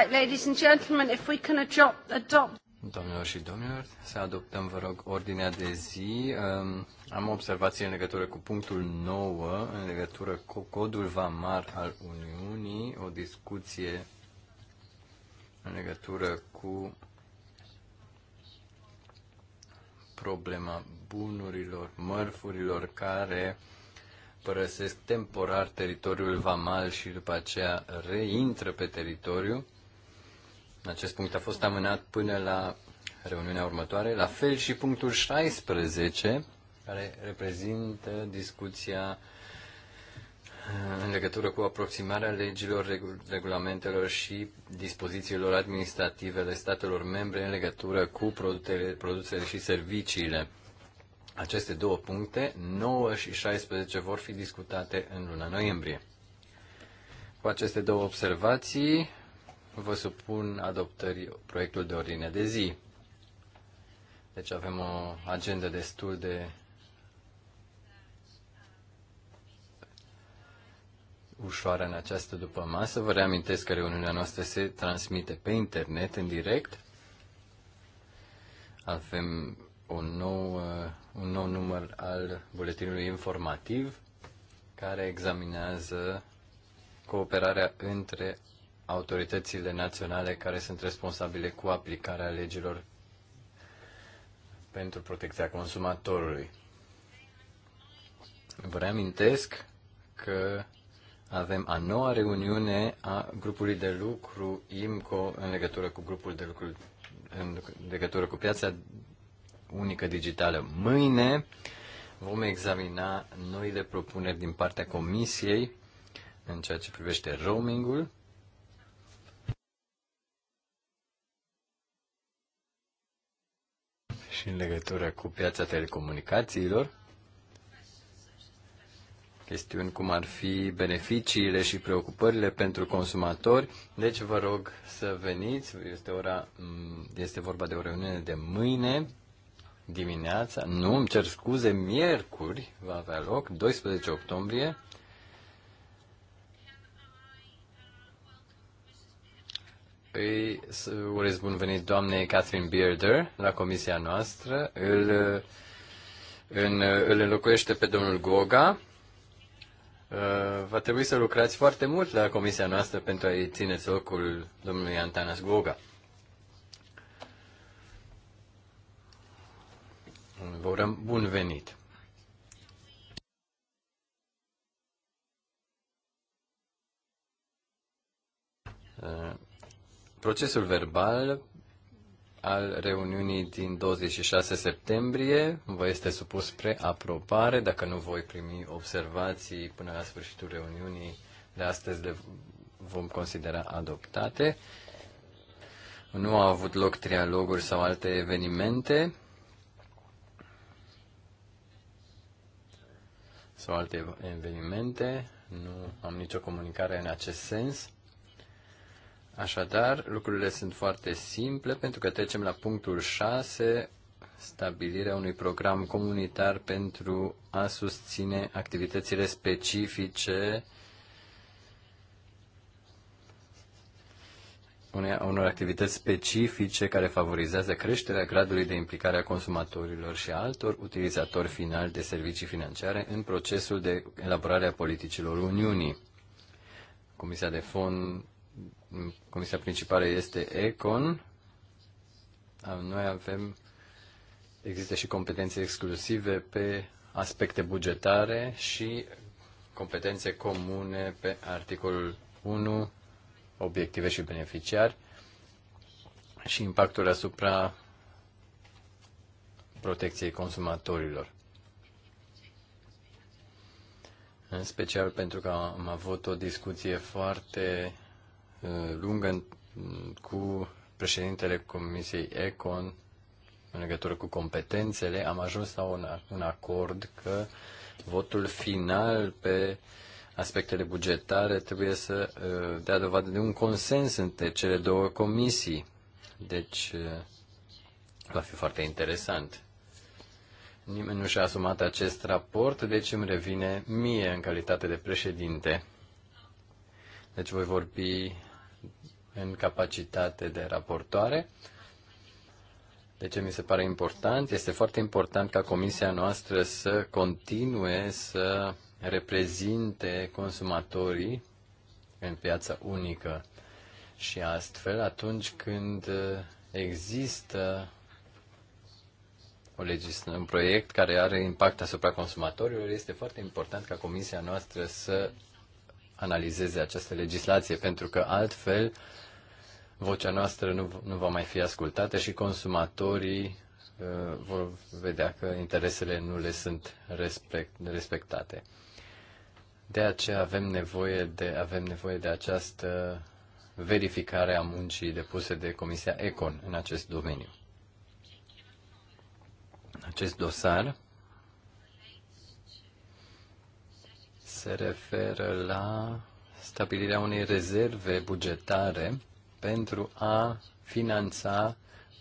Right, ladies and gentlemen, if we can adopt... Domnilor și domnilor, să adoptăm, vă rog, ordinea de zi. Um, am observații în legătură cu punctul 9, în legătură cu codul VAMAR al Uniunii, o discuție în legătură cu problema bunurilor, mărfurilor care părăsesc temporar teritoriul vamal și după aceea reintră pe teritoriu. Acest punct a fost amânat până la reuniunea următoare, la fel și punctul 16, care reprezintă discuția uh, în legătură cu aproximarea legilor, regulamentelor și dispozițiilor administrative ale statelor membre în legătură cu produsele, produsele și serviciile. Aceste două puncte, 9 și 16, vor fi discutate în luna noiembrie. Cu aceste două observații, vă supun adoptării proiectul de ordine de zi. Deci avem o agendă destul de ușoară în această după masă. Vă reamintesc că reuniunea noastră se transmite pe internet, în direct. Avem un nou un nou număr al buletinului informativ care examinează cooperarea între autoritățile naționale care sunt responsabile cu aplicarea legilor pentru protecția consumatorului. Vă reamintesc că avem a noua reuniune a grupului de lucru IMCO în legătură cu grupul de lucru în legătură cu piața unică digitală. Mâine vom examina noile propuneri din partea Comisiei în ceea ce privește roamingul și în legătură cu piața telecomunicațiilor, chestiuni cum ar fi beneficiile și preocupările pentru consumatori. Deci vă rog să veniți, este, ora, mm, este vorba de o reuniune de mâine dimineața, nu, îmi cer scuze, miercuri va avea loc, 12 octombrie, îi urez bun venit doamnei Catherine Bearder la comisia noastră. Îl, în, îl înlocuiește pe domnul Goga. Uh, va trebui să lucrați foarte mult la comisia noastră pentru a-i ține locul domnului Antanas Goga. Vă urăm bun venit! Uh, Procesul verbal al reuniunii din 26 septembrie vă este supus spre aprobare. Dacă nu voi primi observații până la sfârșitul reuniunii de astăzi, le vom considera adoptate. Nu au avut loc trialoguri sau alte evenimente sau alte evenimente. Nu am nicio comunicare în acest sens. Așadar, lucrurile sunt foarte simple pentru că trecem la punctul 6, stabilirea unui program comunitar pentru a susține activitățile specifice unor activități specifice care favorizează creșterea gradului de implicare a consumatorilor și a altor utilizatori finali de servicii financiare în procesul de elaborare a politicilor Uniunii. Comisia de Fond comisia principală este ECON. Noi avem, există și competențe exclusive pe aspecte bugetare și competențe comune pe articolul 1, obiective și beneficiari și impactul asupra protecției consumatorilor. În special pentru că am avut o discuție foarte lungă cu președintele Comisiei Econ în legătură cu competențele, am ajuns la un, un acord că votul final pe aspectele bugetare trebuie să uh, dea dovadă de un consens între cele două comisii. Deci uh, va fi foarte interesant. Nimeni nu și-a asumat acest raport, deci îmi revine mie în calitate de președinte. Deci voi vorbi în capacitate de raportoare. De ce mi se pare important? Este foarte important ca comisia noastră să continue să reprezinte consumatorii în piața unică și astfel atunci când există o un proiect care are impact asupra consumatorilor, este foarte important ca comisia noastră să analizeze această legislație, pentru că altfel vocea noastră nu, nu va mai fi ascultată și consumatorii uh, vor vedea că interesele nu le sunt respect, respectate. De aceea avem nevoie de, avem nevoie de această verificare a muncii depuse de Comisia Econ în acest domeniu. Acest dosar se referă la stabilirea unei rezerve bugetare pentru a finanța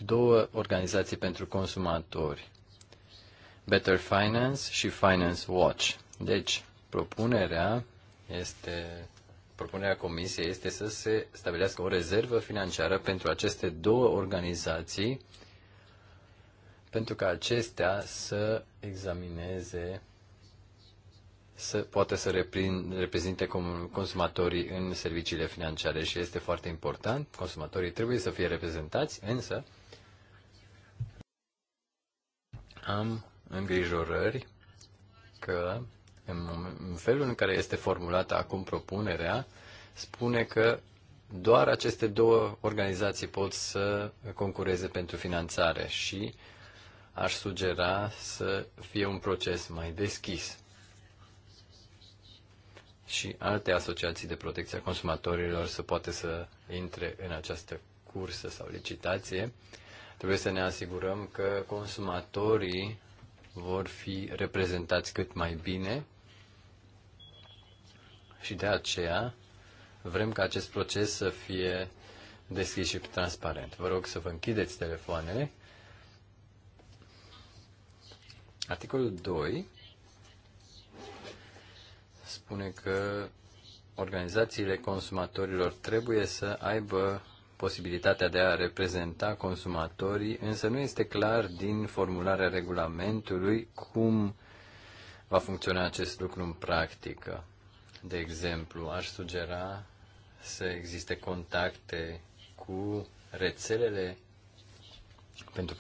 două organizații pentru consumatori, Better Finance și Finance Watch. Deci, propunerea este propunerea comisiei este să se stabilească o rezervă financiară pentru aceste două organizații pentru ca acestea să examineze să poată să reprin, reprezinte consumatorii în serviciile financiare și este foarte important. Consumatorii trebuie să fie reprezentați, însă am îngrijorări că în felul în care este formulată acum propunerea, spune că doar aceste două organizații pot să concureze pentru finanțare și aș sugera să fie un proces mai deschis și alte asociații de protecție a consumatorilor să poată să intre în această cursă sau licitație. Trebuie să ne asigurăm că consumatorii vor fi reprezentați cât mai bine și de aceea vrem ca acest proces să fie deschis și transparent. Vă rog să vă închideți telefoanele. Articolul 2 spune că organizațiile consumatorilor trebuie să aibă posibilitatea de a reprezenta consumatorii, însă nu este clar din formularea regulamentului cum va funcționa acest lucru în practică. De exemplu, aș sugera să existe contacte cu rețelele pentru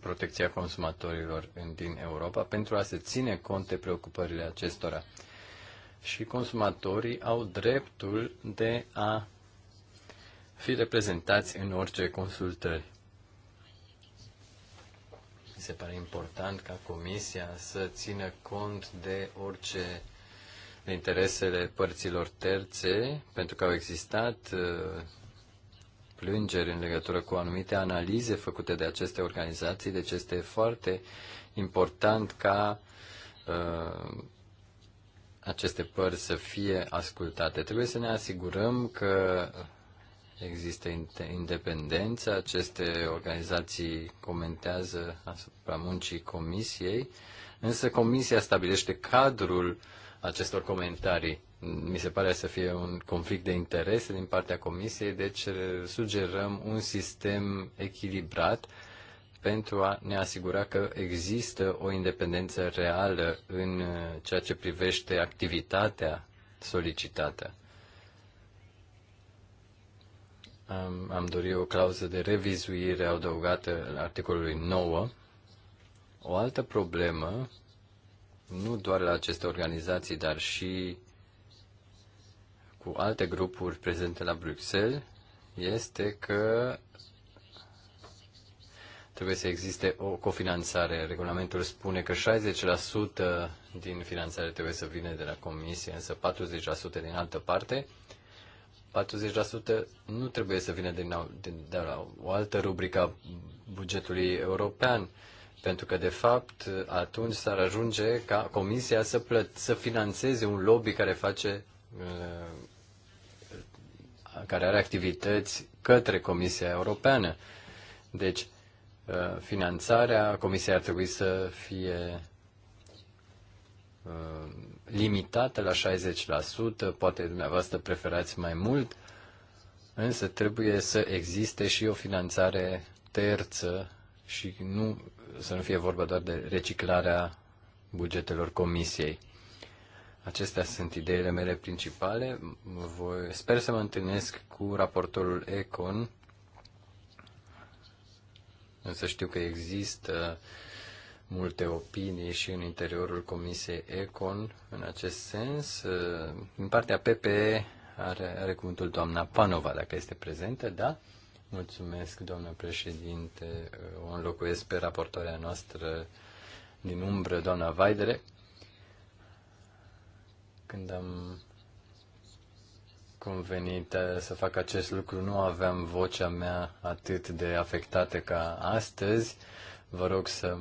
protecția consumatorilor din Europa pentru a se ține cont de preocupările acestora și consumatorii au dreptul de a fi reprezentați în orice consultări. Mi se pare important ca Comisia să țină cont de orice de interesele părților terțe, pentru că au existat uh, plângeri în legătură cu anumite analize făcute de aceste organizații, deci este foarte important ca uh, aceste părți să fie ascultate. Trebuie să ne asigurăm că există independență, aceste organizații comentează asupra muncii comisiei, însă comisia stabilește cadrul acestor comentarii. Mi se pare să fie un conflict de interese din partea comisiei, deci eh, sugerăm un sistem echilibrat pentru a ne asigura că există o independență reală în uh, ceea ce privește activitatea solicitată. Am, am dorit o clauză de revizuire adăugată la articolului 9. O altă problemă, nu doar la aceste organizații, dar și cu alte grupuri prezente la Bruxelles, este că trebuie să existe o cofinanțare. Regulamentul spune că 60% din finanțare trebuie să vină de la comisie, însă 40% din altă parte. 40% nu trebuie să vină din, din, de la o altă rubrică a bugetului european, pentru că, de fapt, atunci s-ar ajunge ca Comisia să, plăt, să financeze un lobby care face uh, care are activități către Comisia Europeană. Deci, Uh, finanțarea, comisia ar trebui să fie uh, limitată la 60%, poate dumneavoastră preferați mai mult, însă trebuie să existe și o finanțare terță și nu, să nu fie vorba doar de reciclarea bugetelor comisiei. Acestea sunt ideile mele principale. Voi, sper să mă întâlnesc cu raportorul Econ Însă știu că există multe opinii și în interiorul Comisiei Econ în acest sens. Din partea PPE are, are cuvântul doamna Panova, dacă este prezentă, da? Mulțumesc, doamnă președinte. O înlocuiesc pe raportoarea noastră din umbră, doamna Vaidere. Când am convenit eh, să fac acest lucru. Nu aveam vocea mea atât de afectată ca astăzi. Vă rog să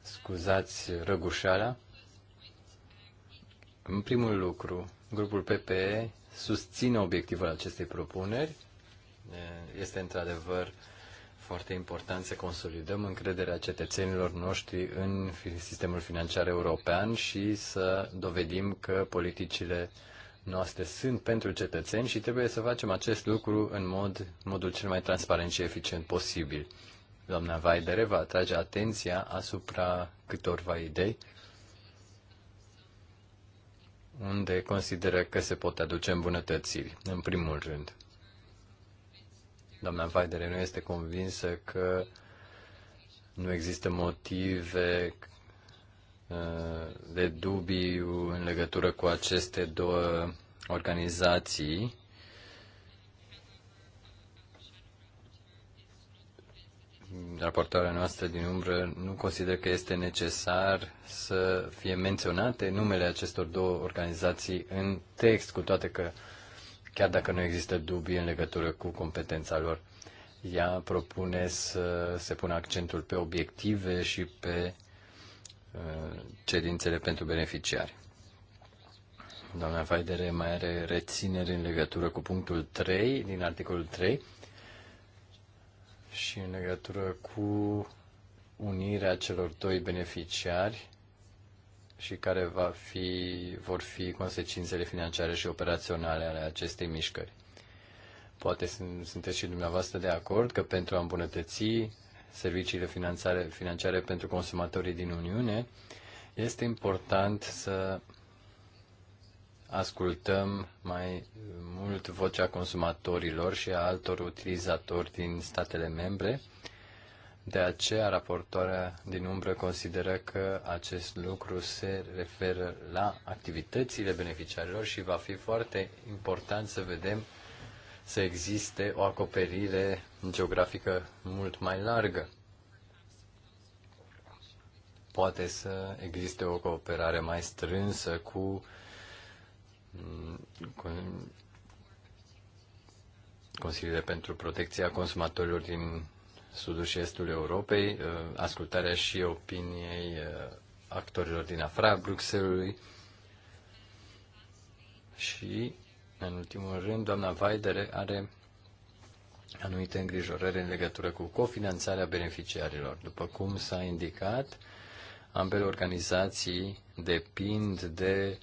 scuzați răgușarea. În primul lucru, grupul PPE susține obiectivul acestei propuneri. Eh, este într-adevăr foarte important să consolidăm încrederea cetățenilor noștri în sistemul financiar european și să dovedim că politicile uh, noastre sunt pentru cetățeni și trebuie să facem acest lucru în mod, modul cel mai transparent și eficient posibil. Doamna Vaidere va atrage atenția asupra câtorva idei unde consideră că se pot aduce îmbunătățiri, în primul rând. Doamna Vaidere nu este convinsă că nu există motive Uh, de dubii în legătură cu aceste două organizații. Raportoarea noastră din umbră nu consider că este necesar să fie menționate numele acestor două organizații în text, cu toate că chiar dacă nu există dubii în legătură cu competența lor. Ea propune să se pună accentul pe obiective și pe uh, cerințele pentru beneficiari. Doamna Vaidere mai are rețineri în legătură cu punctul 3 din articolul 3 și în legătură cu unirea celor doi beneficiari și care va fi, vor fi consecințele financiare și operaționale ale acestei mișcări. Poate sunteți și dumneavoastră de acord că pentru a îmbunătăți serviciile financiare, financiare pentru consumatorii din Uniune, este important să ascultăm mai mult vocea consumatorilor și a altor utilizatori din statele membre. De aceea, raportoarea din umbră consideră că acest lucru se referă la activitățile beneficiarilor și va fi foarte important să vedem să existe o acoperire geografică mult mai largă. Poate să existe o cooperare mai strânsă cu, cu Consiliile pentru Protecția Consumatorilor din Sudul și Estul Europei, uh, ascultarea și opiniei uh, actorilor din afara Bruxellesului și, în ultimul rând, doamna Vaidere are anumite îngrijorări în legătură cu cofinanțarea beneficiarilor. După cum s-a indicat, ambele organizații depind de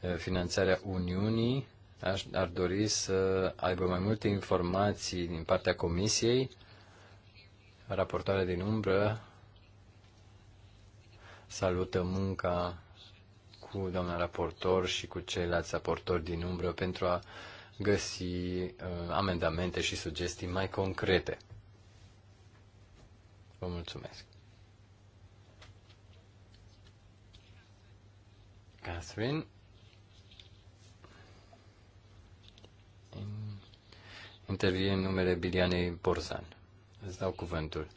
eh, finanțarea Uniunii. Aș, ar dori să aibă mai multe informații din partea Comisiei. Raportarea din umbră salută munca cu doamna raportor și cu ceilalți raportori din umbră pentru a uh, găsi uh, amendamente și sugestii mai concrete. Vă mulțumesc. Catherine. Intervie în numele Bilianei Borzan. Îți dau cuvântul.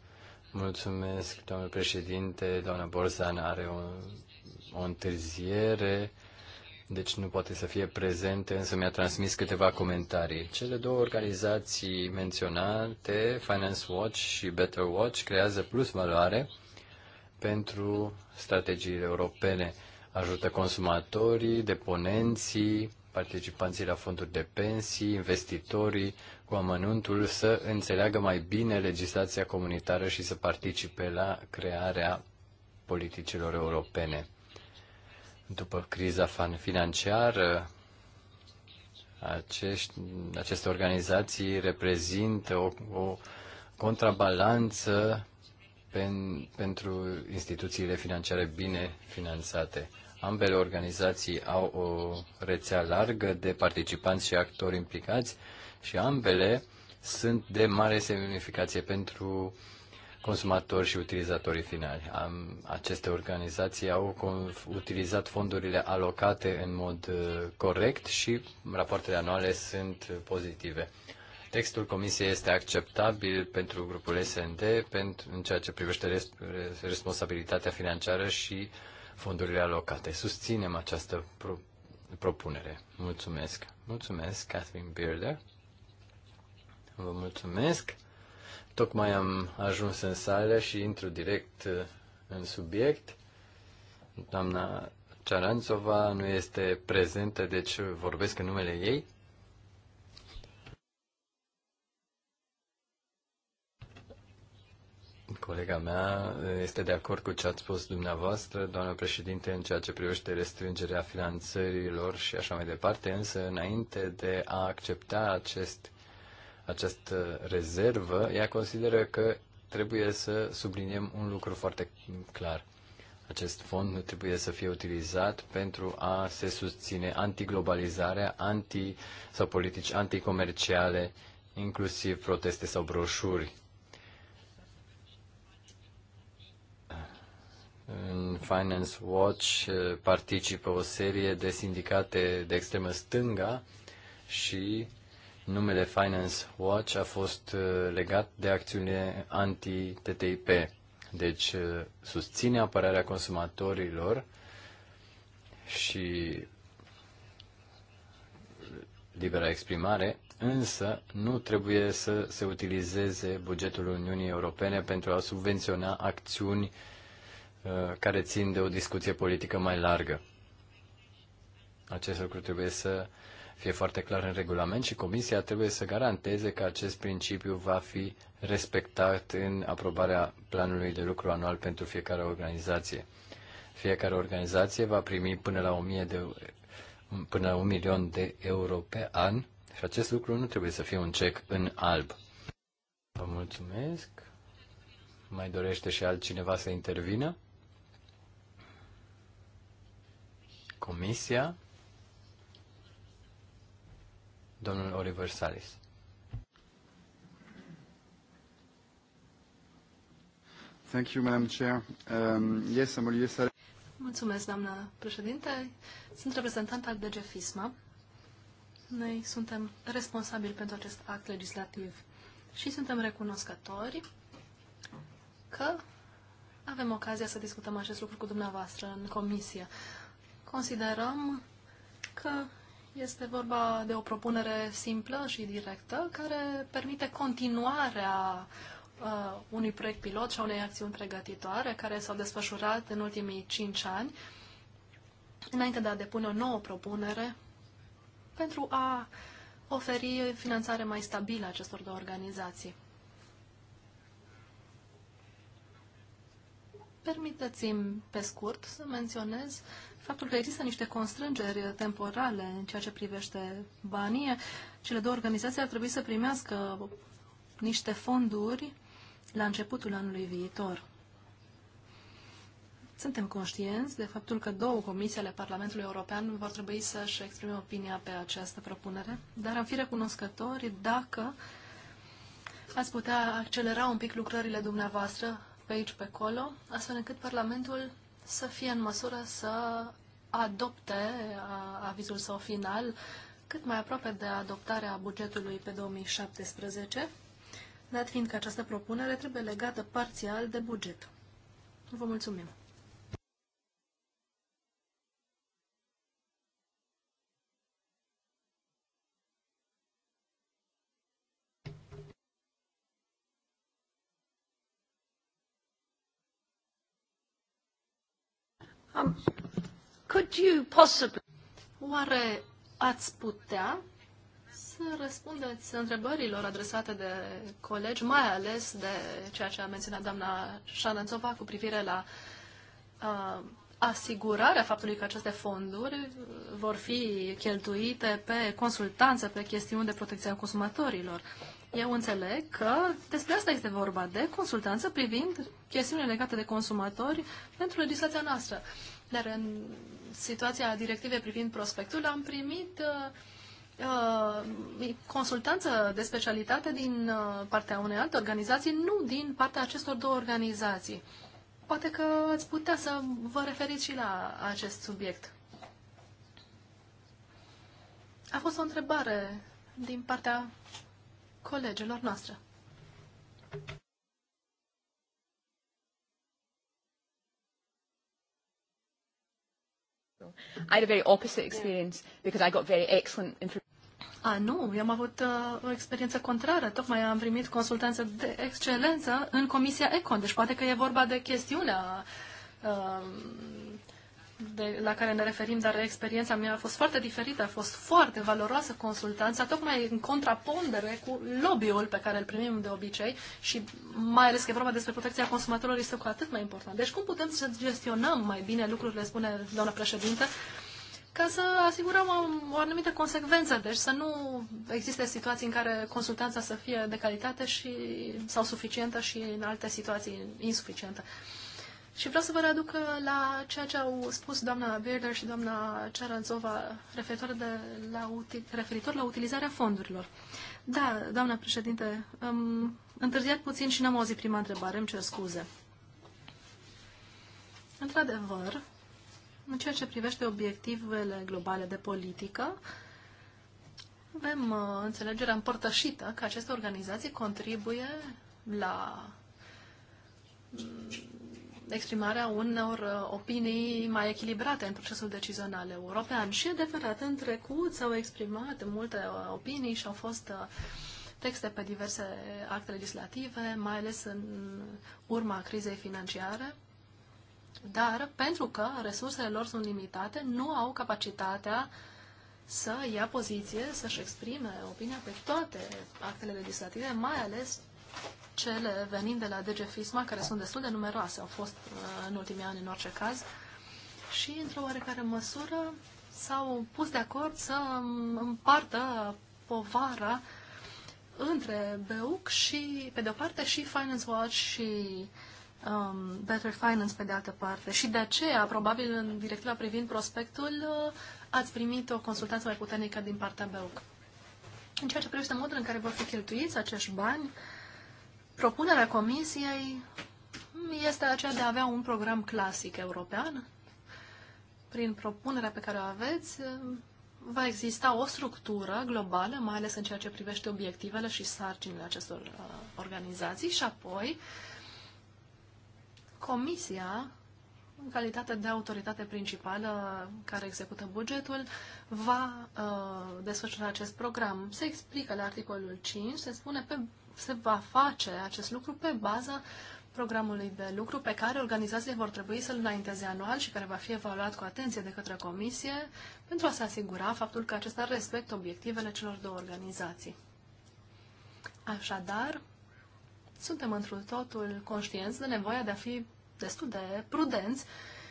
Mulțumesc, doamnă președinte. Doamna Borzan are o, o întârziere deci nu poate să fie prezente, însă mi-a transmis câteva comentarii. Cele două organizații menționate, Finance Watch și Better Watch, creează plus valoare pentru strategiile europene. Ajută consumatorii, deponenții, participanții la fonduri de pensii, investitorii cu amănuntul să înțeleagă mai bine legislația comunitară și să participe la crearea politicilor europene. După criza financiară, acești, aceste organizații reprezintă o, o contrabalanță pen, pentru instituțiile financiare bine finanțate. Ambele organizații au o rețea largă de participanți și actori implicați și ambele sunt de mare semnificație pentru uh, consumatori și utilizatorii finali. aceste organizații au utilizat fondurile alocate în mod uh, corect și rapoartele anuale sunt pozitive. Textul comisiei este acceptabil pentru grupul SND pentru, în ceea ce privește res, responsabilitatea financiară și fondurile alocate. Susținem această pro, propunere. Mulțumesc. Mulțumesc, Catherine Bearder. Vă mulțumesc. Tocmai am ajuns în sală și intru direct uh, în subiect. Doamna Cearanțova nu este prezentă, deci vorbesc în numele ei. Colega mea uh, este de acord cu ce ați spus dumneavoastră, doamnă președinte, în ceea ce privește restrângerea finanțărilor și așa mai departe, însă înainte de a accepta acest această rezervă, ea consideră că trebuie să subliniem un lucru foarte clar. Acest fond nu trebuie să fie utilizat pentru a se susține antiglobalizarea anti, sau politici anticomerciale, inclusiv proteste sau broșuri. În Finance Watch participă o serie de sindicate de extremă stânga și numele Finance Watch a fost uh, legat de acțiune anti-TTIP. Deci uh, susține apărarea consumatorilor și libera exprimare, însă nu trebuie să se utilizeze bugetul Uniunii Europene pentru a subvenționa acțiuni uh, care țin de o discuție politică mai largă. Acest lucru trebuie să uh, fie foarte clar în regulament și Comisia trebuie să garanteze că acest principiu va fi respectat în aprobarea planului de lucru anual pentru fiecare organizație. Fiecare organizație va primi până la 1000 de, până la un milion de euro pe an și acest lucru nu trebuie să fie un cec în alb. Vă mulțumesc. Mai dorește și altcineva să intervină? Comisia? domnul Oliver Salis. Thank you, Madam Chair. Um, yes, I'm Olivier Salis. Mulțumesc, doamnă președinte. Sunt reprezentant al DG FISMA. Noi suntem responsabili pentru acest act legislativ și suntem recunoscători că avem ocazia să discutăm acest lucru cu dumneavoastră în comisie. Considerăm că este vorba de o propunere simplă și directă care permite continuarea uh, unui proiect pilot și a unei acțiuni pregătitoare care s-au desfășurat în ultimii cinci ani, înainte de a depune o nouă propunere pentru a oferi finanțare mai stabilă acestor două organizații. Permiteți-mi, pe scurt, să menționez faptul că există niște constrângeri temporale în ceea ce privește banii. Cele două organizații ar trebui să primească niște fonduri la începutul anului viitor. Suntem conștienți de faptul că două comisii ale Parlamentului European vor trebui să-și exprime opinia pe această propunere, dar am fi recunoscători dacă ați putea accelera un pic lucrările dumneavoastră pe aici, pe acolo, astfel încât Parlamentul să fie în măsură să adopte avizul său final cât mai aproape de adoptarea bugetului pe 2017, dat fiind că această propunere trebuie legată parțial de buget. Vă mulțumim! Um, could you possibly... Oare ați putea să răspundeți întrebărilor adresate de colegi, mai ales de ceea ce a menționat doamna Șanănțova cu privire la uh, asigurarea faptului că aceste fonduri vor fi cheltuite pe consultanță, pe chestiuni de protecție a consumatorilor. Eu înțeleg că despre asta este vorba, de consultanță privind chestiunile legate de consumatori pentru legislația noastră. Dar în situația directivei privind prospectul am primit uh, uh, consultanță de specialitate din uh, partea unei alte organizații, nu din partea acestor două organizații. Poate că ați putea să vă referiți și la acest subiect. A fost o întrebare din partea colegilor noastre. I had a very opposite experience because I got very excellent information. A, nu, eu am avut uh, o experiență contrară. Tocmai am primit consultanță de excelență în Comisia Econ. Deci poate că e vorba de chestiunea uh, de, la care ne referim, dar experiența mea a fost foarte diferită, a fost foarte valoroasă consultanța, tocmai în contrapondere cu lobby-ul pe care îl primim de obicei și mai ales că e vorba despre protecția consumatorilor, este cu atât mai important. Deci cum putem să gestionăm mai bine lucrurile, spune doamna președintă, ca să asigurăm o, o anumită consecvență, deci să nu existe situații în care consultanța să fie de calitate și, sau suficientă și în alte situații insuficientă. Uh, și vreau să vă readuc uh, la ceea ce au spus doamna Bearder și doamna Cearanțova referitor, de la, referitor la utilizarea fondurilor. Da, doamna președinte, am întârziat puțin și n-am auzit prima întrebare, îmi cer scuze. Într-adevăr, în ceea ce privește obiectivele globale de politică, avem uh, înțelegerea împărtășită că aceste organizații contribuie la mm, exprimarea unor uh, opinii mai echilibrate în procesul decizional european. Și adevărat, în trecut s-au exprimat multe uh, opinii și au fost uh, texte pe diverse acte legislative, mai ales în urma crizei financiare, dar pentru că resursele lor sunt limitate, nu au capacitatea să ia poziție, să-și exprime opinia pe toate actele legislative, mai ales cele venind de la DG Fisma, care sunt destul de numeroase, au fost uh, în ultimii ani în orice caz, și într-o oarecare măsură s-au pus de acord să împartă povara între BEUC și, pe de-o parte, și Finance Watch și um, Better Finance, pe de altă parte. Și de aceea, probabil, în directiva privind prospectul, uh, ați primit o consultanță mai puternică din partea BEUC. În ceea ce privește modul în care vor fi cheltuiți acești bani, uh, Propunerea Comisiei este aceea de a avea un program clasic european. Prin propunerea pe care o aveți, va exista o structură globală, mai ales în ceea ce privește obiectivele și sarcinile acestor uh, organizații și apoi Comisia, în calitate de autoritate principală care execută bugetul, va uh, desfășura acest program. Se explică la articolul 5, se spune pe se va face acest lucru pe baza programului de lucru pe care organizațiile vor trebui să-l înainteze anual și care va fi evaluat cu atenție de către comisie pentru a se asigura faptul că acesta respectă obiectivele celor două organizații. Așadar, suntem într totul conștienți de nevoia de a fi destul de prudenți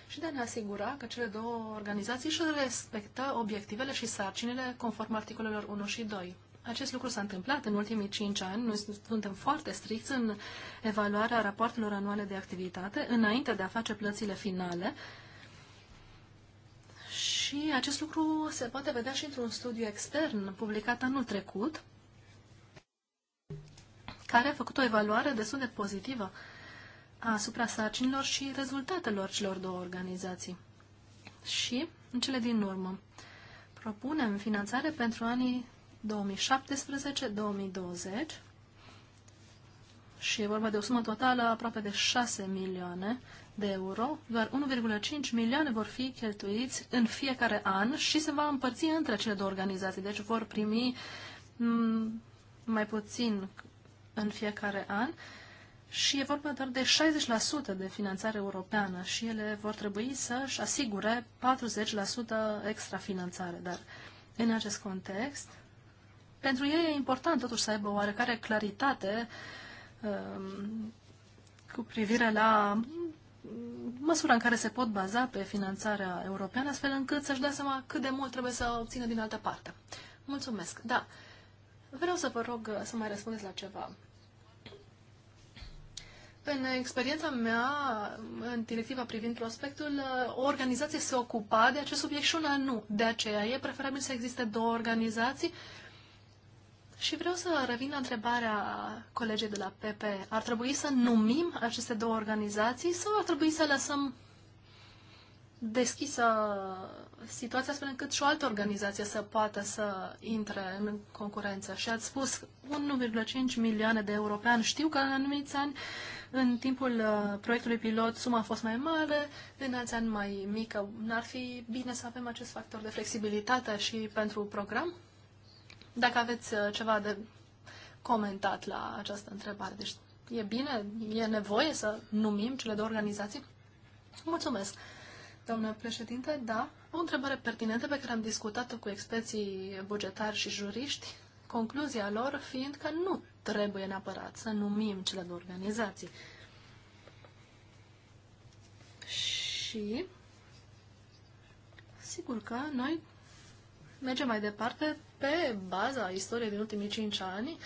și de a ne asigura că cele două organizații își respectă obiectivele și sarcinile conform articolelor 1 și 2. Acest lucru s-a întâmplat în ultimii cinci ani. Noi suntem foarte stricți în evaluarea rapoartelor anuale de activitate înainte de a face plățile finale. Și acest lucru se poate vedea și într-un studiu extern publicat anul trecut, care a făcut o evaluare destul de pozitivă asupra sarcinilor și rezultatelor celor două organizații. Și, în cele din urmă, propunem finanțare pentru anii 2017-2020 și e vorba de o sumă totală aproape de 6 milioane de euro, doar 1,5 milioane vor fi cheltuiți în fiecare an și se va împărți între cele două organizații, deci vor primi mm, mai puțin în fiecare an și e vorba doar de 60% de finanțare europeană și ele vor trebui să-și asigure 40% extra finanțare, dar în acest context pentru ei e important totuși să aibă oarecare claritate um, cu privire la măsura în care se pot baza pe finanțarea europeană, astfel încât să-și dea seama cât de mult trebuie să obțină din altă parte. Mulțumesc. Da. Vreau să vă rog să mai răspundeți la ceva. În experiența mea, în directiva privind prospectul, o organizație se ocupa de acest subiect și una nu. De aceea e preferabil să existe două organizații și vreau să revin la întrebarea colegii de la PP. Ar trebui să numim aceste două organizații sau ar trebui să lăsăm deschisă situația astfel încât și o altă organizație să poată să intre în concurență. Și ați spus 1,5 milioane de europeani. Știu că în anumiți ani, în timpul uh, proiectului pilot, suma a fost mai mare, în alți ani mai mică. N-ar fi bine să avem acest factor de flexibilitate și pentru program? Dacă aveți uh, ceva de comentat la această întrebare. Deci e bine, e nevoie să numim cele două organizații? Mulțumesc, domnule președinte. Da, o întrebare pertinentă pe care am discutat-o cu experții bugetari și juriști, concluzia lor fiind că nu trebuie neapărat să numim cele două organizații. Și sigur că noi mergem mai departe pe baza istoriei din ultimii cinci ani.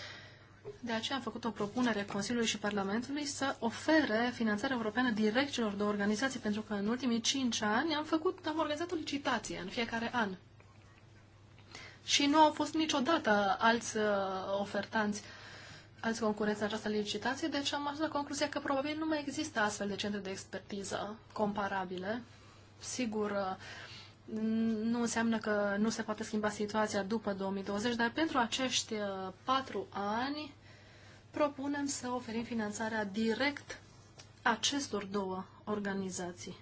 De aceea am făcut o propunere Consiliului și Parlamentului să ofere finanțare europeană direct celor două organizații, pentru că în ultimii cinci ani am, făcut, am organizat o licitație în fiecare an. Și nu au fost niciodată alți uh, ofertanți alți concurenți în această licitație, deci am ajuns la concluzia că probabil nu mai există astfel de centre de expertiză comparabile. Sigur, uh, nu înseamnă că nu se poate schimba situația după 2020, dar pentru acești uh, patru ani propunem să oferim finanțarea direct acestor două organizații.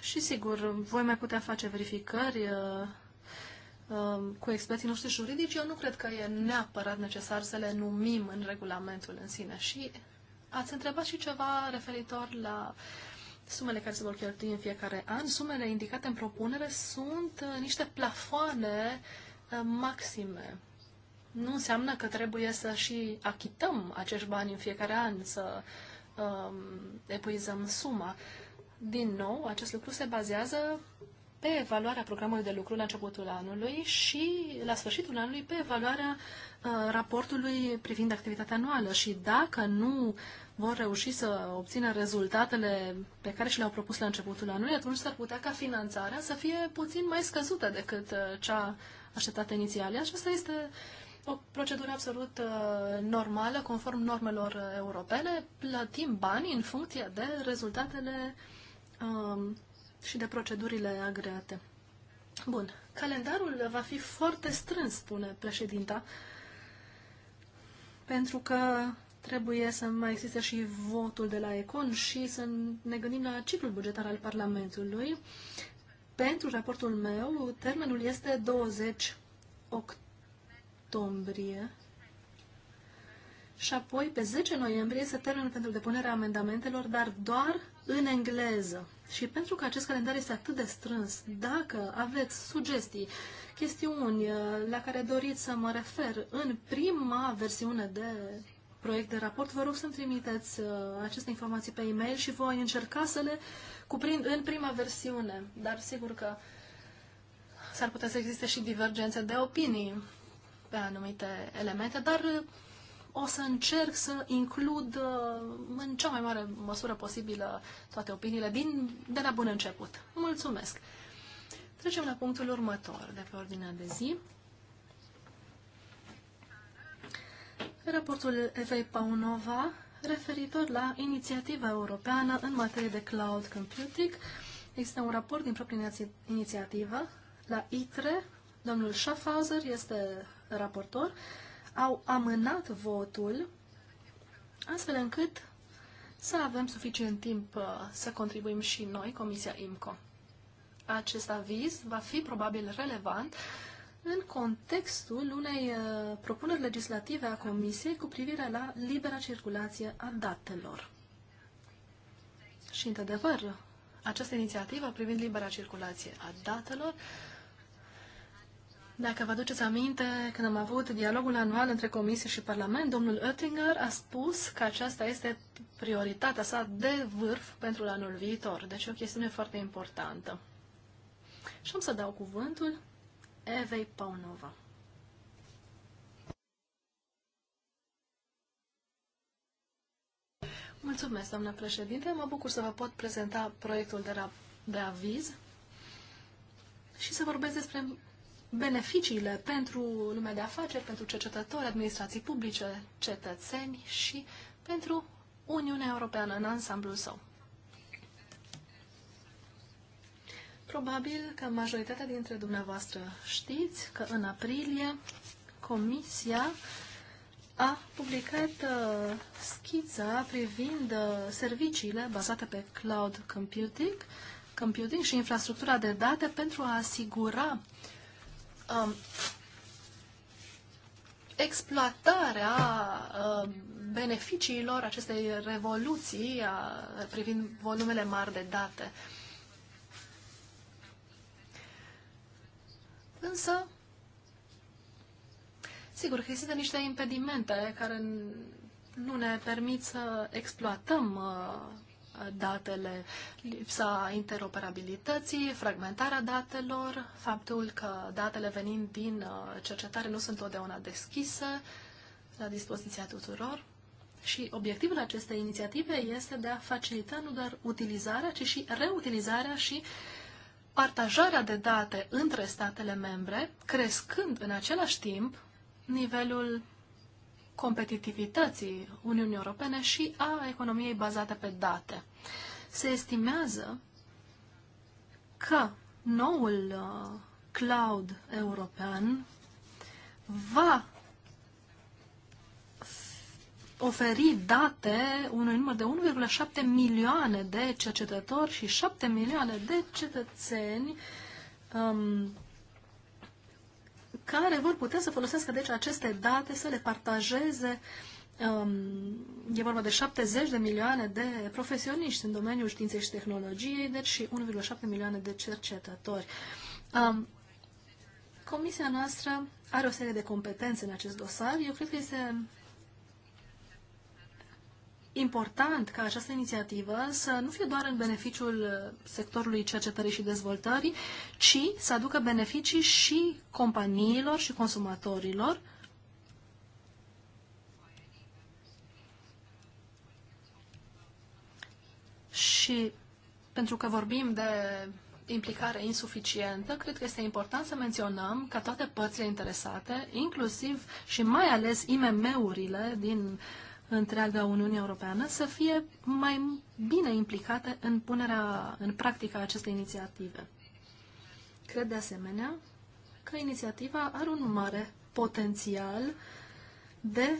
Și sigur, voi mai putea face verificări uh, uh, cu experții noștri juridici. Eu nu cred că e neapărat necesar să le numim în regulamentul în sine. Și ați întrebat și ceva referitor la uh, sumele care se vor cheltui în fiecare an. Sumele indicate în propunere sunt uh, niște plafoane uh, maxime. Nu înseamnă că trebuie să și achităm acești bani în fiecare an, să um, epuizăm suma. Din nou, acest lucru se bazează pe evaluarea programului de lucru la începutul anului și la sfârșitul anului pe evaluarea uh, raportului privind activitatea anuală și dacă nu vor reuși să obțină rezultatele pe care și le-au propus la începutul anului, atunci s-ar putea ca finanțarea să fie puțin mai scăzută decât uh, cea așteptată inițial. Și asta este o procedură absolut uh, normală, conform normelor europene. Plătim bani în funcție de rezultatele um, și de procedurile agreate. Bun. Calendarul va fi foarte strâns, spune președinta, pentru că trebuie să mai existe și votul de la Econ și să ne gândim la ciclul bugetar al Parlamentului. Pentru raportul meu, termenul este 20 octombrie și apoi pe 10 noiembrie se termină pentru depunerea amendamentelor, dar doar în engleză. Și pentru că acest calendar este atât de strâns, dacă aveți sugestii, chestiuni uh, la care doriți să mă refer în prima versiune de proiect de raport, vă rog să-mi trimiteți uh, aceste informații pe e-mail și voi încerca să le cuprind în prima versiune. Dar sigur că s-ar putea să existe și divergențe de opinii pe anumite elemente, dar uh, o să încerc să includ uh, în cea mai mare măsură posibilă toate opiniile din, de la bun început. Mulțumesc! Trecem la punctul următor de pe ordinea de zi. Raportul Evei Paunova referitor la inițiativa europeană în materie de cloud computing. Există un raport din propria inițiativă la ITRE. Domnul Schaffhauser este raportor. Uh, au amânat votul astfel încât să avem suficient timp uh, să contribuim și noi, Comisia IMCO. Acest aviz va fi probabil relevant în contextul unei uh, propuneri legislative a Comisiei cu privire la libera circulație a datelor. Și, într-adevăr, această inițiativă privind libera circulație a datelor dacă vă aduceți aminte, când am avut dialogul anual între Comisie și Parlament, domnul Oettinger a spus că aceasta este prioritatea sa de vârf pentru anul viitor. Deci e o chestiune foarte importantă. Și am să dau cuvântul Evei Paunova. Mulțumesc, doamna președinte. Mă bucur să vă pot prezenta proiectul de, de aviz și să vorbesc despre beneficiile pentru lumea de afaceri, pentru cercetători, administrații publice, cetățeni și pentru Uniunea Europeană în ansamblul său. Probabil că majoritatea dintre dumneavoastră știți că în aprilie Comisia a publicat uh, schița privind uh, serviciile bazate pe cloud computing, computing și infrastructura de date pentru a asigura um, exploatarea um, beneficiilor acestei revoluții a, privind volumele mari de date. Însă, sigur că există niște impedimente care nu ne permit să exploatăm uh, datele, lipsa interoperabilității, fragmentarea datelor, faptul că datele venind din uh, cercetare nu sunt totdeauna deschise la dispoziția tuturor. Și obiectivul acestei inițiative este de a facilita nu doar utilizarea, ci și reutilizarea și partajarea de date între statele membre, crescând în același timp nivelul competitivității Uniunii Europene și a economiei bazate pe date. Se estimează că noul uh, cloud european va oferi date unui număr de 1,7 milioane de cercetători și 7 milioane de cetățeni um, care vor putea să folosească deci aceste date, să le partajeze. Um, e vorba de 70 de milioane de profesioniști în domeniul științei și tehnologiei, deci și 1,7 milioane de cercetători. Um, comisia noastră are o serie de competențe în acest dosar. Eu cred că este important ca această inițiativă să nu fie doar în beneficiul uh, sectorului cercetării și dezvoltării, ci să aducă beneficii și companiilor și consumatorilor. Și pentru că vorbim de implicare insuficientă, cred că este important să menționăm că toate părțile interesate, inclusiv și mai ales IMM-urile din uh, întreaga Uniune Europeană să fie mai bine implicate în punerea în practică a acestei inițiative. Cred de asemenea că inițiativa are un mare potențial de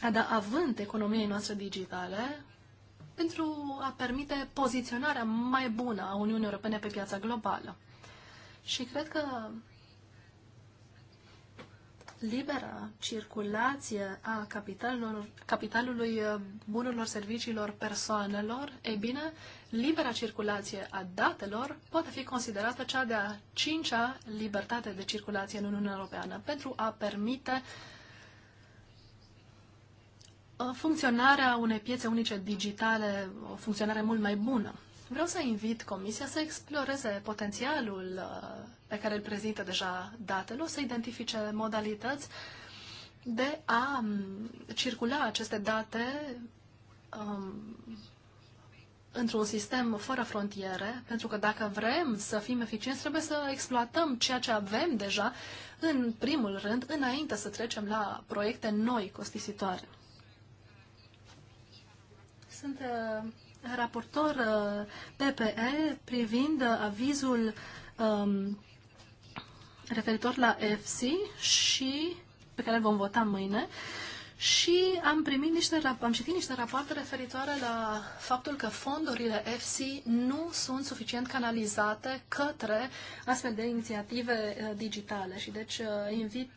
a da avânt economiei noastre digitale pentru a permite poziționarea mai bună a Uniunii Europene pe piața globală. Și cred că libera circulație a capitalului, uh, bunurilor, serviciilor, persoanelor, e bine, libera circulație a datelor poate fi considerată cea de-a cincea libertate de circulație în Uniunea Europeană pentru a permite uh, funcționarea unei piețe unice digitale, o funcționare mult mai bună. Vreau să invit Comisia să exploreze potențialul uh, pe care îl prezintă deja datelor, să identifice modalități de a um, circula aceste date um, într-un sistem fără frontiere, pentru că dacă vrem să fim eficienți, trebuie să exploatăm ceea ce avem deja, în primul rând, înainte să trecem la proiecte noi costisitoare. Sunt uh, raportor uh, PPE privind uh, avizul um, referitor la FC și pe care vom vota mâine și am primit niște, am citit niște rapoarte referitoare la faptul că fondurile FC nu sunt suficient canalizate către astfel de inițiative uh, digitale și deci invit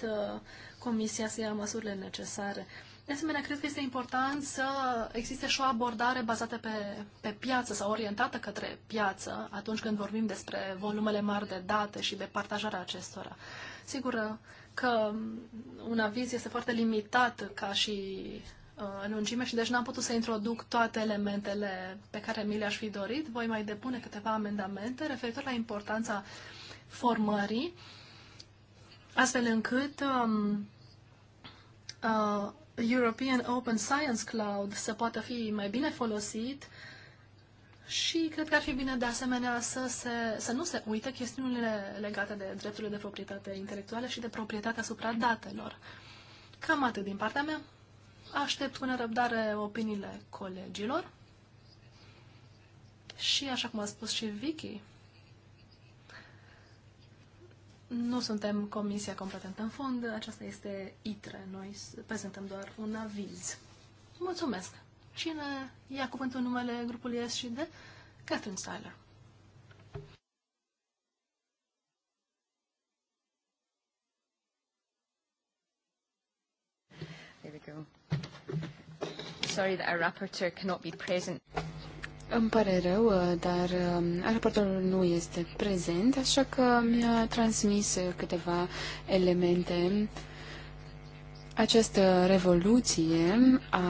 Comisia să ia măsurile necesare. De asemenea, cred că este important să existe și o abordare bazată pe, pe piață sau orientată către piață atunci când vorbim despre volumele mari de date și de partajarea acestora. Sigur că un aviz este foarte limitat ca și uh, lungime și deci n-am putut să introduc toate elementele pe care mi le-aș fi dorit. Voi mai depune câteva amendamente referitor la importanța formării, astfel încât um, uh, European Open Science Cloud să poată fi mai bine folosit și cred că ar fi bine de asemenea să, se, să nu se uite chestiunile legate de drepturile de proprietate intelectuală și de proprietatea asupra datelor. Cam atât din partea mea. Aștept cu nerăbdare opiniile colegilor. Și așa cum a spus și Vicky, nu suntem comisia competentă în fond, aceasta este ITRE. Noi prezentăm doar un aviz. Mulțumesc! Cine ia cuvântul numele grupului S și D? Catherine Styler. There we go. Sorry that our rapporteur cannot be present. Îmi pare rău, uh, dar um, raportorul nu este prezent, așa că mi-a transmis uh, câteva elemente. Această revoluție a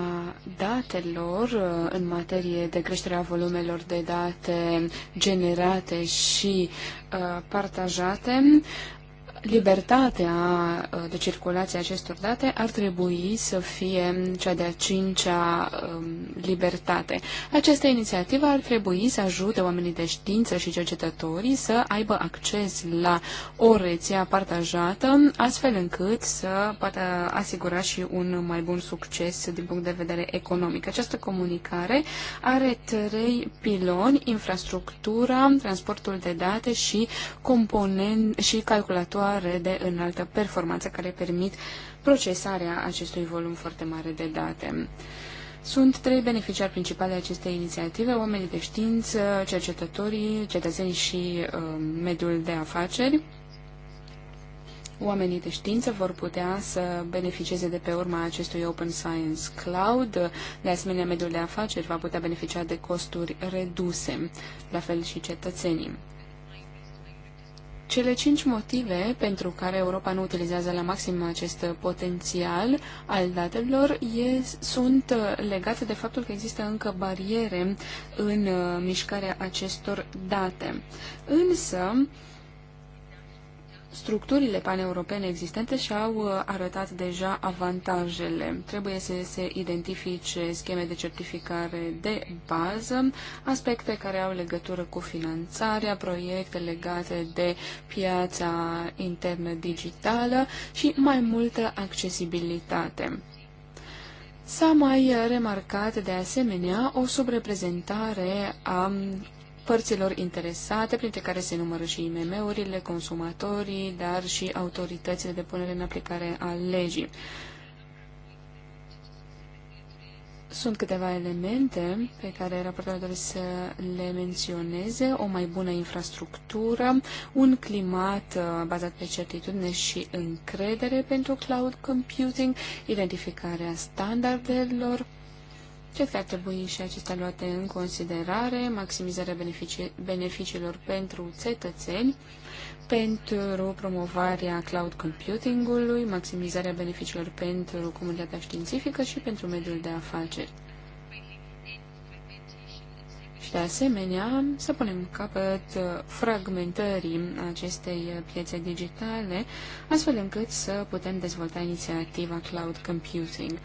datelor uh, în materie de creșterea volumelor de date generate și partajate Libertatea uh, de circulație a acestor date ar trebui să fie cea de-a cincea um, libertate. Această inițiativă ar trebui să ajute oamenii de știință și cercetătorii să aibă acces la o rețea partajată, astfel încât să poată asigura și un mai bun succes din punct de vedere economic. Această comunicare are trei piloni, infrastructura, transportul de date și, componen- și calculatoare protocoare de înaltă performanță care permit procesarea acestui volum foarte mare de date. Sunt trei beneficiari principali acestei inițiative, oamenii de știință, cercetătorii, cetățenii și uh, mediul de afaceri. Oamenii de știință vor putea să beneficieze de pe urma acestui Open Science Cloud. De asemenea, mediul de afaceri va putea beneficia de costuri reduse, la fel și cetățenii. Cele cinci motive pentru care Europa nu utilizează la maxim acest potențial al datelor e, sunt uh, legate de faptul că există încă bariere în uh, mișcarea acestor date. Însă, Structurile paneuropene existente și-au uh, arătat deja avantajele. Trebuie să se identifice scheme de certificare de bază, aspecte care au legătură cu finanțarea, proiecte legate de piața internă digitală și mai multă accesibilitate. S-a mai remarcat de asemenea o subreprezentare a părților interesate, printre care se numără și IMM-urile, consumatorii, dar și autoritățile de punere în aplicare a legii. Sunt câteva elemente pe care raportorul doresc să le menționeze, o mai bună infrastructură, un climat uh, bazat pe certitudine și încredere pentru cloud computing, identificarea standardelor ce fel ar trebui și acestea luate în considerare, maximizarea beneficii, beneficiilor pentru cetățeni, pentru promovarea cloud computing-ului, maximizarea beneficiilor pentru comunitatea științifică și pentru mediul de afaceri. Și de asemenea, să punem capăt fragmentării acestei piețe digitale, astfel încât să putem dezvolta inițiativa cloud computing.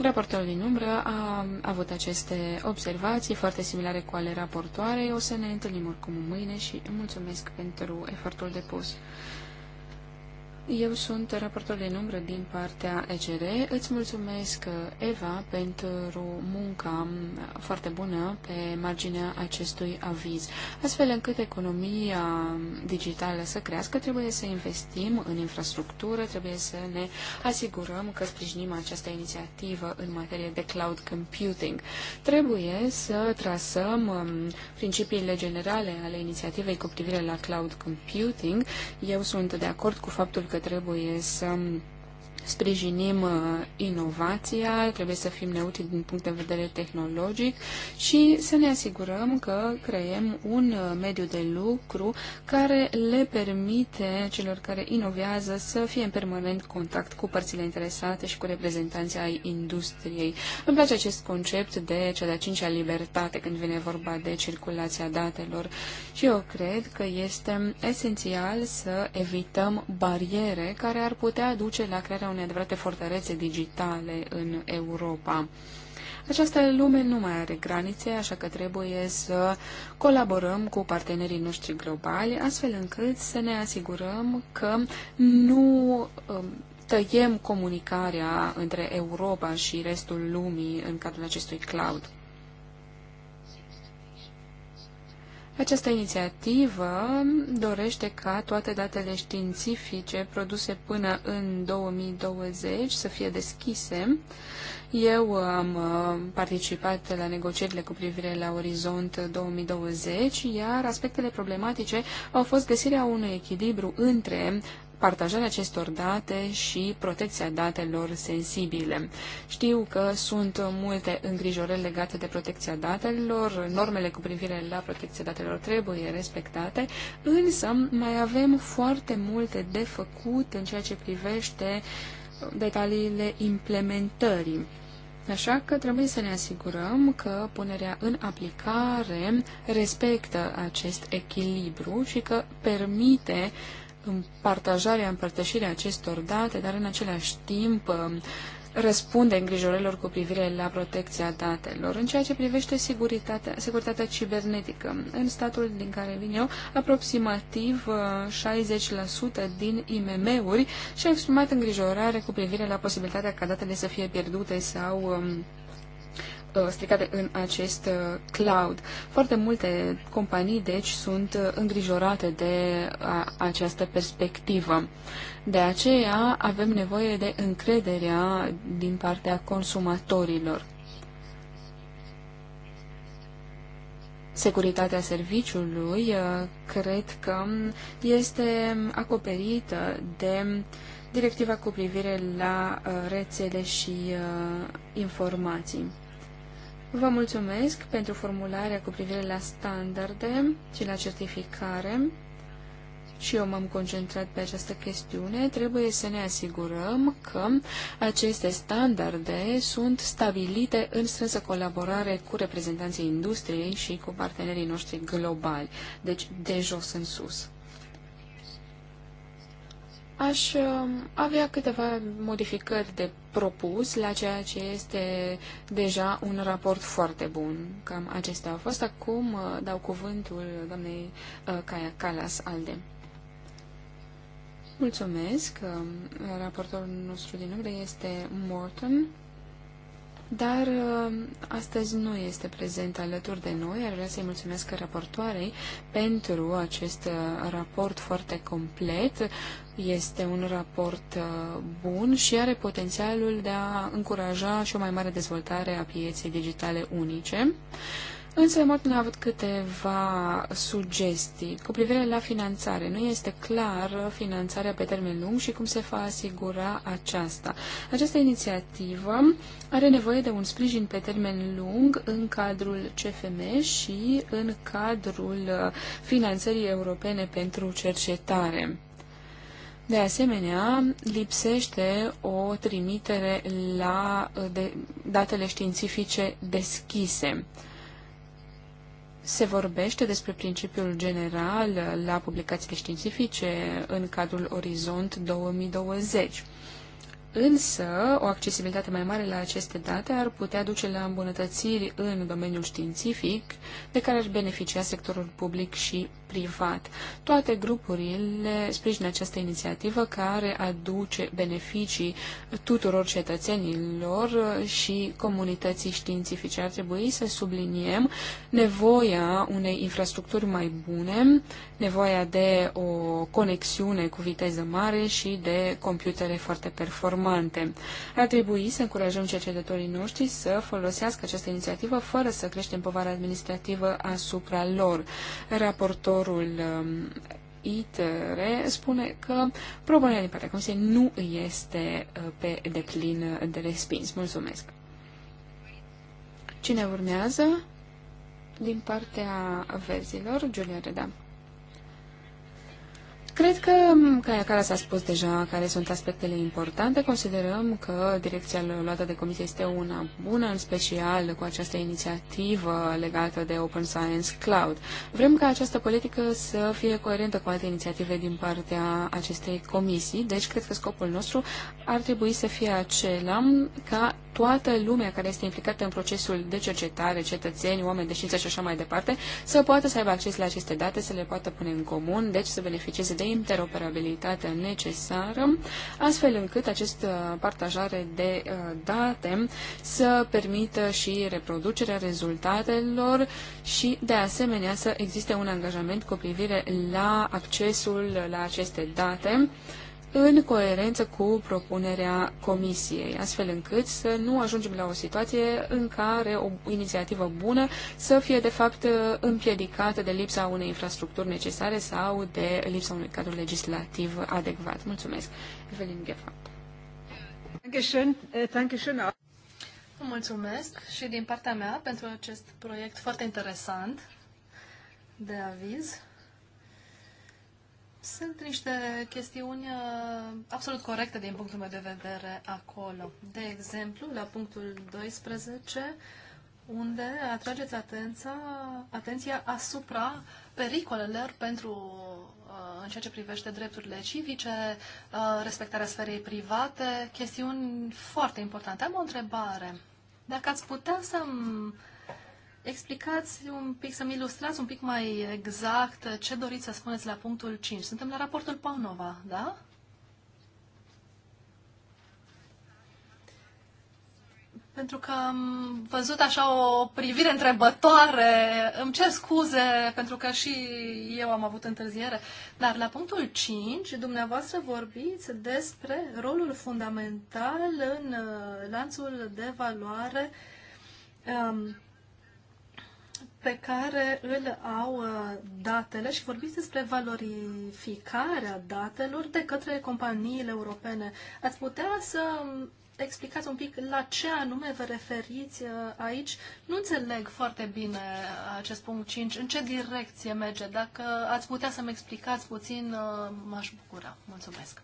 Raportorul din umbră a avut aceste observații foarte similare cu ale raportoarei. O să ne întâlnim oricum mâine și mulțumesc pentru efortul depus. Eu sunt raportor de număr din partea ECR. Îți mulțumesc, Eva, pentru munca foarte bună pe marginea acestui aviz. Astfel încât economia digitală să crească, trebuie să investim în infrastructură, trebuie să ne asigurăm că sprijinim această inițiativă în materie de cloud computing. Trebuie să trasăm um, principiile generale ale inițiativei cu privire la cloud computing. Eu sunt de acord cu faptul că că trebuie să sprijinim uh, inovația, trebuie să fim neutri din punct de vedere tehnologic și să ne asigurăm că creăm un uh, mediu de lucru care le permite celor care inovează să fie în permanent contact cu părțile interesate și cu reprezentanții ai industriei. Îmi place acest concept de cea de-a cincea libertate când vine vorba de circulația datelor și eu cred că este esențial să evităm bariere care ar putea duce la crearea unui unei adevărate fortărețe digitale în Europa. Această lume nu mai are granițe, așa că trebuie să colaborăm cu partenerii noștri globali, astfel încât să ne asigurăm că nu um, tăiem comunicarea între Europa și restul lumii în cadrul acestui cloud. Această inițiativă dorește ca toate datele științifice produse până în 2020 să fie deschise. Eu am uh, participat la negocierile cu privire la Orizont 2020, iar aspectele problematice au fost găsirea unui echilibru între partajarea acestor date și protecția datelor sensibile. Știu că sunt multe îngrijorări legate de protecția datelor, normele cu privire la protecția datelor trebuie respectate, însă mai avem foarte multe de făcut în ceea ce privește detaliile implementării. Așa că trebuie să ne asigurăm că punerea în aplicare respectă acest echilibru și că permite uh, în partajarea, împărtășirea acestor date, dar în același timp um, răspunde îngrijorilor cu privire la protecția datelor. În ceea ce privește securitatea, securitatea cibernetică, în statul din care vin eu, aproximativ 60% uh, din IMM-uri și-au exprimat îngrijorare cu privire la posibilitatea ca datele să fie pierdute sau um, Uh, stricate în acest uh, cloud. Foarte multe companii, deci, sunt uh, îngrijorate de această perspectivă. De aceea avem nevoie de încrederea din partea consumatorilor. securitatea serviciului, cred că este acoperită de directiva cu privire la rețele și informații. Vă mulțumesc pentru formularea cu privire la standarde și la certificare. Și eu m-am concentrat pe această chestiune. Trebuie să ne asigurăm că aceste standarde sunt stabilite în strânsă colaborare cu reprezentanții industriei și cu partenerii noștri globali, deci de jos în sus. Aș um, avea câteva modificări de propus la ceea ce este deja un raport foarte bun. Cam acesta a fost. Acum uh, dau cuvântul doamnei Caia uh, Calas Alde. Mulțumesc. Um, raportorul nostru din umbră este Morton dar uh, astăzi nu este prezent alături de noi. Ar vrea să-i mulțumesc raportoarei pentru acest uh, raport foarte complet. Este un raport uh, bun și are potențialul de a încuraja și o mai mare dezvoltare a pieței digitale unice. Însă nu a avut câteva sugestii cu privire la finanțare. Nu este clar finanțarea pe termen lung și cum se va asigura aceasta. Această inițiativă are nevoie de un sprijin pe termen lung în cadrul CFM și în cadrul finanțării europene pentru cercetare. De asemenea, lipsește o trimitere la datele științifice deschise. Se vorbește despre principiul general la publicațiile științifice în cadrul Orizont 2020. Însă, o accesibilitate mai mare la aceste date ar putea duce la îmbunătățiri în domeniul științific, de care ar beneficia sectorul public și privat. Toate grupurile sprijină această inițiativă care aduce beneficii tuturor cetățenilor și comunității științifice. Ar trebui să subliniem nevoia unei infrastructuri mai bune, nevoia de o conexiune cu viteză mare și de computere foarte performante alarmante. Ar trebui să încurajăm cercetătorii noștri să folosească această inițiativă fără să creștem povara administrativă asupra lor. Raportorul um, ITR spune că propunerea din partea Comisiei nu este uh, pe deplin uh, de respins. Mulțumesc. Cine urmează? Din partea verzilor, Giulia Reda. Cred că, ca care s-a spus deja, care sunt aspectele importante, considerăm că direcția luată de comisie este una bună, în special cu această inițiativă legată de Open Science Cloud. Vrem ca această politică să fie coerentă cu alte inițiative din partea acestei comisii, deci cred că scopul nostru ar trebui să fie acela ca toată lumea care este implicată în procesul de cercetare, cetățeni, oameni de știință și așa mai departe, să poată să aibă acces la aceste date, să le poată pune în comun, deci să beneficieze de interoperabilitatea necesară, astfel încât această uh, partajare de uh, date să permită și reproducerea rezultatelor și, de asemenea, să existe un angajament cu privire la accesul la aceste date, în coerență cu propunerea Comisiei, astfel încât să nu ajungem la o situație în care o inițiativă bună să fie, de fapt, împiedicată de lipsa unei infrastructuri necesare sau de lipsa unui cadru legislativ adecvat. Mulțumesc. Evelyn Ghefa. Eh, Mulțumesc și din partea mea pentru acest proiect foarte interesant de aviz. Sunt niște chestiuni uh, absolut corecte din punctul meu de vedere acolo. De exemplu, la punctul 12, unde atrageți atenția, atenția asupra pericolelor pentru uh, în ceea ce privește drepturile civice, uh, respectarea sferei private, chestiuni foarte importante. Am o întrebare. Dacă ați putea să-mi explicați un pic, să-mi ilustrați un pic mai exact ce doriți să spuneți la punctul 5. Suntem la raportul Paunova, da? Pentru că am văzut așa o privire întrebătoare. Îmi cer scuze pentru că și eu am avut întârziere. Dar la punctul 5, dumneavoastră vorbiți despre rolul fundamental în uh, lanțul de valoare um, pe care îl au uh, datele și vorbiți despre valorificarea datelor de către companiile europene. Ați putea să um, explicați un pic la ce anume vă referiți uh, aici? Nu înțeleg foarte bine uh, acest punct 5. În ce direcție merge? Dacă ați putea să-mi explicați puțin, m-aș bucura. Mulțumesc.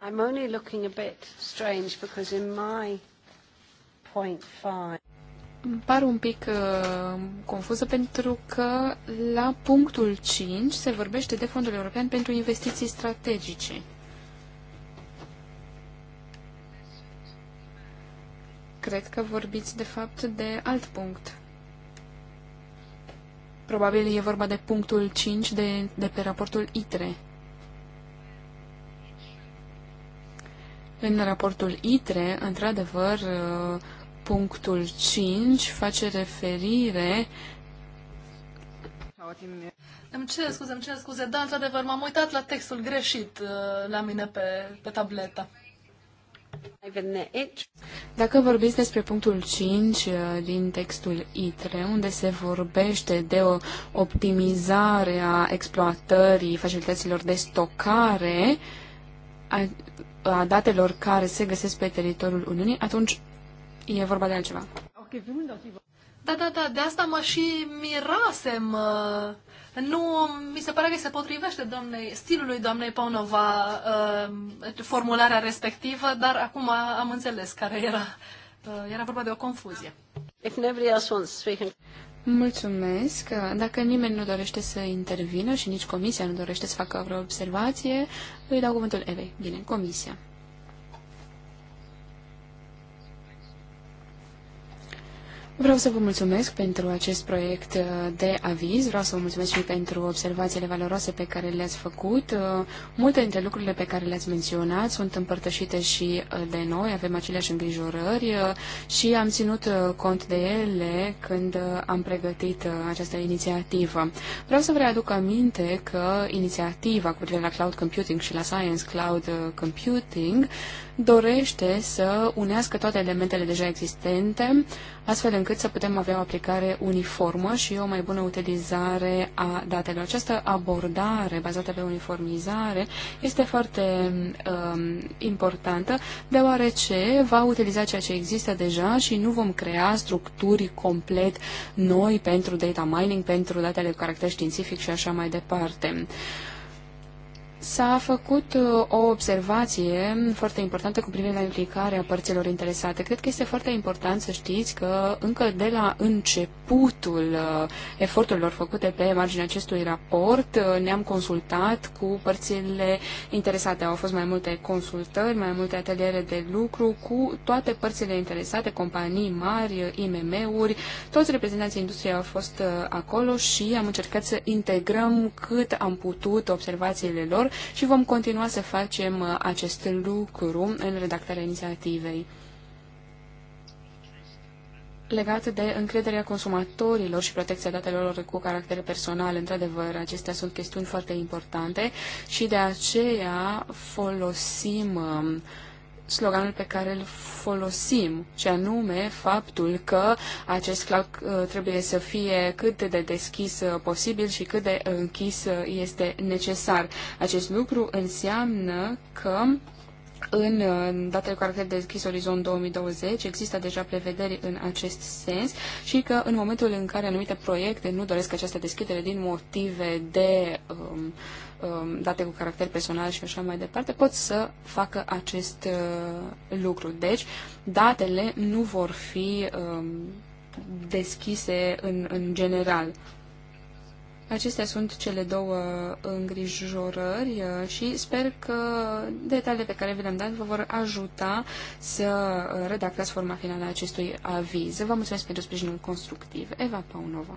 I'm only looking a bit strange because in my point five... Îmi par un pic uh, confuză pentru că la punctul 5 se vorbește de Fondul European pentru Investiții Strategice. Cred că vorbiți de fapt de alt punct. Probabil e vorba de punctul 5 de, de pe raportul ITRE. În raportul ITRE, într-adevăr, uh, punctul 5 face referire îmi cer scuze, îmi cer scuze, da, într-adevăr, m-am uitat la textul greșit uh, la mine pe, pe tabletă. Dacă vorbiți despre punctul 5 uh, din textul ITRE, unde se vorbește de o optimizare a exploatării facilităților de stocare, a datelor care se găsesc pe teritoriul Uniunii, atunci e vorba de altceva. Da, da, da, de asta mă și mirasem. Nu, mi se pare că se potrivește doamnei, stilului doamnei Paunova uh, formularea respectivă, dar acum am înțeles care era. Uh, era vorba de o confuzie. Mulțumesc. Dacă nimeni nu dorește să intervină și nici comisia nu dorește să facă vreo observație, îi dau cuvântul Evei. Bine, comisia. Vreau să vă mulțumesc pentru acest proiect uh, de aviz, vreau să vă mulțumesc și pentru observațiile valoroase pe care le-ați făcut. Uh, multe dintre lucrurile pe care le-ați menționat sunt împărtășite și uh, de noi, avem aceleași îngrijorări și am ținut cont de ele când am pregătit această inițiativă. Vreau să vă readuc aminte că inițiativa cu privire la cloud computing și la science cloud computing dorește să unească toate elementele deja existente, astfel încât încât să putem avea o aplicare uniformă și o mai bună utilizare a datelor. Această abordare bazată pe uniformizare este foarte um, importantă, deoarece va utiliza ceea ce există deja și nu vom crea structuri complet noi pentru data mining, pentru datele cu caracter științific și așa mai departe. Uh, S-a făcut uh, o observație foarte importantă cu privire la implicarea părților interesate. Cred că este foarte important să știți că încă de la începutul uh, eforturilor făcute pe marginea acestui raport uh, ne-am consultat cu părțile interesate. Au fost mai multe consultări, mai multe ateliere de lucru cu toate părțile interesate, companii mari, IMM-uri, toți reprezentanții industriei au fost acolo și am încercat să integrăm cât am putut observațiile lor viitor și vom continua să facem uh, acest lucru în redactarea inițiativei legate de încrederea consumatorilor și protecția datelor cu caracter personal. Într-adevăr, acestea sunt chestiuni foarte importante și de aceea folosim um, sloganul pe care îl folosim, ce anume faptul că acest cloud uh, trebuie să fie cât de deschis uh, posibil și cât de uh, închis este necesar. Acest lucru înseamnă că în datele cu caracter deschis Orizont 2020 există deja prevederi în acest sens și că în momentul în care anumite proiecte nu doresc această deschidere din motive de um, Um, date cu caracter personal și așa mai departe, pot să facă acest uh, lucru. Deci, datele nu vor fi um, deschise în, în general. Acestea sunt cele două îngrijorări uh, și sper că detaliile pe care vi le-am dat vă vor ajuta să uh, redactați forma finală a acestui aviz. Vă mulțumesc pentru sprijinul constructiv. Eva Paunova.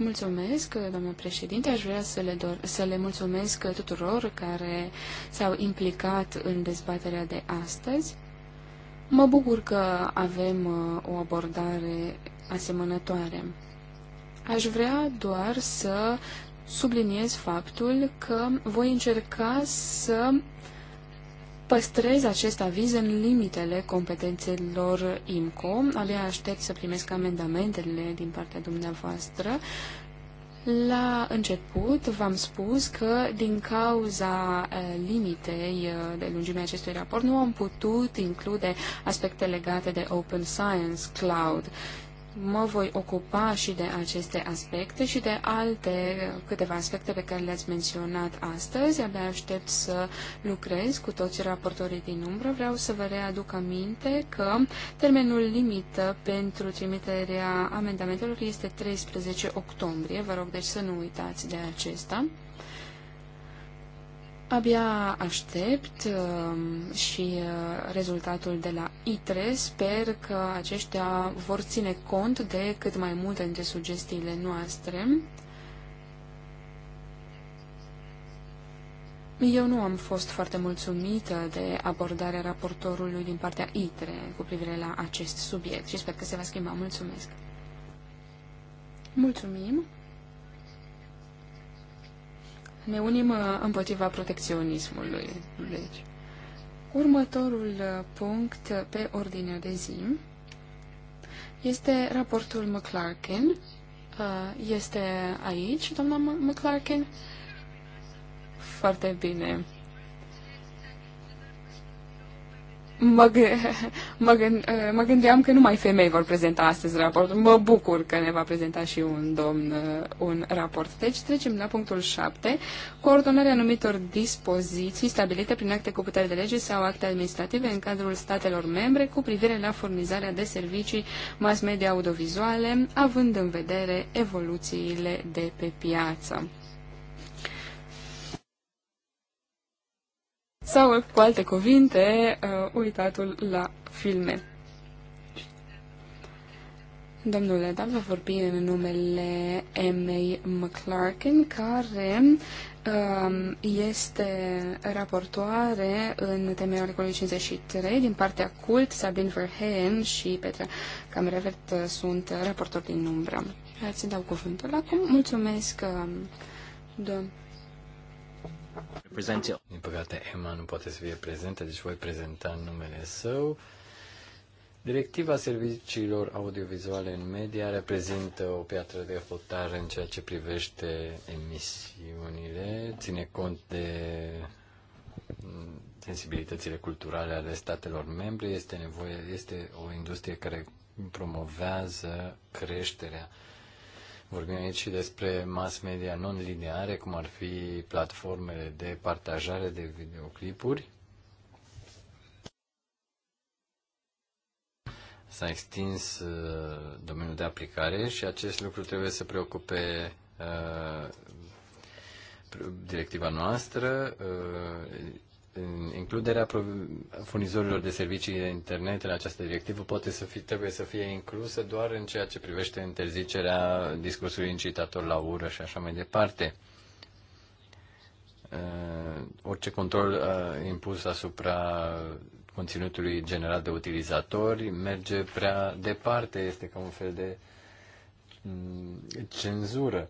Mulțumesc, doamnă președinte. Aș vrea să le, dor- să le mulțumesc tuturor care s-au implicat în dezbaterea de astăzi. Mă bucur că avem uh, o abordare asemănătoare. Aș vrea doar să subliniez faptul că voi încerca să uh, păstrez acest aviz în limitele competențelor IMCO. Abia aștept să primesc amendamentele din partea dumneavoastră. La început v-am spus că din cauza eh, limitei eh, de lungimea acestui raport nu am putut include aspecte legate de Open Science Cloud mă voi ocupa și de aceste aspecte și de alte câteva aspecte pe care le-ați menționat astăzi. Abia aștept să lucrez cu toți raportorii din umbră. Vreau să vă readuc aminte că termenul limită pentru trimiterea amendamentelor este 13 octombrie. Vă rog deci să nu uitați de acesta. Abia aștept um, și uh, rezultatul de la ITRE. Sper că aceștia vor ține cont de cât mai multe dintre sugestiile noastre. Eu nu am fost foarte mulțumită de abordarea raportorului din partea ITRE cu privire la acest subiect și sper că se va schimba. Mulțumesc! Mulțumim! ne unim uh, împotriva protecționismului. Deci, următorul uh, punct pe ordinea de zi este raportul McClarkin. Uh, este aici, doamna McClarkin? Foarte bine. Mă, mă, gând, uh, mă gândeam că numai femei vor prezenta astăzi raportul. Mă bucur că ne va prezenta și un domn uh, un raport. Deci trecem la punctul 7. Coordonarea anumitor dispoziții stabilite prin acte cu putere de lege sau acte administrative în cadrul statelor membre cu privire la furnizarea de servicii mass media audiovizuale, având în vedere evoluțiile de pe piață. sau, cu alte cuvinte, uh, uitatul la filme. Domnule, dar vă vorbi în numele M.A. McClarkin, care um, este raportoare în temeiul articolului 53 din partea CULT, Sabine Verheyen și Petra Camerevert uh, sunt raportori din umbră. Ați dau cuvântul acum. Mulțumesc, um, domnule. Din păcate, Emma nu poate să fie prezentă, deci voi prezenta în numele său. Directiva serviciilor audiovizuale în media reprezintă o piatră de hotar în ceea ce privește emisiunile, ține cont de sensibilitățile culturale ale statelor membre, este nevoie, este o industrie care promovează creșterea uh, Vorbim aici și despre mass media non-lineare, cum ar fi platformele de partajare de videoclipuri. S-a extins uh, domeniul de aplicare și acest lucru trebuie să preocupe uh, directiva noastră, uh, includerea furnizorilor de servicii de internet în această directivă poate să fie, trebuie să fie inclusă doar în ceea ce privește interzicerea discursului incitator la ură și așa mai departe. Uh, orice control uh, impus asupra conținutului generat de utilizatori merge prea departe, este ca un fel de mm, cenzură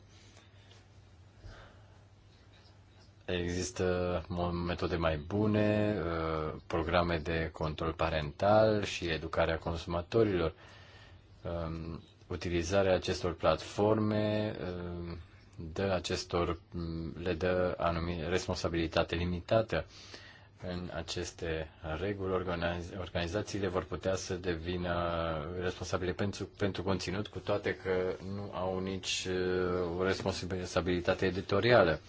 Există metode mai bune, uh, programe de control parental și educarea consumatorilor. Um, utilizarea acestor platforme um, dă acestor, le dă anumite responsabilitate limitată în aceste reguli, organizațiile vor putea să devină responsabile pentru, pentru conținut, cu toate că nu au nici uh, o responsabilitate editorială.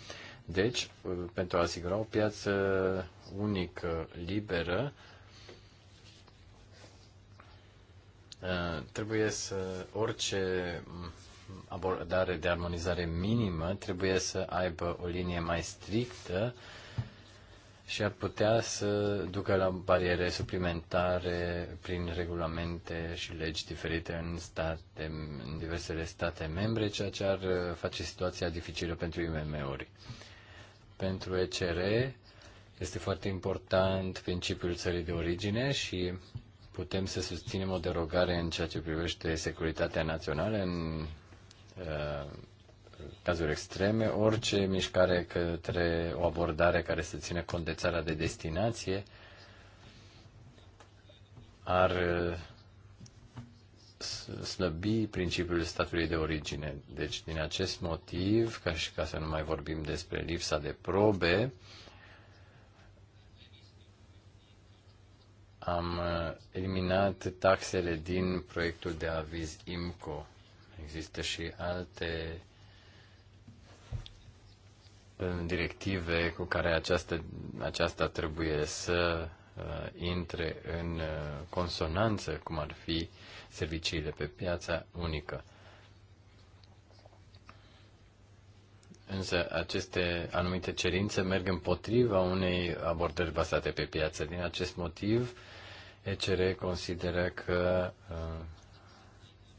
Deci, pentru a asigura o piață unică, liberă, eh, trebuie să orice abordare de armonizare minimă trebuie să aibă o linie mai strictă și ar putea să ducă la bariere suplimentare prin regulamente și legi diferite în, state, în diversele state membre, ceea ce ar face situația dificilă pentru IMM-uri. Pentru ECR este foarte important principiul țării de origine și putem să susținem o derogare în ceea ce privește securitatea națională în uh, cazuri extreme, orice mișcare către o abordare care să ține cont de țara de destinație ar slăbi principiul statului de origine. Deci, din acest motiv, ca și ca să nu mai vorbim despre lipsa de probe, am uh, eliminat taxele din proiectul de aviz IMCO. Există și alte uh, directive cu care aceasta aceasta trebuie să uh, intre în consonanță, cum ar fi serviciile pe piața unică. Însă aceste anumite cerințe merg împotriva unei abordări bazate pe piață. Din acest motiv, ECR consideră că uh,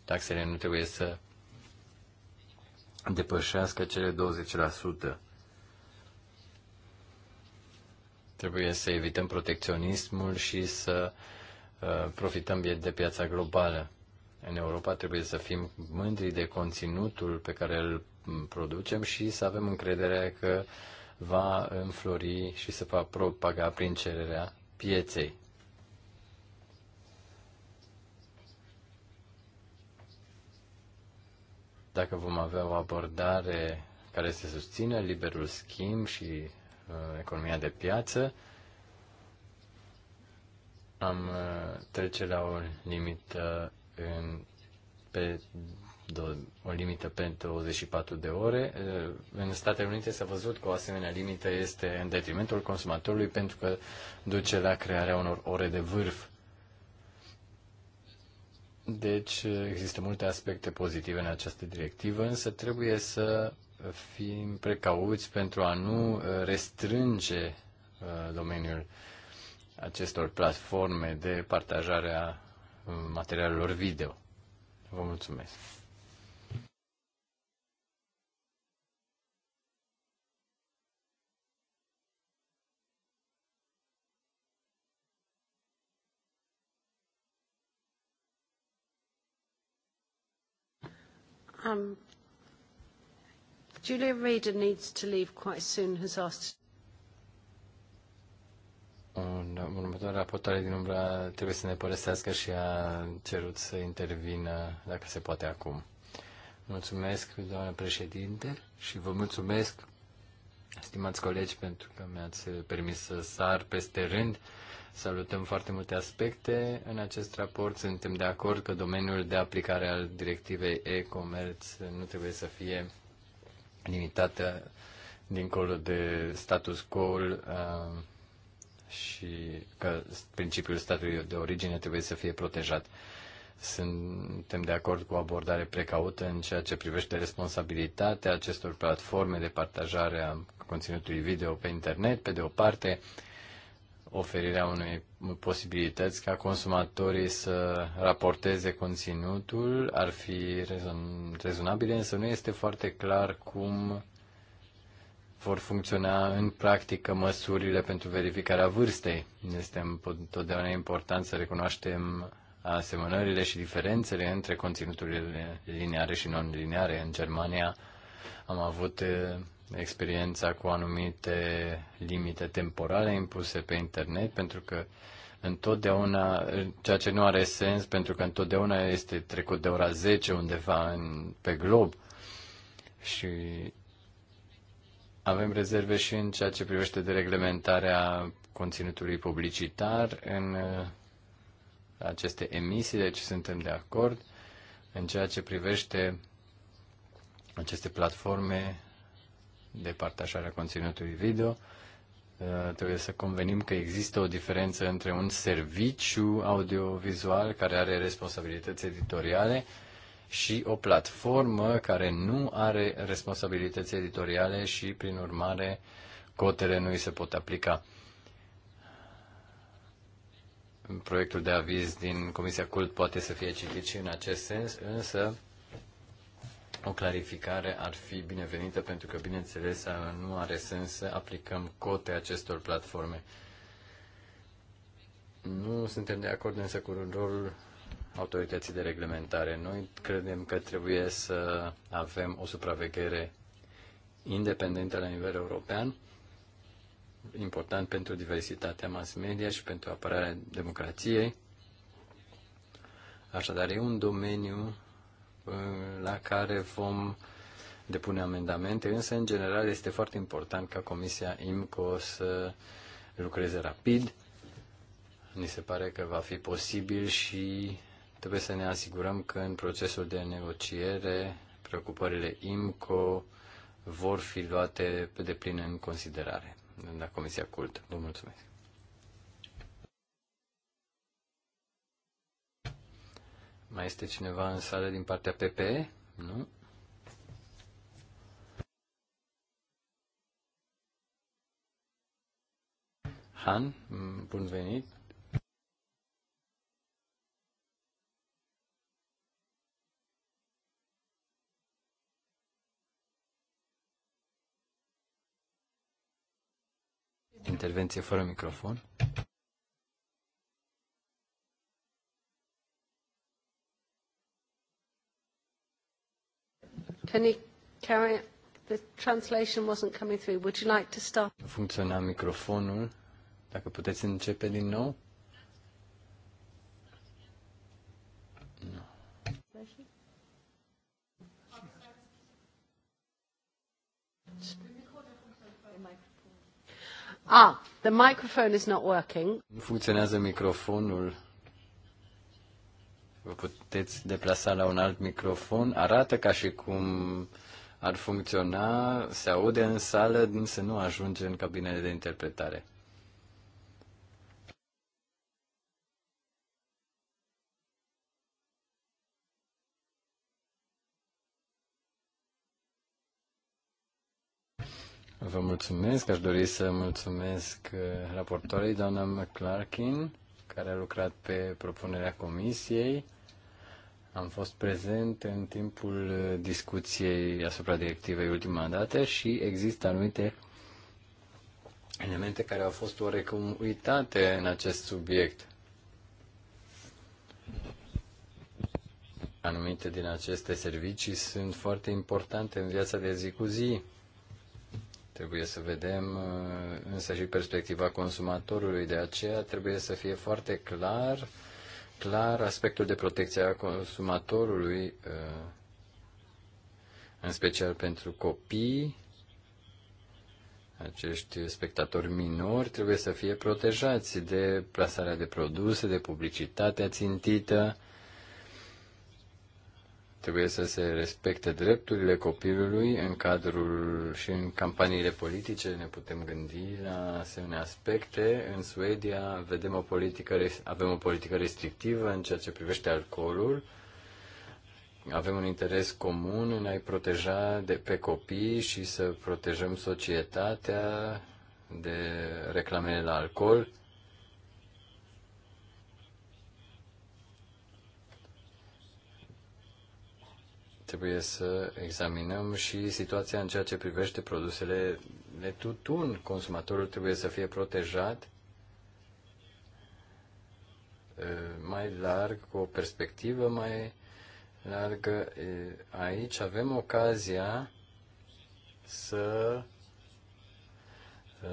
taxele nu trebuie să depășească cele 20%. Trebuie să evităm protecționismul și să uh, Uh, profităm de piața globală. În Europa trebuie să fim mândri de conținutul pe care îl producem și să avem încrederea că va înflori și se va propaga prin cererea pieței. Dacă vom avea o abordare care să susțină liberul schimb și uh, economia de piață, uh, am uh, trece la o limită în, pe do, o limită pentru 24 de ore. Uh, în Statele Unite s-a văzut că o asemenea limită este în detrimentul consumatorului pentru că duce la crearea unor ore de vârf. Deci uh, există multe aspecte pozitive în această directivă, însă trebuie să fim precauți pentru a nu restrânge domeniul uh, acestor platforme de partajare a materialelor video. Vă mulțumesc! Um, Julia Reader needs to leave quite soon, has asked un următor raportare din umbra trebuie să ne părăsească și a cerut să intervină, dacă se poate, acum. Mulțumesc, doamnă președinte, și vă mulțumesc, stimați colegi, pentru că mi-ați permis să sar peste rând. Salutăm foarte multe aspecte în acest raport. Suntem de acord că domeniul de aplicare al directivei e-comerț nu trebuie să fie limitată dincolo de status quo uh, și că principiul statului de origine trebuie să fie protejat. Suntem de acord cu o abordare precaută în ceea ce privește responsabilitatea acestor platforme de partajare a conținutului video pe internet, pe de o parte, oferirea unei posibilități ca consumatorii să raporteze conținutul ar fi rezonabil, însă nu este foarte clar cum vor funcționa în practică măsurile pentru verificarea vârstei. Este întotdeauna important să recunoaștem asemănările și diferențele între conținuturile lineare și non-lineare. În Germania am avut eh, experiența cu anumite limite temporale impuse pe internet, pentru că întotdeauna, eh, ceea ce nu are sens, pentru că întotdeauna este trecut de ora 10 undeva în, pe glob și avem rezerve și în ceea ce privește dereglementarea conținutului publicitar în uh, aceste emisii, deci suntem de acord. În ceea ce privește aceste platforme de partajare a conținutului video, uh, trebuie să convenim că există o diferență între un serviciu audiovizual care are responsabilități editoriale și o platformă care nu are responsabilități editoriale și, prin urmare, cotele nu îi se pot aplica. Proiectul de aviz din Comisia Cult poate să fie citit și în acest sens, însă o clarificare ar fi binevenită pentru că, bineînțeles, nu are sens să aplicăm cote acestor platforme. Nu suntem de acord însă cu rolul autorității de reglementare. Noi credem că trebuie să avem o supraveghere independentă la nivel european, important pentru diversitatea mass media și pentru apărarea democrației. Așadar, e un domeniu uh, la care vom depune amendamente, însă, în general, este foarte important ca Comisia IMCO să lucreze rapid. Ni se pare că va fi posibil și Trebuie să ne asigurăm că în procesul de negociere preocupările IMCO vor fi luate pe deplin în considerare la Comisia Cult. Vă mulțumesc. Mai este cineva în sală din partea PPE? Nu? Han, bun venit. Intervenție fără microfon. Can you carry the translation wasn't coming through. Would you like to start? Funcționa microfonul. Dacă puteți începe din nou. No. Thank you. Ah, the microphone is not working. Nu funcționează microfonul. Vă puteți deplasa la un alt microfon. Arată ca și cum ar funcționa, se aude în sală, însă nu ajunge în cabinele de interpretare. Vă mulțumesc. Aș dori să mulțumesc uh, raportoarei, doamna McClarkin, care a lucrat pe propunerea comisiei. Am fost prezent în timpul uh, discuției asupra directivei ultima dată și există anumite elemente care au fost oarecum uitate în acest subiect. Anumite din aceste servicii sunt foarte importante în viața de zi cu zi Trebuie să vedem uh, însă și perspectiva consumatorului, de aceea trebuie să fie foarte clar, clar aspectul de protecție a consumatorului, uh, în special pentru copii, acești spectatori minori trebuie să fie protejați de plasarea de produse, de publicitatea țintită, Trebuie să se respecte drepturile copilului în cadrul și în campaniile politice. Ne putem gândi la asemenea aspecte. În Suedia vedem o politică, avem o politică restrictivă în ceea ce privește alcoolul. Avem un interes comun în a-i proteja de pe copii și să protejăm societatea de reclamele la alcool Trebuie să examinăm și situația în ceea ce privește produsele de tutun. Consumatorul trebuie să fie protejat mai larg, cu o perspectivă mai largă. Aici avem ocazia să Uh,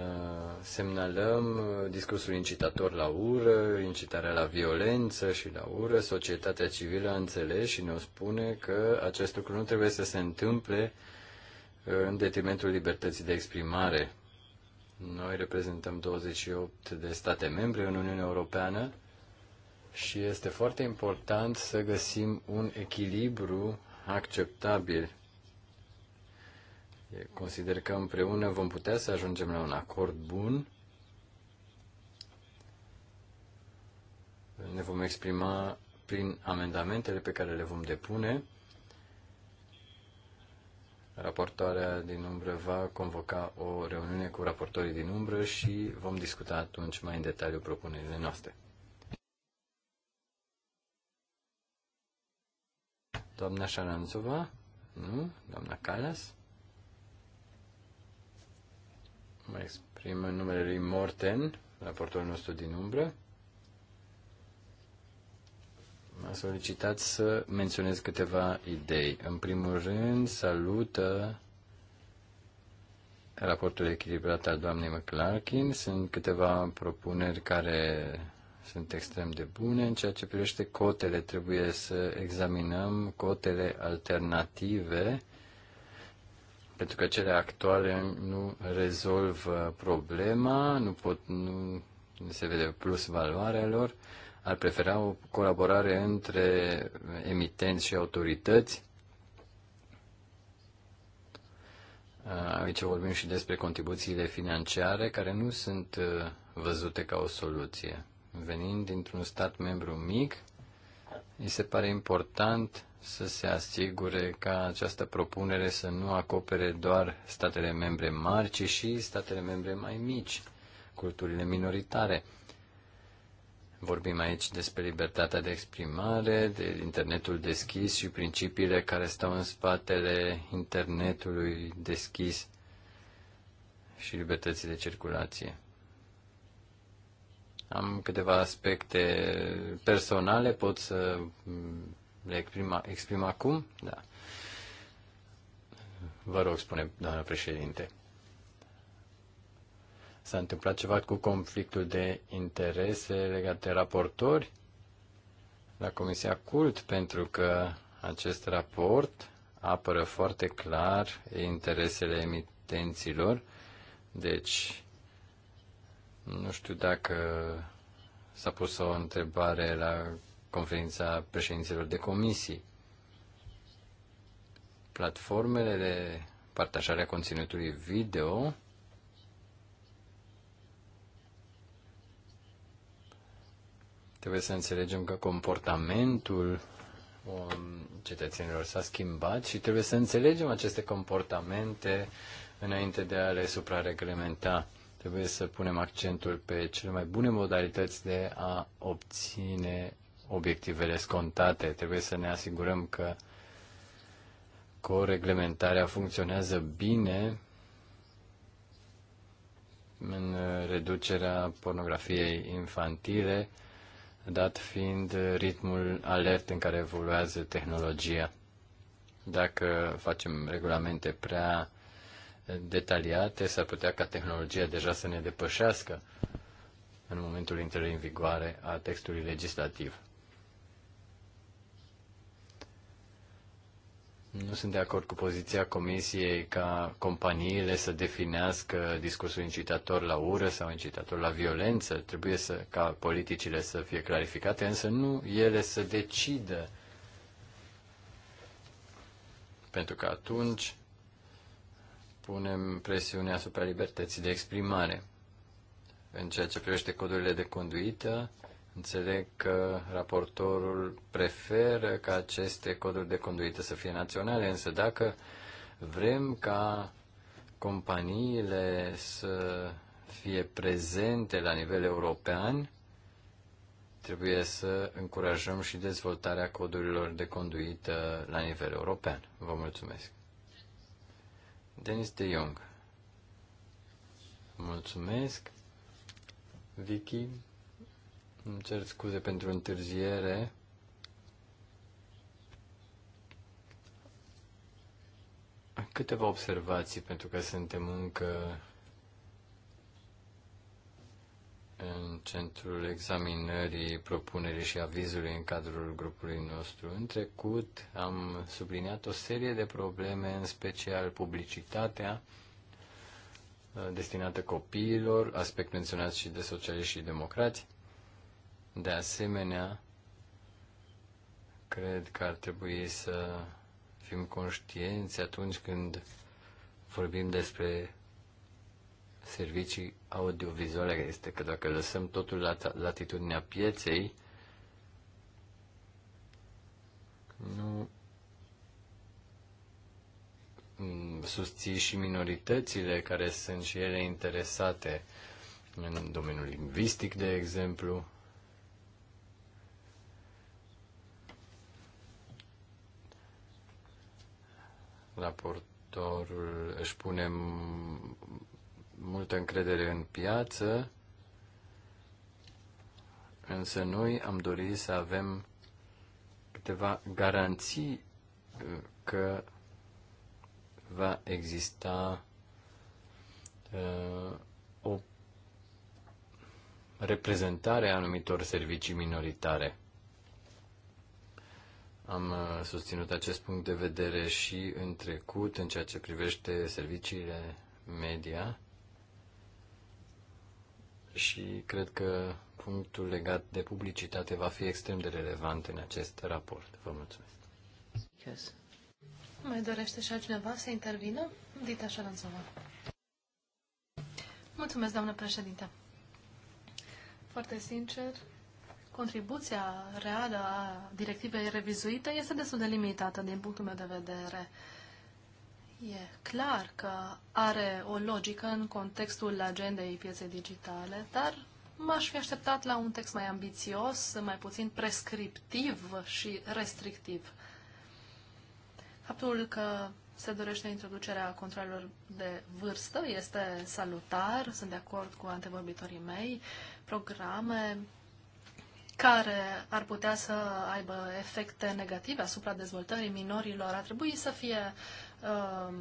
semnalăm discursul incitator la ură, incitarea la violență și la ură. Societatea civilă a înțeles și ne spune că acest lucru nu trebuie să se întâmple uh, în detrimentul libertății de exprimare. Noi reprezentăm 28 de state membre în Uniunea Europeană și este foarte important să găsim un echilibru acceptabil Consider că împreună vom putea să ajungem la un acord bun. Ne vom exprima prin amendamentele pe care le vom depune. Raportoarea din umbră va convoca o reuniune cu raportorii din umbră și vom discuta atunci mai în detaliu propunerile noastre. Doamna Șaranțova? Nu? Doamna Calas? mă exprim în numele lui Morten, raportorul nostru din umbră. M-a solicitat să menționez câteva idei. În primul rând, salută raportul echilibrat al doamnei McClarkin. Sunt câteva propuneri care sunt extrem de bune. În ceea ce privește cotele, trebuie să examinăm cotele alternative pentru că cele actuale nu rezolvă uh, problema, nu pot, nu se vede plus valoarea lor, ar prefera o colaborare între emitenți și autorități. Uh, aici vorbim și despre contribuțiile financiare care nu sunt uh, văzute ca o soluție. Venind dintr-un stat membru mic, îi se pare important să se asigure ca această propunere să nu acopere doar statele membre mari, ci și statele membre mai mici, culturile minoritare. Vorbim aici despre libertatea de exprimare, de internetul deschis și principiile care stau în spatele internetului deschis și libertății de circulație. Am câteva aspecte personale, pot să le exprim, exprim acum? Da. Vă rog, spune doamna președinte. S-a întâmplat ceva cu conflictul de interese legat de raportori la Comisia Cult, pentru că acest raport apără foarte clar interesele emitenților. Deci, nu știu dacă s-a pus o întrebare la conferința președinților de comisii. Platformele de partajare a conținutului video trebuie să înțelegem că comportamentul um, cetățenilor s-a schimbat și trebuie să înțelegem aceste comportamente înainte de a le suprareglementa. Trebuie să punem accentul pe cele mai bune modalități de a obține obiectivele scontate. Trebuie să ne asigurăm că coreglementarea funcționează bine în reducerea pornografiei infantile, dat fiind ritmul alert în care evoluează tehnologia. Dacă facem regulamente prea detaliate, s-ar putea ca tehnologia deja să ne depășească în momentul intrării în vigoare a textului legislativ. Nu sunt de acord cu poziția Comisiei ca companiile să definească discursul incitator la ură sau incitator la violență. Trebuie să, ca politicile să fie clarificate, însă nu ele să decidă. Pentru că atunci punem presiune asupra libertății de exprimare. În ceea ce privește codurile de conduită, Înțeleg că raportorul preferă ca aceste coduri de conduită să fie naționale, însă dacă vrem ca companiile să fie prezente la nivel european, trebuie să încurajăm și dezvoltarea codurilor de conduită la nivel european. Vă mulțumesc. Denis de Jong. Mulțumesc. Vicky. Îmi cer scuze pentru întârziere. Câteva observații, pentru că suntem încă în centrul examinării propunerii și avizului în cadrul grupului nostru. În trecut am subliniat o serie de probleme, în special publicitatea uh, destinată copiilor, aspect menționat și de socialiști și democrați, de asemenea, cred că ar trebui să fim conștienți atunci când vorbim despre servicii audiovizuale, este că dacă lăsăm totul la latitudinea pieței, nu susții și minoritățile care sunt și ele interesate în domeniul lingvistic, de exemplu, raportorul își pune multă încredere în piață, însă noi am dorit să avem câteva garanții uh, că va exista uh, o reprezentare a anumitor servicii minoritare. Am uh, susținut acest punct de vedere și în trecut în ceea ce privește serviciile media și cred că punctul legat de publicitate va fi extrem de relevant în acest raport. Vă mulțumesc. Yes. Mai dorește și altcineva să intervină? Dita Șaranțova. Mulțumesc, doamnă președinte. Foarte sincer, contribuția reală a directivei revizuite este destul de limitată din punctul meu de vedere. E clar că are o logică în contextul agendei pieței digitale, dar m-aș fi așteptat la un text mai ambițios, mai puțin prescriptiv și restrictiv. Faptul că se dorește introducerea controlelor de vârstă este salutar, sunt de acord cu antevorbitorii mei, programe care ar putea să aibă efecte negative asupra dezvoltării minorilor ar trebui să fie uh,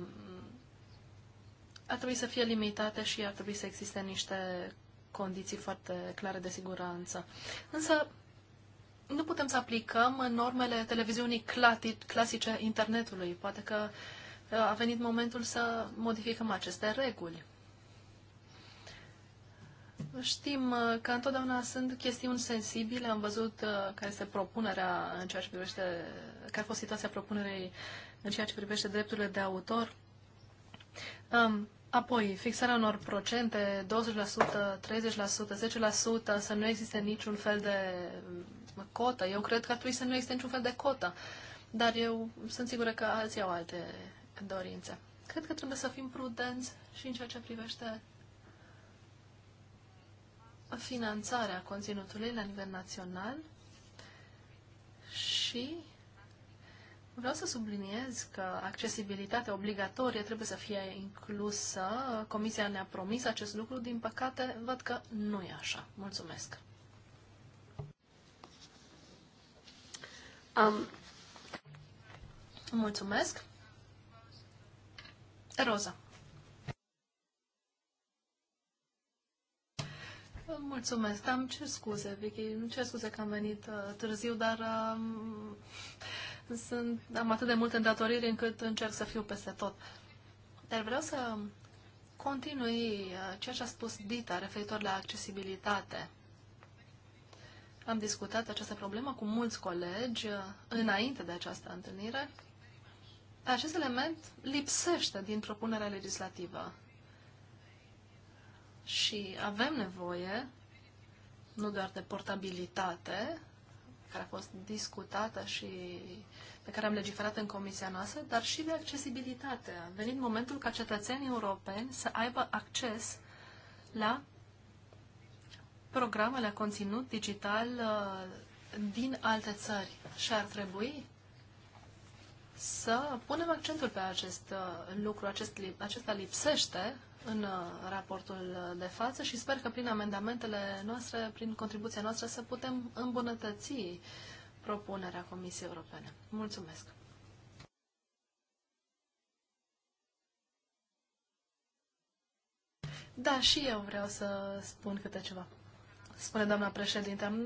ar trebui să fie limitate și ar trebui să existe niște condiții foarte clare de siguranță. Însă nu putem să aplicăm normele televiziunii clasice internetului. Poate că uh, a venit momentul să modificăm aceste reguli. Știm uh, că întotdeauna sunt chestiuni sensibile. Am văzut uh, care este propunerea în ceea ce privește, care a fost situația propunerei în ceea ce privește drepturile de autor. Um, apoi, fixarea unor procente, 20%, 30%, 10%, să nu existe niciun fel de um, cotă. Eu cred că ar trebui să nu existe niciun fel de cotă, dar eu sunt sigură că alții au alte dorințe. Cred că trebuie să fim prudenți și în ceea ce privește finanțarea conținutului la nivel național și vreau să subliniez că accesibilitatea obligatorie trebuie să fie inclusă. Comisia ne-a promis acest lucru, din păcate văd că nu e așa. Mulțumesc! Um, mulțumesc! Roza. mulțumesc, dar îmi cer scuze, Vicky, nu cer scuze că am venit uh, târziu, dar uh, sunt, am atât de multe îndatoriri încât încerc să fiu peste tot. Dar vreau să continui uh, ceea ce a spus Dita referitor la accesibilitate. Am discutat această problemă cu mulți colegi uh, înainte de această întâlnire. Acest element lipsește din propunerea legislativă și avem nevoie nu doar de portabilitate, care a fost discutată și pe care am legiferat în comisia noastră, dar și de accesibilitate. A venit momentul ca cetățenii europeni să aibă acces la programele conținut digital uh, din alte țări și ar trebui să punem accentul pe acest uh, lucru. Acest, acesta lipsește în uh, raportul de față și sper că prin amendamentele noastre, prin contribuția noastră, să putem îmbunătăți propunerea Comisiei Europene. Mulțumesc! Da, și eu vreau să spun câte ceva. Spune doamna președinte, am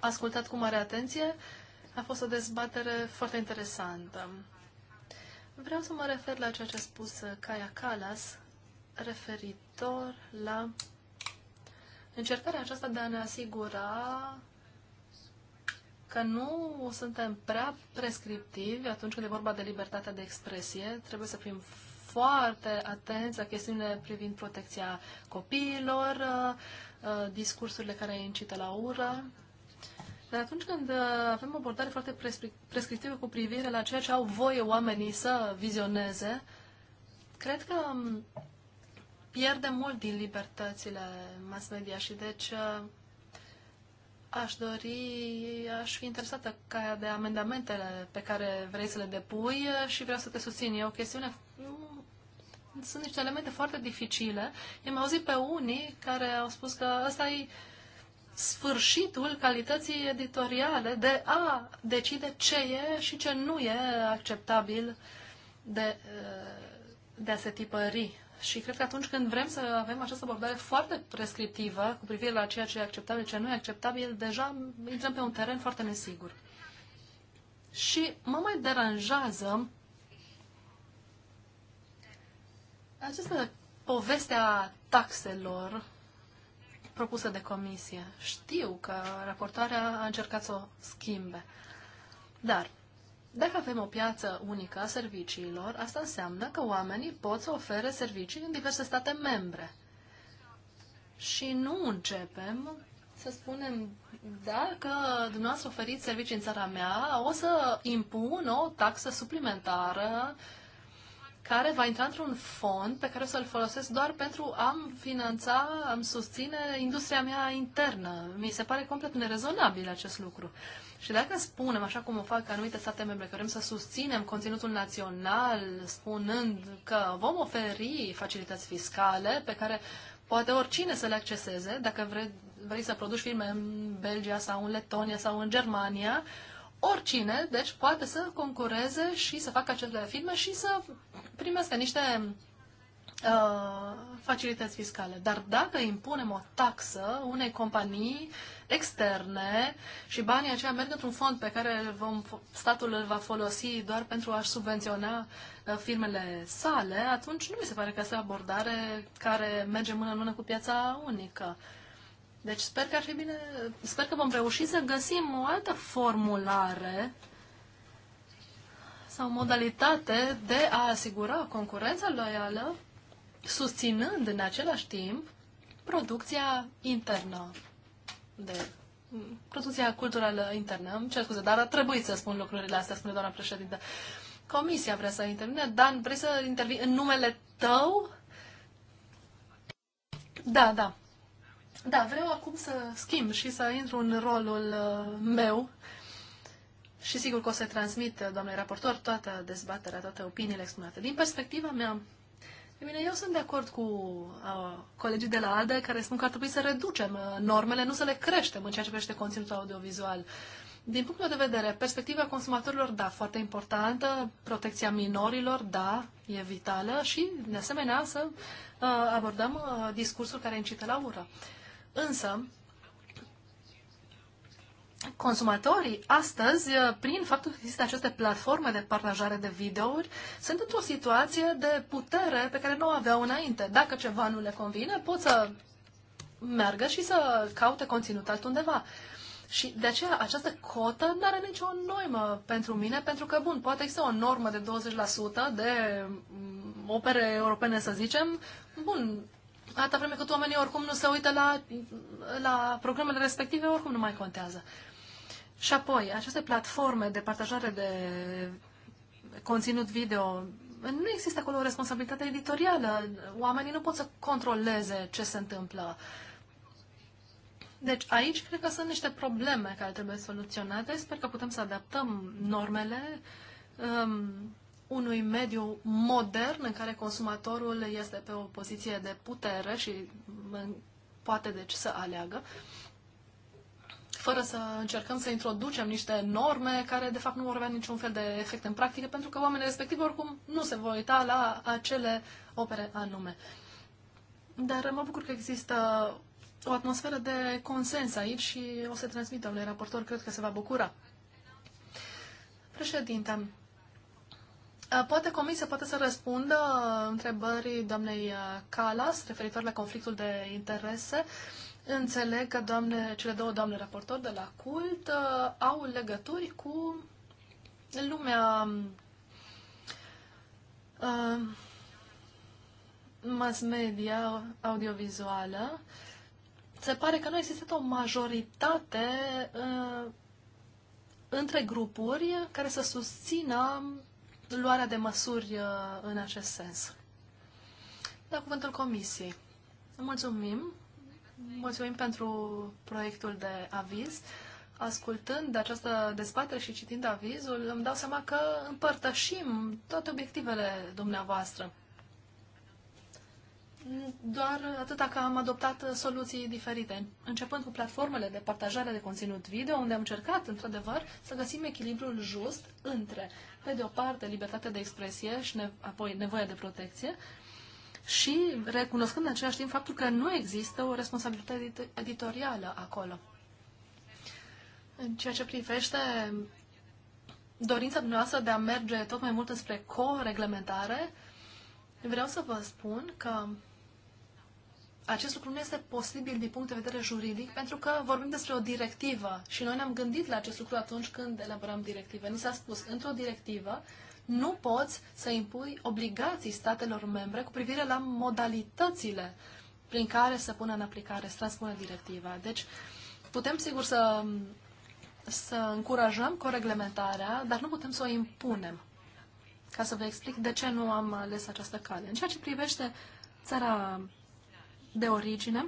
ascultat cu mare atenție. A fost o dezbatere foarte interesantă. Vreau să mă refer la ceea ce a spus Kaya Kalas referitor la încercarea aceasta de a ne asigura că nu suntem prea prescriptivi atunci când e vorba de libertatea de expresie. Trebuie să fim foarte atenți la chestiunile privind protecția copiilor, uh, uh, discursurile care incită la ură. Dar atunci când uh, avem o abordare foarte prescriptivă cu privire la ceea ce au voie oamenii să vizioneze, cred că um, pierde mult din libertățile mass media și deci uh, aș dori, aș fi interesată ca de amendamentele pe care vrei să le depui uh, și vreau să te susțin. E o chestiune sunt niște elemente foarte dificile. I-am auzit pe unii care au spus că ăsta e sfârșitul calității editoriale de a decide ce e și ce nu e acceptabil de, uh, de a se tipări și cred că atunci când vrem să avem această abordare foarte prescriptivă cu privire la ceea ce e acceptabil, ce nu e acceptabil, deja intrăm pe un teren foarte nesigur. Și mă mai deranjează această poveste a taxelor propusă de comisie. Știu că raportarea a încercat să o schimbe. Dar dacă avem o piață unică a serviciilor, asta înseamnă că oamenii pot să ofere servicii în diverse state membre. Și nu începem să spunem, dacă dumneavoastră oferiți servicii în țara mea, o să impun o taxă suplimentară uh, care va intra într-un fond pe care o să-l folosesc doar pentru a-mi finanța, a-mi susține industria mea internă. Mi se pare complet nerezonabil acest lucru. Și dacă spunem, așa cum o fac anumite state membre, că vrem să susținem conținutul național, spunând că vom oferi facilități fiscale pe care poate oricine să le acceseze, dacă vrei, vrei să produci filme în Belgia sau în Letonia sau în Germania, uh, oricine, deci, poate să concureze și să facă acele filme și să primească niște uh, facilități fiscale. Dar dacă impunem o taxă unei companii externe și banii aceia merg într-un fond pe care vom, statul îl va folosi doar pentru a-și subvenționa uh, firmele sale, atunci nu mi se pare că este o abordare care merge mână în mână cu piața unică. Deci sper că ar fi bine, sper că vom reuși să găsim o altă formulare sau modalitate de a asigura concurența loială, susținând în același timp producția internă de producția culturală internă. Îmi cer scuze, dar a trebuit să spun lucrurile astea, spune doamna președintă. Comisia vrea să intervine. Dan, vrei să intervii în numele tău? Da, da. Da, vreau acum să schimb și să intru în rolul uh, meu și sigur că o să transmit, uh, doamne raportor, toată dezbaterea, toate opiniile exprimate. Din perspectiva mea, de bine, eu sunt de acord cu uh, colegii de la ADE care spun că ar trebui să reducem uh, normele, nu să le creștem în ceea ce privește conținutul audiovizual. Din punctul meu de vedere, perspectiva consumatorilor, da, foarte importantă, protecția minorilor, da, e vitală și, de asemenea, să uh, abordăm uh, discursul care incită la ură. Uh, Însă, consumatorii astăzi, eh, prin faptul că există aceste platforme de partajare de videouri, sunt într-o situație de putere pe care nu o aveau înainte. Dacă ceva nu le convine, pot să meargă și să caute conținut altundeva. Și de aceea această cotă nu are nicio noimă pentru mine, pentru că, bun, poate există o normă de 20% de mm, opere europene, să zicem. Bun, atâta vreme cât oamenii oricum nu se uită la, la programele respective, oricum nu mai contează. Și apoi, aceste platforme de partajare de conținut video, nu există acolo o responsabilitate editorială. Oamenii nu pot să controleze ce se întâmplă. Deci aici cred că sunt niște probleme care trebuie soluționate. Sper că putem să adaptăm normele um, unui mediu modern în care consumatorul este pe o poziție de putere și poate deci să aleagă, fără să încercăm să introducem niște norme care de fapt nu vor avea niciun fel de efect în practică, pentru că oamenii respectivi oricum nu se vor uita la acele opere anume. Dar mă bucur că există o atmosferă de consens aici și o să transmit unui raportor, cred că se va bucura. Președinte, Uh, poate comisia poate să răspundă uh, întrebării doamnei uh, Calas referitor la conflictul de interese. Înțeleg că doamne, cele două doamne raportori de la cult au legături cu lumea mass media audiovizuală. Se pare că nu există o majoritate între grupuri care să susțină luarea de măsuri uh, în acest sens. Da, cuvântul Comisiei. Mulțumim. Mulțumim pentru proiectul de aviz. Ascultând de această dezbatere și citind avizul, îmi dau seama că împărtășim toate obiectivele dumneavoastră doar atâta că am adoptat soluții diferite, începând cu platformele de partajare de conținut video, unde am încercat, într-adevăr, să găsim echilibrul just între, pe de o parte, libertatea de expresie și ne- apoi nevoia de protecție, și recunoscând în același timp faptul că nu există o responsabilitate editorială acolo. În ceea ce privește dorința dumneavoastră de a merge tot mai mult înspre co-reglementare, vreau să vă spun că acest lucru nu este posibil din punct de vedere juridic, pentru că vorbim despre o directivă și noi ne-am gândit la acest lucru atunci când elaborăm directive. Ni s-a spus, într-o directivă nu poți să impui obligații statelor membre cu privire la modalitățile prin care se pune în aplicare, se transpune directiva. Deci, putem sigur să, să încurajăm coreglementarea, dar nu putem să o impunem. Ca să vă explic de ce nu am ales această cale. În ceea ce privește țara de origine.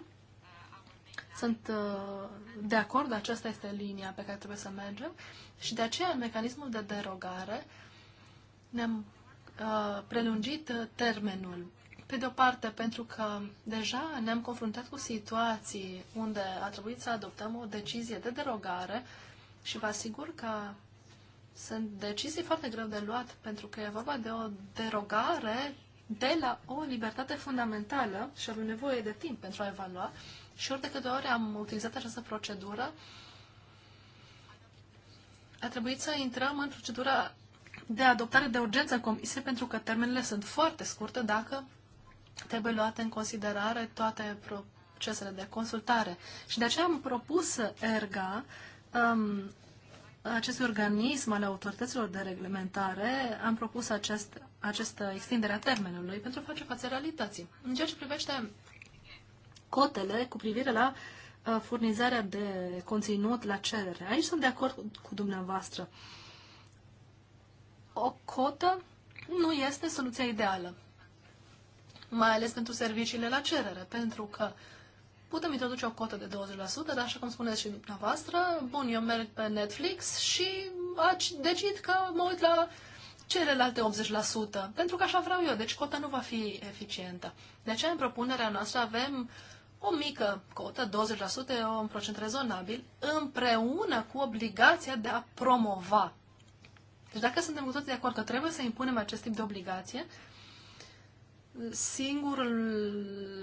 Sunt uh, de acord, aceasta este linia pe care trebuie să mergem și de aceea în mecanismul de derogare ne-am uh, prelungit uh, termenul. Pe de o parte, pentru că deja ne-am confruntat cu situații unde a trebuit să adoptăm o decizie de derogare și vă asigur că sunt decizii foarte greu de luat, pentru că e vorba de o derogare de la o libertate fundamentală și avem nevoie de timp pentru a evalua și ori de câte ori am utilizat această procedură, a trebuit să intrăm în procedura de adoptare de urgență în comisie pentru că termenele sunt foarte scurte dacă trebuie luate în considerare toate procesele de consultare. Și de aceea am propus ERGA, um, acest organism al autorităților de reglementare, am propus acest această extindere a termenului pentru a face față realității. În ceea ce privește cotele cu privire la uh, furnizarea de conținut la cerere, aici sunt de acord cu, cu dumneavoastră. O cotă nu este soluția ideală, mai ales pentru serviciile la cerere, pentru că putem introduce o cotă de 20%, dar așa cum spuneți și dumneavoastră, bun, eu merg pe Netflix și decid că mă uit la uh, celelalte 80%, pentru că așa vreau eu, deci cota nu va fi eficientă. De aceea, în propunerea noastră avem o mică cotă, 20% un procent rezonabil, împreună cu obligația de a promova. Deci dacă suntem cu toții de acord că trebuie să impunem acest tip de obligație, singurul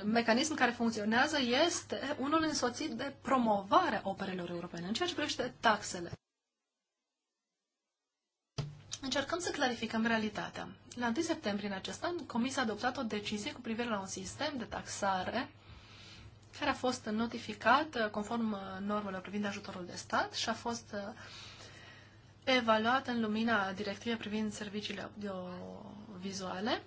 mecanism care funcționează este unul însoțit de promovarea operelor europene, în ceea ce privește taxele. Încercăm să clarificăm realitatea. La 1 septembrie în acest an, Comisia a adoptat o decizie cu privire la un sistem de taxare care a fost notificat uh, conform uh, normelor privind ajutorul de stat și a fost uh, evaluat în lumina directivei privind serviciile audiovizuale.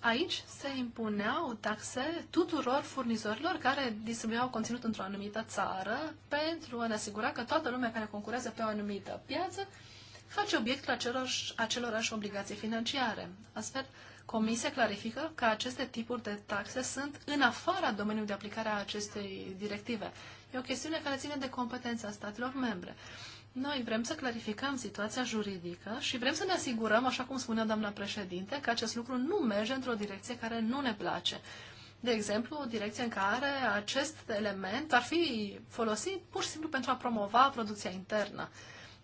Aici se impuneau taxe tuturor furnizorilor care distribuiau conținut într-o anumită țară pentru a ne asigura că toată lumea care concurează pe o anumită piață face obiectul acelorași, acelorași obligații financiare. Astfel, Comisia clarifică că aceste tipuri de taxe sunt în afara domeniului de aplicare a acestei directive. E o chestiune care ține de competența statelor membre. Noi vrem să clarificăm situația juridică și vrem să ne asigurăm, așa cum spunea doamna președinte, că acest lucru nu merge într-o direcție care nu ne place. De exemplu, o direcție în care acest element ar fi folosit pur și simplu pentru a promova producția internă.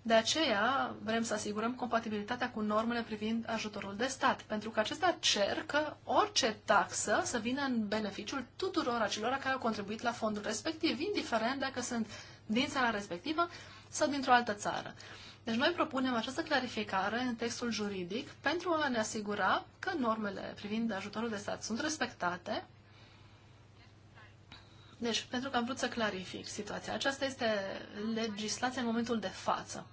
De aceea vrem să asigurăm compatibilitatea cu normele privind ajutorul de stat, pentru că acesta cer că orice taxă să vină în beneficiul tuturor acelora care au contribuit la fondul respectiv, indiferent dacă sunt din țara respectivă sau dintr-o altă țară. Deci noi propunem această clarificare în textul juridic pentru a ne asigura că normele privind ajutorul de stat sunt respectate deci, pentru că am vrut să clarific situația, aceasta este legislația în momentul de față.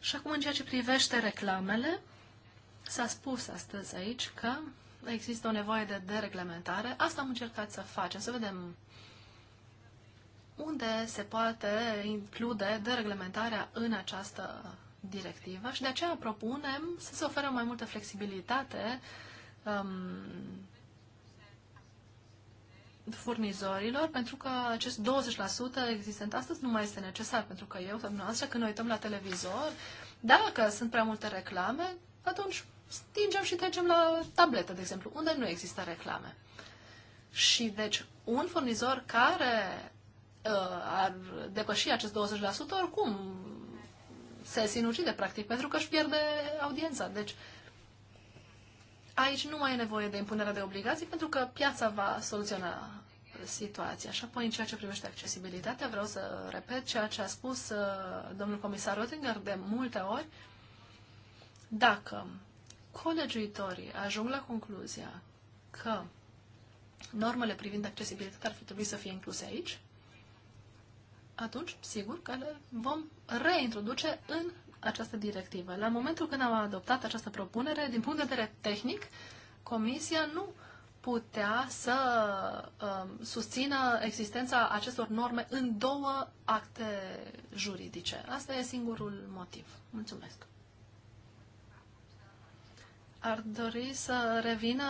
Și acum, în ceea ce privește reclamele, s-a spus astăzi aici că există o nevoie de dereglementare. Asta am încercat să facem, să vedem unde se poate include dereglementarea în această directivă și de aceea propunem să se oferă mai multă flexibilitate um, furnizorilor, pentru că acest 20% existent astăzi nu mai este necesar, pentru că eu, dumneavoastră, când ne uităm la televizor, dacă sunt prea multe reclame, atunci stingem și trecem la tabletă, de exemplu, unde nu există reclame. Și deci un furnizor care uh, ar depăși acest 20% oricum se sinucide practic pentru că își pierde audiența. Deci uh, aici nu mai e nevoie de impunerea de obligații pentru că piața va soluționa situația. Și apoi, în ceea ce privește accesibilitatea, vreau să repet ceea ce a spus uh, domnul comisar Oettinger de multe ori. Dacă colegiuitorii ajung la concluzia că normele privind accesibilitatea ar fi trebuit să fie incluse aici, atunci, sigur că le vom reintroduce în această directivă. La momentul când am adoptat această propunere, din punct de vedere tehnic, Comisia nu putea să um, susțină existența acestor norme în două acte juridice. Asta e singurul motiv. Mulțumesc. Ar dori să revină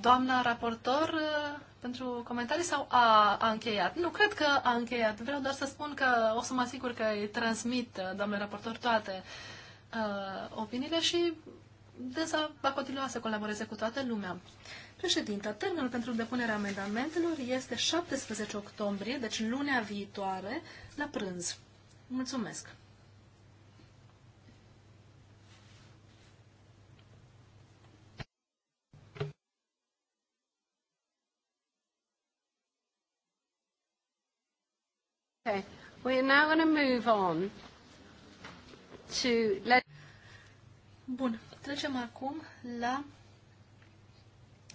doamna raportor uh, pentru comentarii sau a, a încheiat? Nu cred că a încheiat. Vreau doar să spun că o să mă asigur că îi transmit, uh, doamne raportor, toate uh, opiniile și DESA va continua să colaboreze cu toată lumea. Președinta, termenul pentru depunerea amendamentelor este 17 octombrie, deci lunea viitoare, la prânz. Mulțumesc! Okay. We are now going to move on to... Bun. Trecem acum la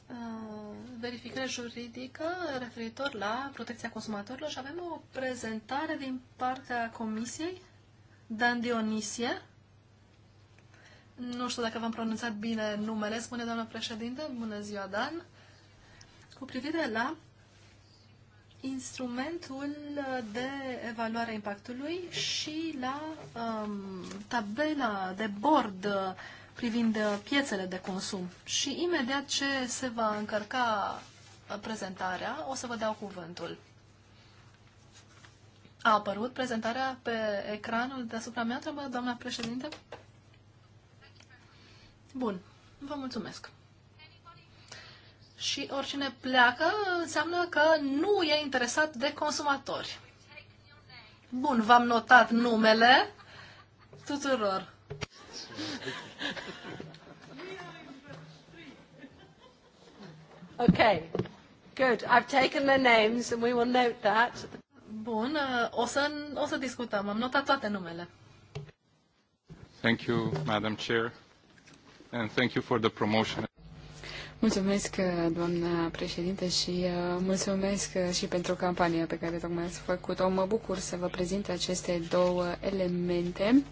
uh, verificare juridică referitor la protecția consumatorilor și avem o prezentare din partea Comisiei Dan Dionisie. Nu știu dacă v-am pronunțat bine numele, spune doamna președinte. Bună ziua, Dan. Cu privire la instrumentul de evaluare a impactului și la um, tabela de bord privind piețele de consum. Și imediat ce se va încărca prezentarea, o să vă dau cuvântul. A apărut prezentarea pe ecranul deasupra mea, doamna președinte? Bun, vă mulțumesc și oricine pleacă înseamnă că nu e interesat de consumatori. Bun, v-am notat numele tuturor. Ok, good. I've taken their names and we will note that. Bun, uh, o să, o să discutăm. Am notat toate numele. Thank you, Madam Chair, and thank you for the promotion. Mulțumesc, uh, doamna președinte, și uh, mulțumesc uh, și pentru campania pe care tocmai ați făcut-o. Mă bucur să vă prezint aceste două elemente.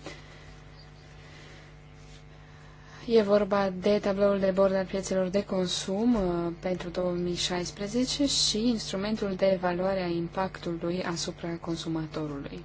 E vorba de tabloul de bord al piețelor de consum pentru 2016 și instrumentul de evaluare a impactului asupra consumatorului.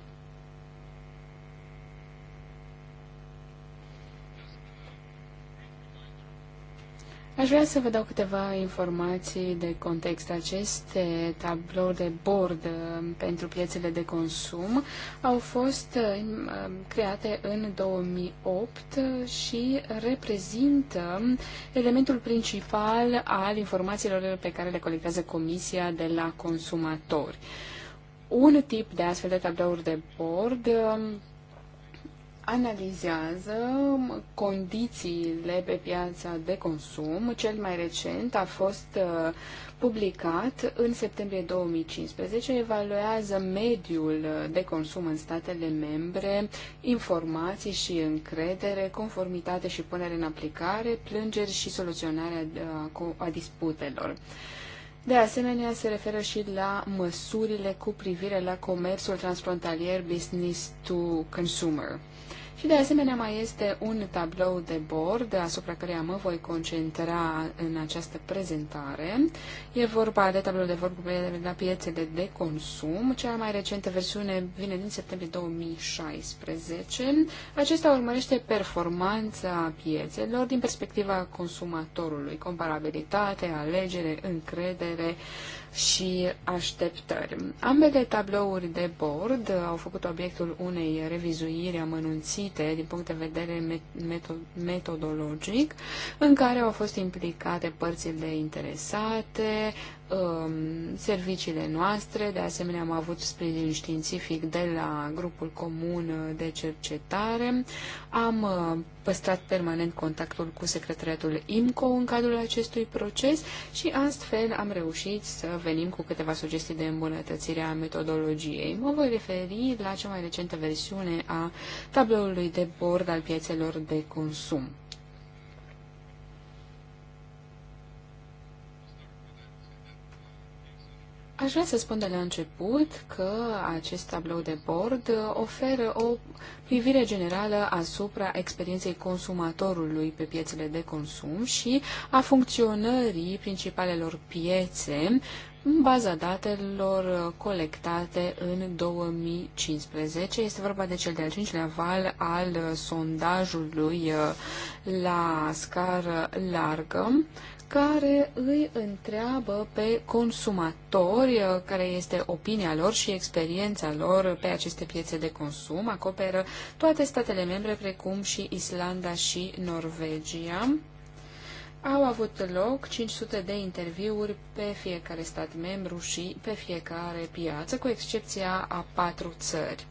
Aș vrea să vă dau câteva informații de context. Aceste tablouri de bord uh, pentru piețele de consum au fost uh, uh, create în 2008 și reprezintă elementul principal al informațiilor pe care le colectează Comisia de la consumatori. Un tip de astfel de tablouri de bord um, analizează condițiile pe piața de consum. Cel mai recent a fost uh, publicat în septembrie 2015, evaluează mediul de consum în statele membre, informații și încredere, conformitate și punere în aplicare, plângeri și soluționarea uh, a disputelor. De asemenea, se referă și la măsurile cu privire la comerțul transfrontalier business to consumer. Și de asemenea mai este un tablou de bord asupra căreia mă voi concentra în această prezentare. E vorba de tablou de bord cu la piețele de consum. Cea mai recentă versiune vine din septembrie 2016. Acesta urmărește performanța piețelor din perspectiva consumatorului, comparabilitate, alegere, încredere, și așteptări. Ambele tablouri de bord au făcut obiectul unei revizuiri amănunțite din punct de vedere metodologic, în care au fost implicate părțile interesate, Um, serviciile noastre. De asemenea, am avut sprijin științific de la grupul comun de cercetare. Am uh, păstrat permanent contactul cu secretariatul IMCO în cadrul acestui proces și astfel am reușit să venim cu câteva sugestii de îmbunătățire a metodologiei. Mă voi referi la cea mai recentă versiune a tabloului de bord al piețelor de consum. Aș vrea să spun de la început că acest tablou de bord oferă o privire generală asupra experienței consumatorului pe piețele de consum și a funcționării principalelor piețe în baza datelor colectate în 2015. Este vorba de cel de-al cincilea val al sondajului la scară largă, care îi întreabă pe consumatori uh, care este opinia lor și experiența lor pe aceste piețe de consum. Acoperă toate statele membre, precum și Islanda și Norvegia. Au avut loc 500 de interviuri pe fiecare stat membru și pe fiecare piață, cu excepția a patru țări.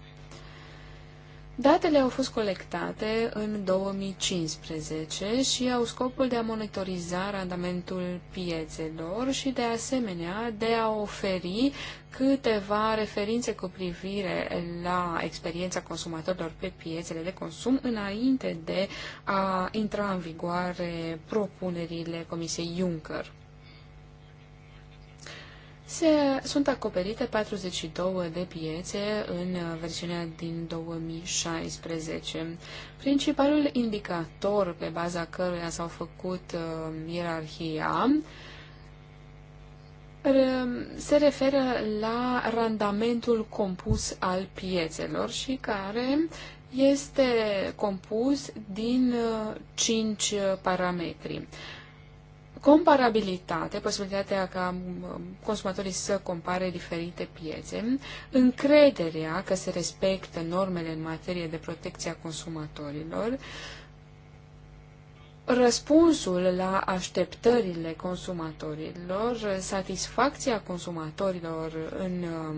Datele au fost colectate în 2015 și au scopul de a monitoriza randamentul piețelor și de asemenea de a oferi câteva referințe cu privire la experiența consumatorilor pe piețele de consum înainte de a intra în vigoare propunerile Comisiei Juncker se, sunt acoperite 42 de piețe în versiunea din 2016. Principalul indicator pe baza căruia s-au făcut uh, ierarhia se referă la randamentul compus al piețelor și care este compus din 5 uh, parametri comparabilitate, posibilitatea ca um, consumatorii să compare diferite piețe, încrederea că se respectă normele în materie de protecție a consumatorilor, răspunsul la așteptările consumatorilor, satisfacția consumatorilor în um,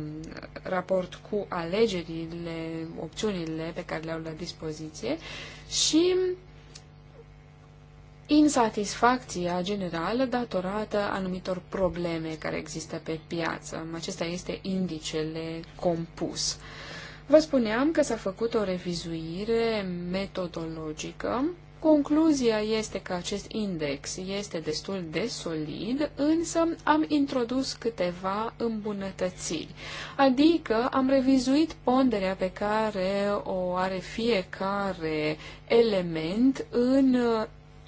raport cu alegerile, opțiunile pe care le au la dispoziție și insatisfacția generală datorată anumitor probleme care există pe piață. Acesta este indicele compus. Vă spuneam că s-a făcut o revizuire metodologică. Concluzia este că acest index este destul de solid, însă am introdus câteva îmbunătățiri. Adică am revizuit ponderea pe care o are fiecare element în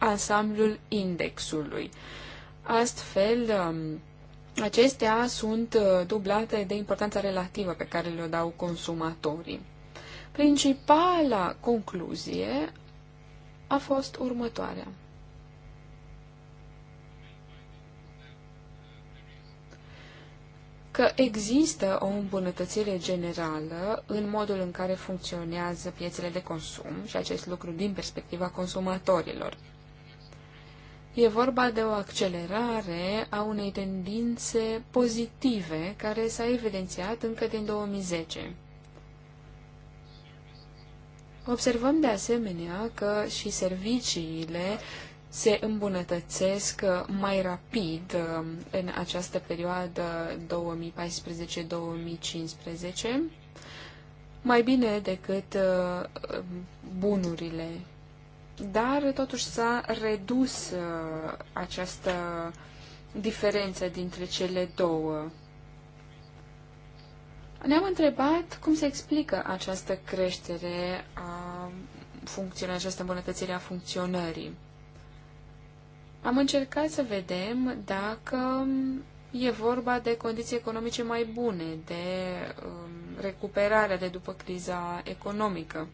ansamblul indexului. Astfel, um, acestea sunt uh, dublate de importanța relativă pe care le-o dau consumatorii. Principala concluzie a fost următoarea. că există o îmbunătățire generală în modul în care funcționează piețele de consum și acest lucru din perspectiva consumatorilor. E vorba de o accelerare a unei tendințe pozitive care s-a evidențiat încă din 2010. Observăm de asemenea că și serviciile se îmbunătățesc mai rapid um, în această perioadă 2014-2015, mai bine decât uh, um, bunurile dar totuși s-a redus uh, această diferență dintre cele două. Ne-am întrebat cum se explică această creștere a funcțiunii, această îmbunătățire a funcționării. Am încercat să vedem dacă um, e vorba de condiții economice mai bune, de um, recuperarea de după criza economică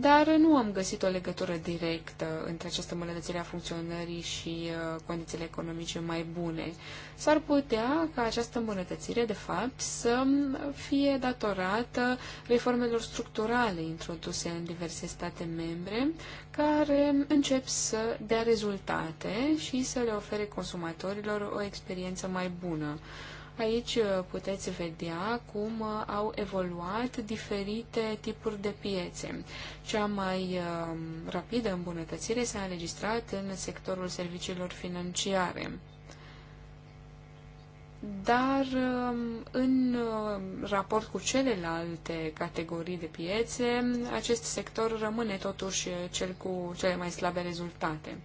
dar nu am găsit o legătură directă între această îmbunătățire a funcționării și uh, condițiile economice mai bune. S-ar putea ca această îmbunătățire, de fapt, să fie datorată reformelor structurale introduse în diverse state membre, care încep să dea rezultate și să le ofere consumatorilor o experiență mai bună. Aici uh, puteți vedea cum uh, au evoluat diferite tipuri de piețe. Cea mai um, rapidă îmbunătățire s-a înregistrat în sectorul serviciilor financiare dar um, în uh, raport cu celelalte categorii de piețe, acest sector rămâne totuși cel cu cele mai slabe rezultate.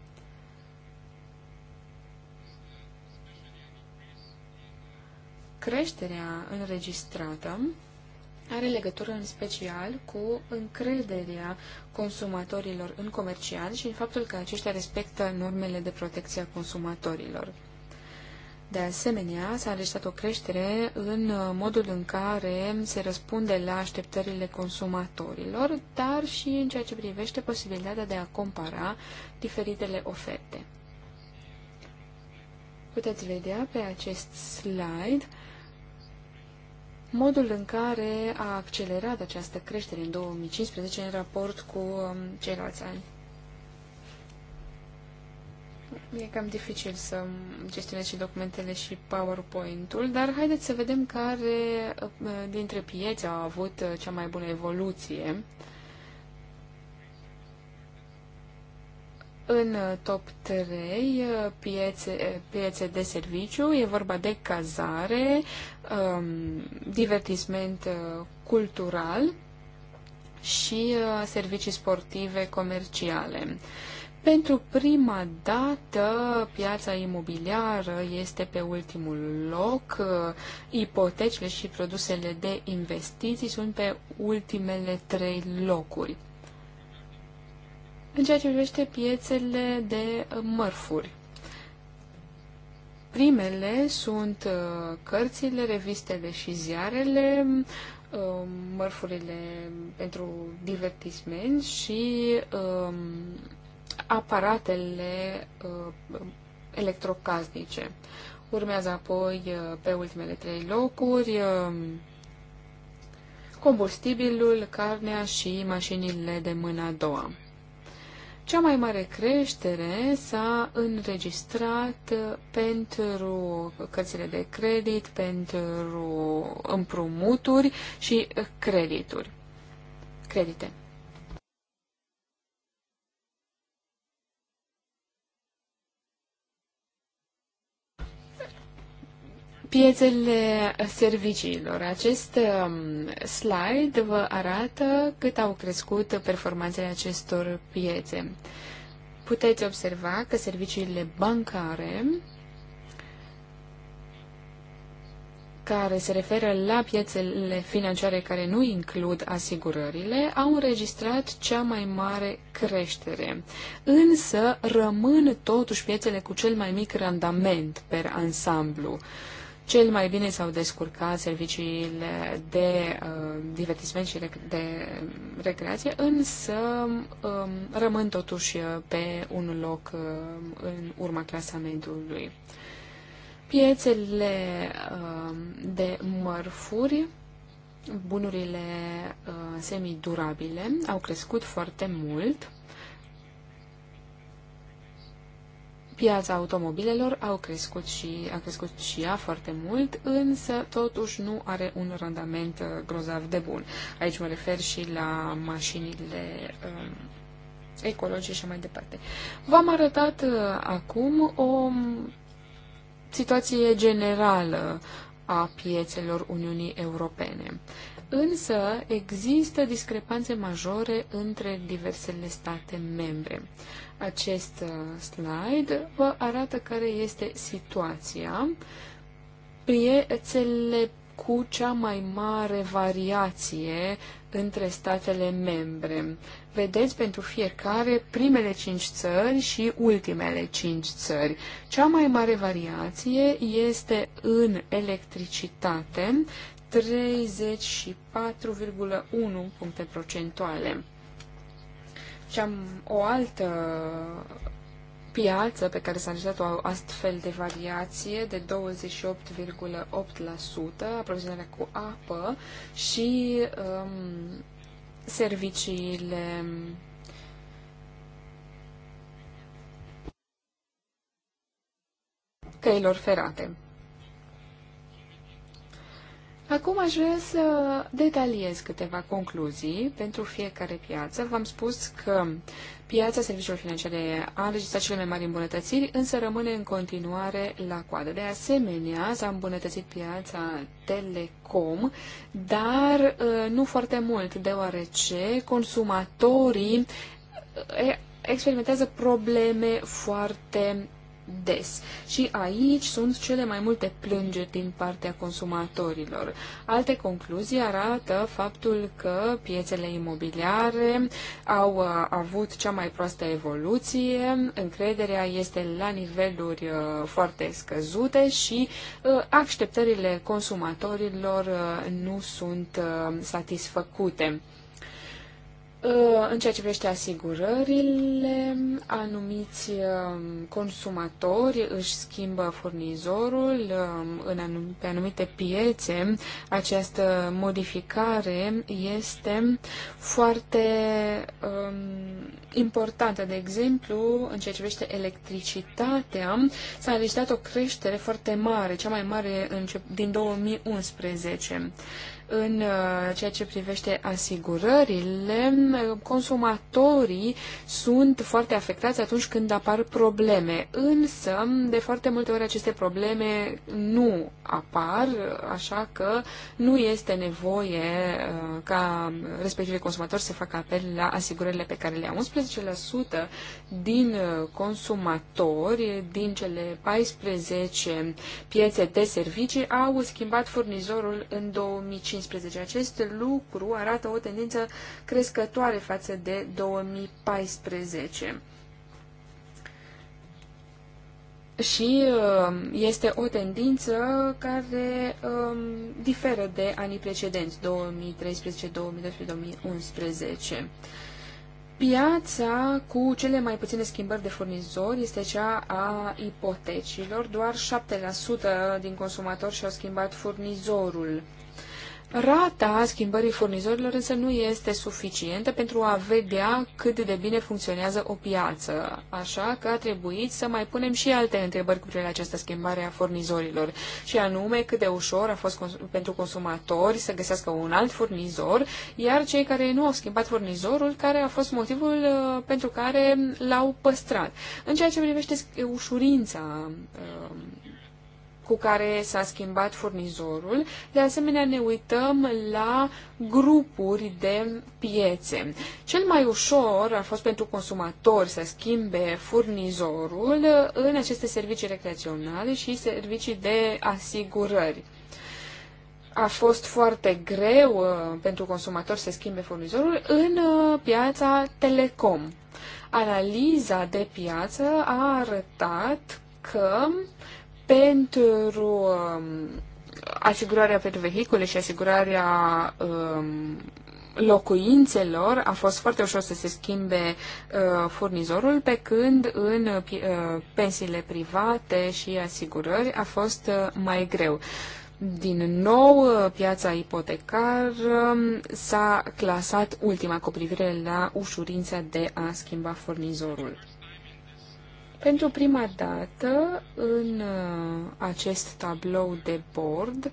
Creșterea înregistrată are legătură în special cu încrederea consumatorilor în comercianți și în faptul că aceștia respectă normele de protecție a consumatorilor. De asemenea, s-a înregistrat o creștere în modul în care se răspunde la așteptările consumatorilor, dar și în ceea ce privește posibilitatea de a compara diferitele oferte. Puteți vedea pe acest slide modul în care a accelerat această creștere în 2015 în raport cu um, ceilalți ani. E cam dificil să gestionez și documentele și PowerPoint-ul, dar haideți să vedem care uh, dintre piețe a avut uh, cea mai bună evoluție. În uh, top 3, uh, piețe, uh, piețe de serviciu, e vorba de cazare, um, divertisment cultural și servicii sportive comerciale. Pentru prima dată, piața imobiliară este pe ultimul loc, ipotecile și produsele de investiții sunt pe ultimele trei locuri în ceea ce privește piețele de uh, mărfuri. Primele sunt uh, cărțile, revistele și ziarele, um, mărfurile pentru divertisment și um, aparatele uh, electrocasnice. Urmează apoi pe ultimele trei locuri um, combustibilul, carnea și mașinile de mână a doua. Cea mai mare creștere s-a înregistrat pentru cărțile de credit, pentru împrumuturi și credituri. Credite. piețele serviciilor. Acest um, slide vă arată cât au crescut performanțele acestor piețe. Puteți observa că serviciile bancare care se referă la piețele financiare care nu includ asigurările, au înregistrat cea mai mare creștere. Însă rămân totuși piețele cu cel mai mic randament per ansamblu cel mai bine s-au descurcat serviciile de uh, divertisment și rec- de um, recreație, însă um, rămân totuși uh, pe un loc uh, în urma clasamentului. Piețele uh, de mărfuri, bunurile uh, semidurabile, au crescut foarte mult Piața automobilelor au crescut și, a crescut și ea foarte mult, însă totuși nu are un randament uh, grozav de bun. Aici mă refer și la mașinile um, ecologice și mai departe. V-am arătat uh, acum o um, situație generală a piețelor Uniunii Europene. Însă există discrepanțe majore între diversele state membre. Acest uh, slide vă arată care este situația. Piețele cu cea mai mare variație între statele membre. Vedeți pentru fiecare primele cinci țări și ultimele cinci țări. Cea mai mare variație este în electricitate, 34,1 puncte procentuale. Și am o altă piață pe care s-a înregistrat o astfel de variație de 28,8% aprovizionarea cu apă și um, serviciile căilor ferate. Acum aș vrea să detaliez câteva concluzii pentru fiecare piață. V-am spus că piața serviciilor financiare a înregistrat cele mai mari îmbunătățiri, însă rămâne în continuare la coadă. De asemenea, s-a îmbunătățit piața telecom, dar ă, nu foarte mult, deoarece consumatorii ă, experimentează probleme foarte des. Și aici sunt cele mai multe plângeri din partea consumatorilor. Alte concluzii arată faptul că piețele imobiliare au uh, avut cea mai proastă evoluție, încrederea este la niveluri uh, foarte scăzute și uh, așteptările consumatorilor nu sunt satisfăcute. Uh, în ceea ce privește asigurările, anumiți um, consumatori își schimbă furnizorul um, în anum- pe anumite piețe. Această modificare este foarte um, importantă. De exemplu, în ceea ce privește electricitatea, s-a înregistrat o creștere foarte mare, cea mai mare din 2011 în uh, ceea ce privește asigurările, consumatorii sunt foarte afectați atunci când apar probleme, însă de foarte multe ori aceste probleme nu apar, așa că nu este nevoie uh, ca respectivii consumatori să facă apel la asigurările pe care le au. 11% din uh, consumatori din cele 14 piețe de servicii au schimbat furnizorul în 2005. 2015. Acest lucru arată o tendință crescătoare față de 2014. Și uh, este o tendință care um, diferă de anii precedenți, 2013, 2012, 2011. Piața cu cele mai puține schimbări de furnizori este cea a ipotecilor. Doar 7% din consumatori și-au schimbat furnizorul. Rata schimbării furnizorilor însă nu este suficientă pentru a vedea cât de bine funcționează o piață, așa că a trebuit să mai punem și alte întrebări cu privire la această schimbare a furnizorilor, și anume cât de ușor a fost cons pentru consumatori să găsească un alt furnizor, iar cei care nu au schimbat furnizorul, care a fost motivul uh, pentru care l-au păstrat. În ceea ce privește ușurința uh, cu care s-a schimbat furnizorul. De asemenea, ne uităm la grupuri de piețe. Cel mai ușor a fost pentru consumatori să schimbe furnizorul în aceste servicii recreaționale și servicii de asigurări a fost foarte greu uh, pentru consumator să schimbe furnizorul în uh, piața telecom. Analiza de piață a arătat că pentru um, asigurarea pentru vehicule și asigurarea um, locuințelor a fost foarte ușor să se schimbe uh, furnizorul, pe când în uh, uh pensiile private și asigurări a fost uh, mai greu. Din nou, uh, piața ipotecar um, s-a clasat ultima cu privire la ușurința de a schimba furnizorul. Pentru prima dată, în uh, acest tablou de bord,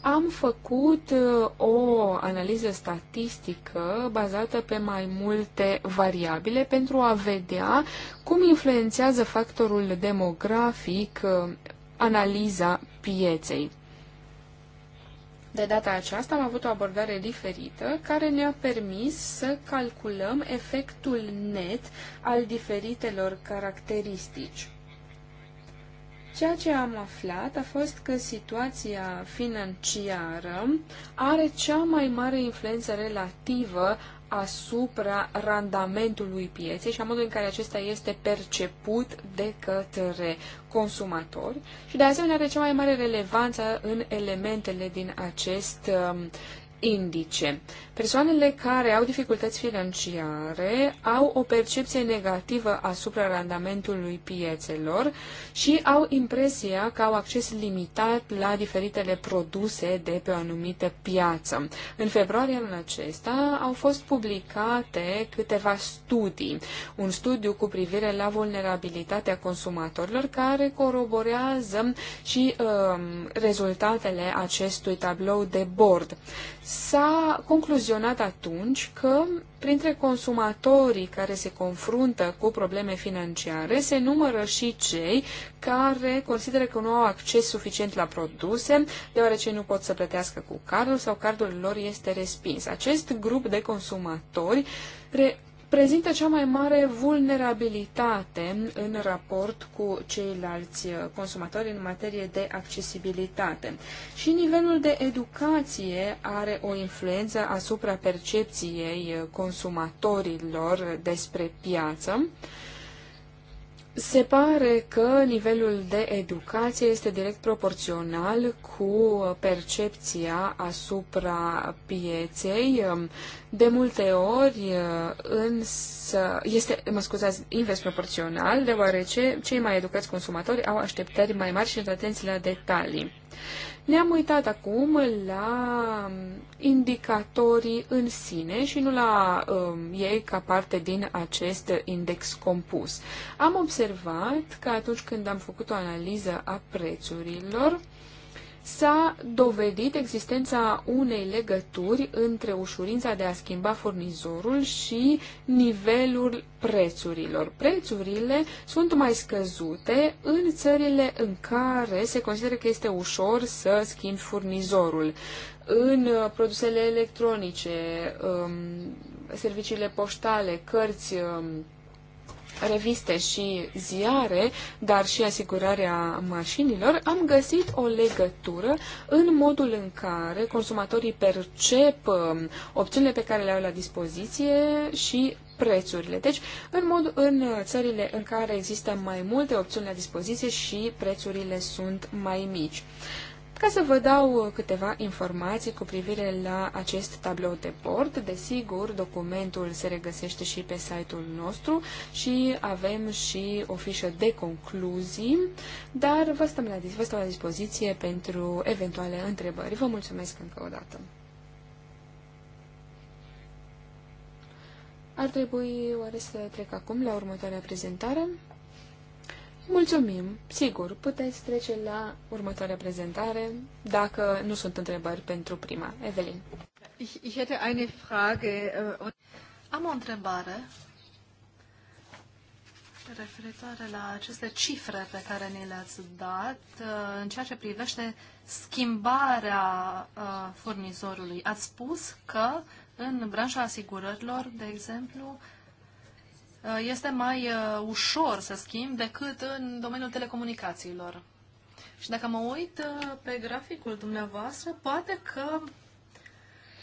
am făcut uh, o analiză statistică bazată pe mai multe variabile pentru a vedea cum influențează factorul demografic uh, analiza pieței. De data aceasta am avut o abordare diferită care ne-a permis să calculăm efectul net al diferitelor caracteristici. Ceea ce am aflat a fost că situația financiară are cea mai mare influență relativă asupra randamentului pieței și a modului în care acesta este perceput de către consumatori și de asemenea are cea mai mare relevanță în elementele din acest um, indice. Persoanele care au dificultăți financiare au o percepție negativă asupra randamentului piețelor și au impresia că au acces limitat la diferitele produse de pe o anumită piață. În februarie anul acesta au fost publicate câteva studii. Un studiu cu privire la vulnerabilitatea consumatorilor care coroborează și um, rezultatele acestui tablou de bord. S-a concluzionat concluzionat atunci că printre consumatorii care se confruntă cu probleme financiare se numără și cei care consideră că nu au acces suficient la produse, deoarece nu pot să plătească cu cardul sau cardul lor este respins. Acest grup de consumatori prezintă cea mai mare vulnerabilitate în raport cu ceilalți consumatori în materie de accesibilitate. Și nivelul de educație are o influență asupra percepției consumatorilor despre piață. Se pare că nivelul de educație este direct proporțional cu percepția asupra pieței. De multe ori, însă, este, mă scuzați, invers proporțional, deoarece cei mai educați consumatori au așteptări mai mari și atenți la detalii. Ne-am uitat acum la um, indicatorii în sine și nu la um, ei ca parte din acest index compus. Am observat că atunci când am făcut o analiză a prețurilor, s-a dovedit existența unei legături între ușurința de a schimba furnizorul și nivelul prețurilor. Prețurile sunt mai scăzute în țările în care se consideră că este ușor să schimbi furnizorul. În uh, produsele electronice, um, serviciile poștale, cărți, um, reviste și ziare, dar și asigurarea mașinilor, am găsit o legătură în modul în care consumatorii percep um, opțiunile pe care le au la dispoziție și prețurile. Deci, în, mod, în țările în care există mai multe opțiuni la dispoziție și prețurile sunt mai mici. Uh, ca să vă dau câteva informații cu privire la acest tablou de bord, desigur, documentul se regăsește și pe site-ul nostru și avem și o fișă de concluzii, dar vă stăm la, vă stăm la dispoziție pentru eventuale întrebări. Vă mulțumesc încă o dată. Ar trebui oare să trec acum la următoarea prezentare? Mulțumim! Sigur, puteți trece la următoarea prezentare, dacă nu sunt întrebări pentru prima. Evelyn. Äh, Am o întrebare referitoare la aceste cifre pe care ne le-ați dat uh, în ceea ce privește schimbarea uh, furnizorului. Ați spus că în branșa asigurărilor, de exemplu, Uh, este mai uh, ușor să schimb decât în domeniul telecomunicațiilor. Și dacă mă uit uh, pe graficul dumneavoastră, poate că,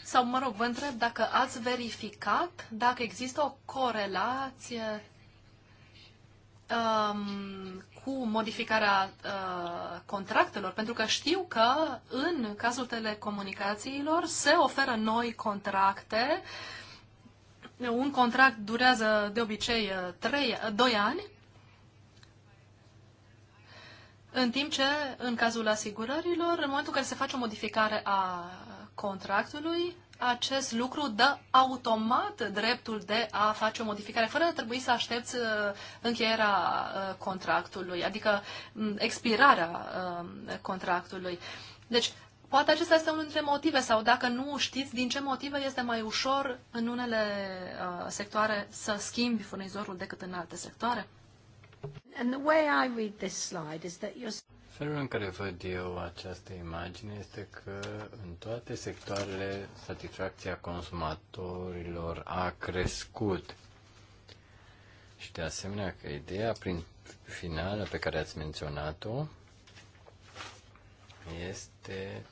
sau mă rog, vă întreb dacă ați verificat dacă există o corelație um, cu modificarea uh, contractelor, pentru că știu că în cazul telecomunicațiilor se oferă noi contracte uh, un contract durează de obicei 3, uh, 2 uh, ani, în timp ce, în cazul asigurărilor, în momentul în care se face o modificare a contractului, acest lucru dă automat dreptul de a face o modificare, fără a trebui să aștepți uh, încheierea contractului, adică mm, expirarea contractului. Deci, Poate acesta este unul dintre motive sau dacă nu știți din ce motive este mai ușor în unele uh, sectoare să schimbi furnizorul decât în alte sectoare. Felul în care văd eu această imagine este că în toate sectoarele satisfacția consumatorilor a crescut. Și de asemenea că ideea prin finală pe care ați menționat-o este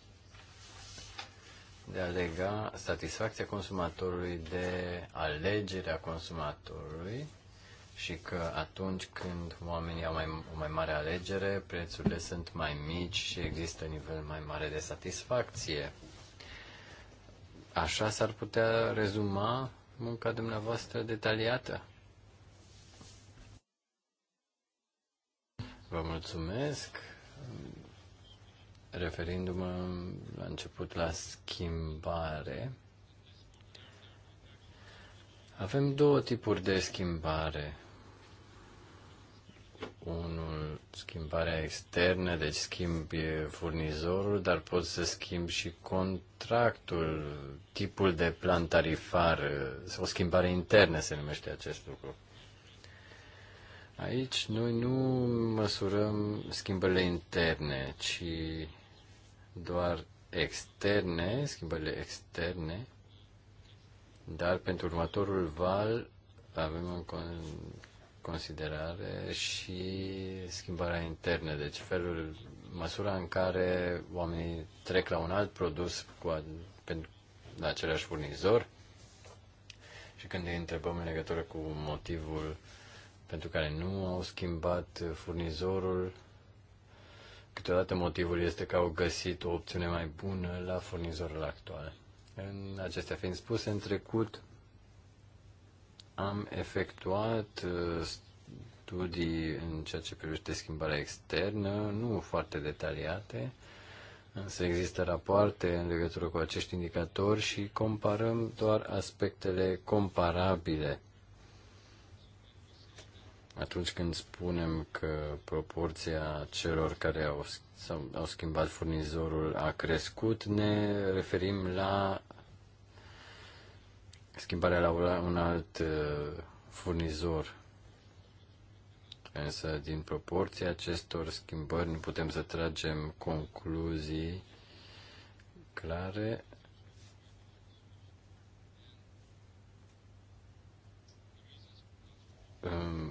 de a lega satisfacția consumatorului de alegerea consumatorului și că atunci când oamenii au mai, o mai mare alegere, prețurile sunt mai mici și există nivel mai mare de satisfacție. Așa s-ar putea rezuma munca dumneavoastră detaliată. Vă mulțumesc referindu-mă la început la schimbare, avem două tipuri de schimbare. Unul, schimbarea externă, deci schimbi furnizorul, dar poți să schimbi și contractul, tipul de plan tarifar, o schimbare internă se numește acest lucru. Aici noi nu măsurăm schimbările interne, ci doar externe, schimbările externe, dar pentru următorul val avem în considerare și schimbarea internă, deci felul, măsura în care oamenii trec la un alt produs cu, pentru, la același furnizor și când îi întrebăm în legătură cu motivul pentru care nu au schimbat furnizorul, Câteodată motivul este că au găsit o opțiune mai bună la furnizorul actual. În acestea fiind spuse, în trecut am efectuat uh, studii în ceea ce privește schimbarea externă, nu foarte detaliate, însă există rapoarte în legătură cu acești indicatori și comparăm doar aspectele comparabile atunci când spunem că proporția celor care au, sau, au schimbat furnizorul a crescut, ne referim la schimbarea la un alt uh, furnizor. Însă, din proporția acestor schimbări, nu putem să tragem concluzii clare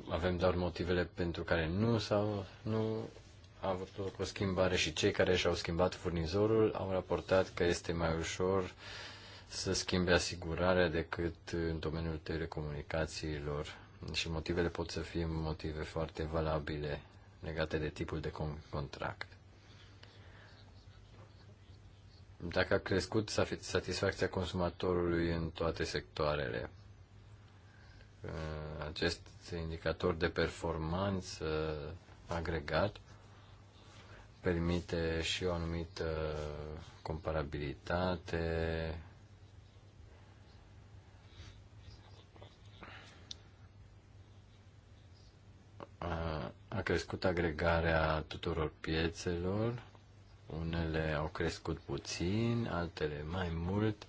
avem doar motivele pentru care nu s-au nu a avut loc o schimbare și cei care și-au schimbat furnizorul au raportat că este mai ușor să schimbe asigurarea decât în domeniul telecomunicațiilor și motivele pot să fie motive foarte valabile legate de tipul de contract. Dacă a crescut satisfacția consumatorului în toate sectoarele, Uh, acest indicator de performanță agregat permite și o anumită comparabilitate a, crescut agregarea tuturor piețelor unele au crescut puțin, altele mai mult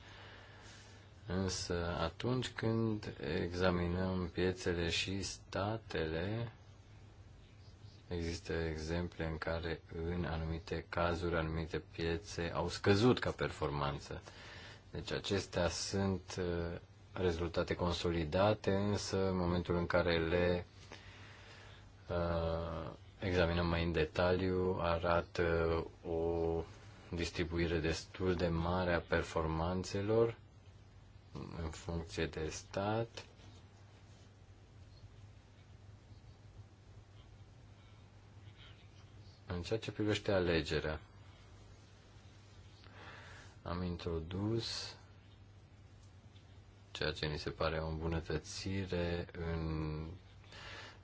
Însă atunci când examinăm piețele și statele, există exemple în care în anumite cazuri, anumite piețe au scăzut ca performanță. Deci acestea sunt uh, rezultate consolidate, însă în momentul în care le uh, examinăm mai în detaliu, arată uh, o distribuire destul de mare a performanțelor în funcție de stat. În ceea ce privește alegerea, am introdus ceea ce mi se pare o îmbunătățire în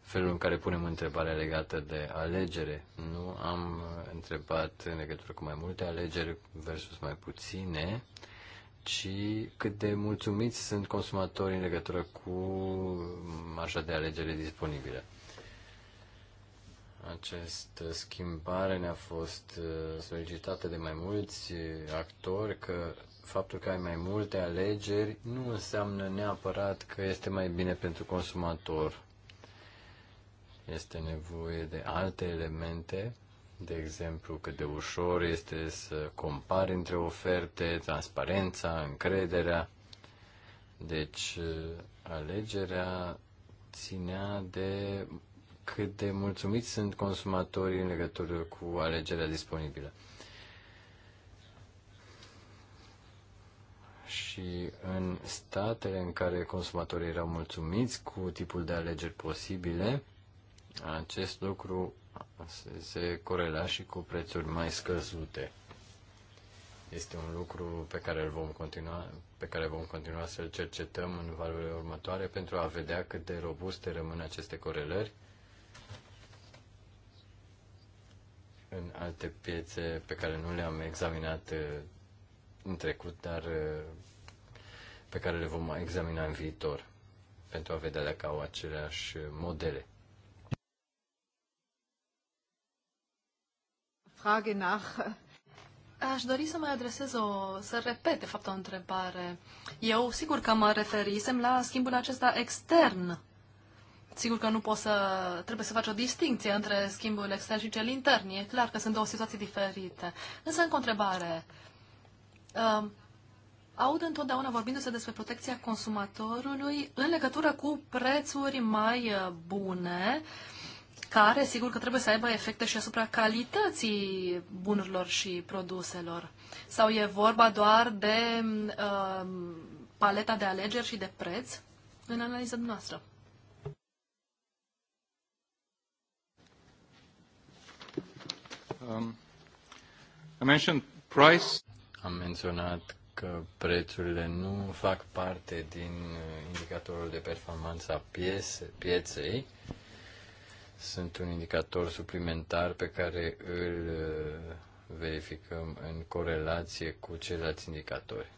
felul în care punem întrebarea legată de alegere. Nu am întrebat în legătură cu mai multe alegeri versus mai puține, ci cât de mulțumiți sunt consumatorii în legătură cu marja de alegere disponibilă. Această schimbare ne-a fost uh, solicitată de mai mulți uh, actori că faptul că ai mai multe alegeri nu înseamnă neapărat că este mai bine pentru consumator. Este nevoie de alte elemente de exemplu, cât de ușor este să compari între oferte, transparența, încrederea. Deci, alegerea ținea de cât de mulțumiți sunt consumatorii în legătură cu alegerea disponibilă. Și în statele în care consumatorii erau mulțumiți cu tipul de alegeri posibile, acest lucru se corela și cu prețuri mai scăzute. Este un lucru pe care îl vom continua, pe care vom continua să-l cercetăm în valurile următoare pentru a vedea cât de robuste rămân aceste corelări în alte piețe pe care nu le-am examinat uh, în trecut, dar uh, pe care le vom examina în viitor pentru a vedea dacă au aceleași modele. Frage nach. Äh, Aș dori să mai adresez o, să repet, de fapt, o întrebare. Eu, sigur că mă referisem la schimbul acesta extern. Sigur că nu poți să, trebuie să faci o distinție între schimbul extern și cel intern. E clar că sunt două situații diferite. Însă, încă o întrebare. Uh, aud întotdeauna vorbindu-se despre protecția consumatorului în legătură cu prețuri mai uh, bune uh, care sigur că trebuie să aibă efecte și asupra calității bunurilor și produselor. Sau e vorba doar de uh, paleta de alegeri și de preț în analiza noastră? Um, I mentioned price. Am menționat că prețurile nu fac parte din uh, indicatorul de performanță a pieței sunt un indicator suplimentar pe care îl uh, verificăm în corelație cu ceilalți indicatori.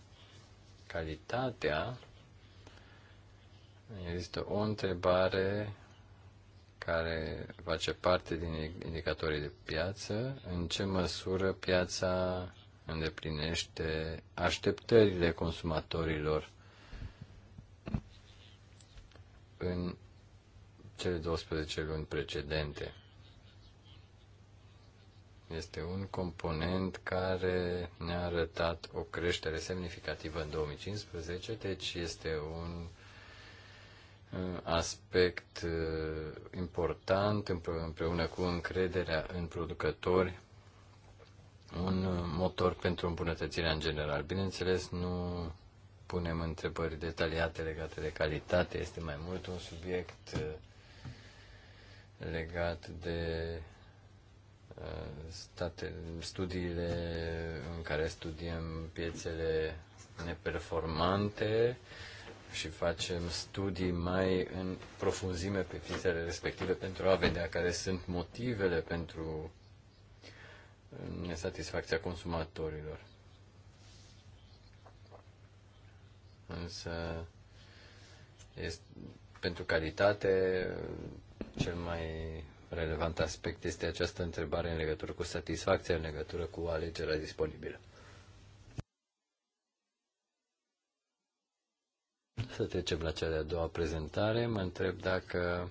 Calitatea există o întrebare care face parte din indicatorii de piață, în ce măsură piața îndeplinește așteptările consumatorilor în cele 12 luni precedente. Este un component care ne-a arătat o creștere semnificativă în 2015, deci este un uh, aspect uh, important împreună cu încrederea în producători, un uh, motor pentru îmbunătățirea în general. Bineînțeles, nu punem întrebări detaliate legate de calitate, este mai mult un subiect legat de uh, state, studiile în care studiem piețele neperformante și facem studii mai în profunzime pe piețele respective pentru a vedea care sunt motivele pentru nesatisfacția consumatorilor. Însă, este, pentru calitate cel mai relevant aspect este această întrebare în legătură cu satisfacția, în legătură cu alegerea disponibilă. Să trecem la cea de-a doua prezentare. Mă întreb dacă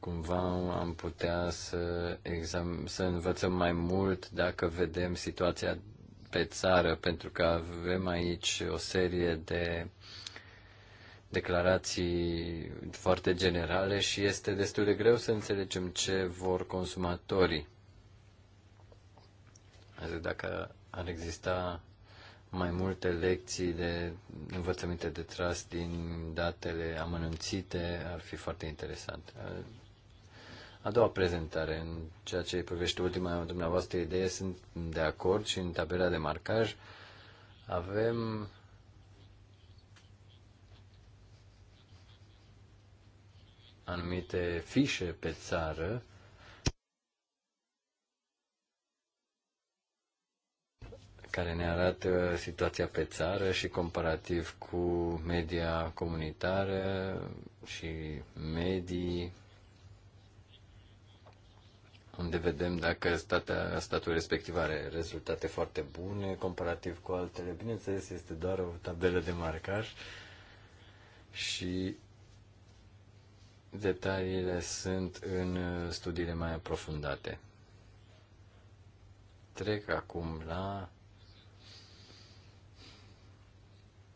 cumva am putea să, exam- să învățăm mai mult dacă vedem situația pe țară, pentru că avem aici o serie de declarații foarte generale și este destul de greu să înțelegem ce vor consumatorii. Adică dacă ar exista mai multe lecții de învățăminte de tras din datele amănunțite, ar fi foarte interesant. A doua prezentare, în ceea ce privește ultima dumneavoastră idee, sunt de acord și în tabela de marcaj avem anumite fișe pe țară care ne arată situația pe țară și comparativ cu media comunitară și medii unde vedem dacă statea, statul respectiv are rezultate foarte bune comparativ cu altele. Bineînțeles, este doar o tabelă de marcaj și Detaliile sunt în uh, studiile mai aprofundate. Trec acum la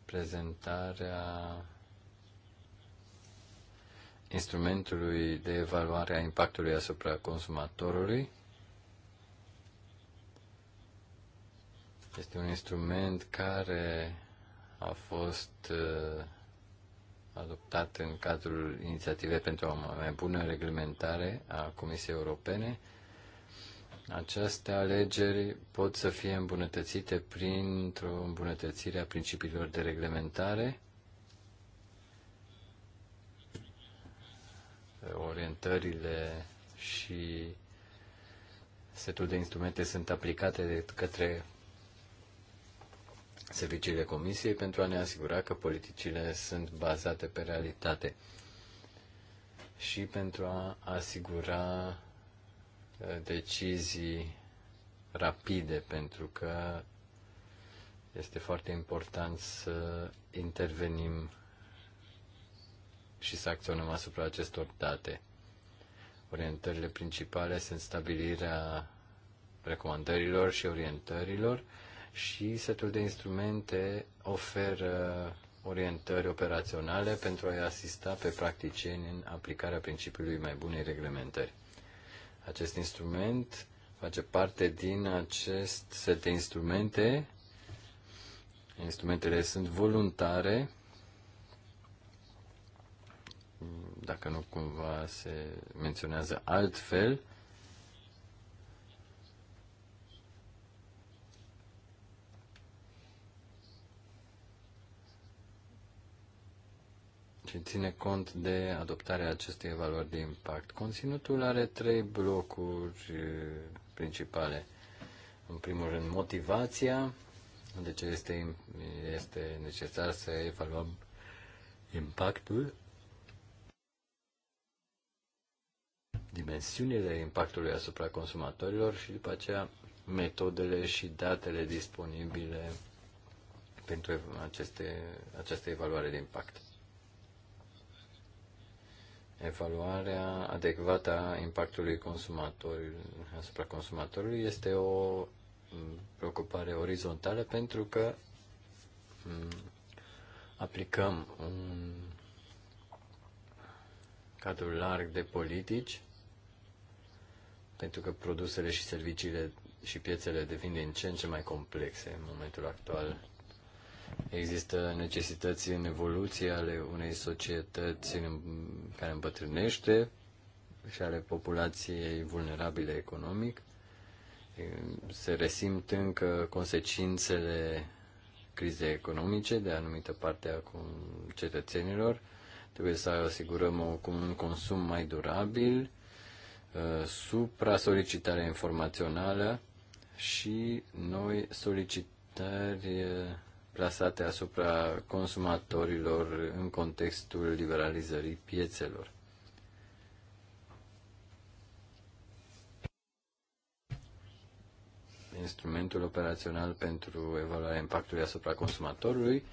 prezentarea instrumentului de evaluare a impactului asupra consumatorului. Este un instrument care a fost uh, adoptat în cadrul inițiativei pentru o mai bună reglementare a Comisiei Europene. Aceste alegeri pot să fie îmbunătățite printr-o îmbunătățire a principiilor de reglementare, orientările și setul de instrumente sunt aplicate de către serviciile Comisiei pentru a ne asigura că politicile sunt bazate pe realitate și pentru a asigura uh, decizii rapide, pentru că este foarte important să intervenim și să acționăm asupra acestor date. Orientările principale sunt stabilirea recomandărilor și orientărilor și setul de instrumente oferă orientări operaționale pentru a-i asista pe practicieni în aplicarea principiului mai bunei reglementări. Acest instrument face parte din acest set de instrumente. Instrumentele sunt voluntare. Dacă nu cumva se menționează altfel, și ține cont de adoptarea acestei evaluări de impact. Conținutul are trei blocuri eh, principale. În primul rând, motivația, de ce este, este necesar să evaluăm impactul, dimensiunile impactului asupra consumatorilor și după aceea metodele și datele disponibile pentru aceste, această evaluare de impact evaluarea adecvată a impactului consumatorului asupra consumatorului este o preocupare orizontală pentru că aplicăm un cadru larg de politici pentru că produsele și serviciile și piețele devin din ce în ce mai complexe în momentul actual Există necesități în evoluție ale unei societăți care îmbătrânește și ale populației vulnerabile economic. Se resimt încă consecințele crizei economice de anumită parte a cetățenilor. Trebuie să asigurăm un consum mai durabil, uh, supra-solicitare informațională și noi solicitări uh, plasate asupra consumatorilor în contextul liberalizării piețelor. Instrumentul operațional pentru evaluarea impactului asupra consumatorului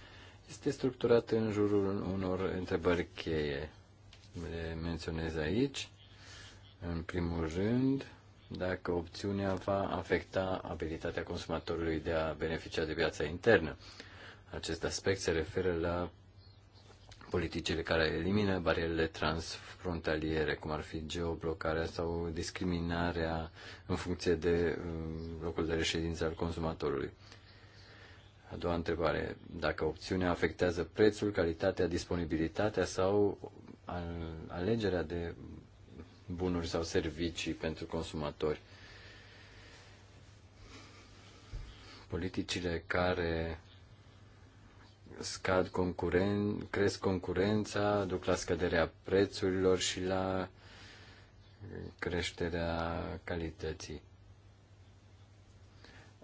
este structurat în jurul unor întrebări cheie. Le menționez aici. În primul rând, dacă opțiunea va afecta abilitatea consumatorului de a beneficia de piața internă. Acest aspect se referă la politicile care elimină barierele transfrontaliere, cum ar fi geoblocarea sau discriminarea în funcție de um, locul de reședință al consumatorului. A doua întrebare, dacă opțiunea afectează prețul, calitatea, disponibilitatea sau alegerea de bunuri sau servicii pentru consumatori. Politicile care scad concuren, cresc concurența, duc la scăderea prețurilor și la uh, creșterea calității.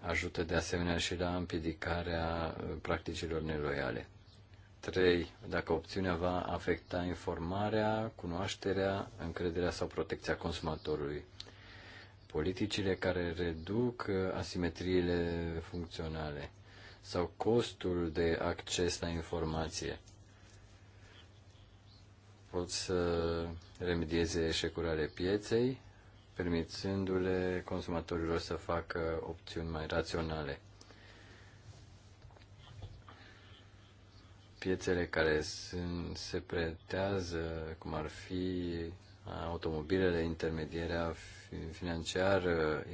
Ajută de asemenea și la împiedicarea uh, practicilor neloiale. 3. Dacă opțiunea va afecta informarea, cunoașterea, încrederea sau protecția consumatorului. Politicile care reduc uh, asimetriile funcționale sau costul de acces la informație pot să remedieze eșecurile pieței, permițându-le consumatorilor să facă opțiuni mai raționale. Piețele care sunt, se pretează, cum ar fi automobilele, intermedierea financiară,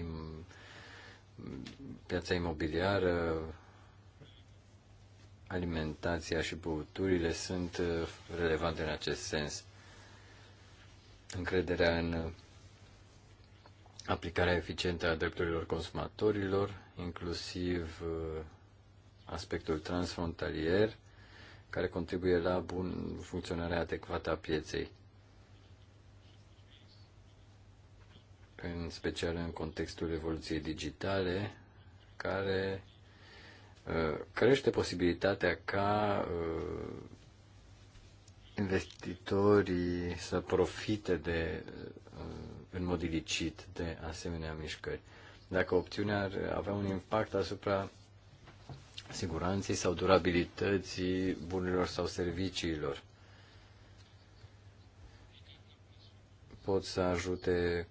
piața imobiliară, alimentația și băuturile sunt uh, relevante în acest sens. Încrederea în uh, aplicarea eficientă a drepturilor consumatorilor, inclusiv uh, aspectul transfrontalier, care contribuie la bun funcționarea adecvată a pieței. În special în contextul evoluției digitale, care Uh, crește posibilitatea ca uh, investitorii să profite de, uh, în mod ilicit de asemenea mișcări. Dacă opțiunea ar avea un impact asupra siguranței sau durabilității bunurilor sau serviciilor, pot să ajute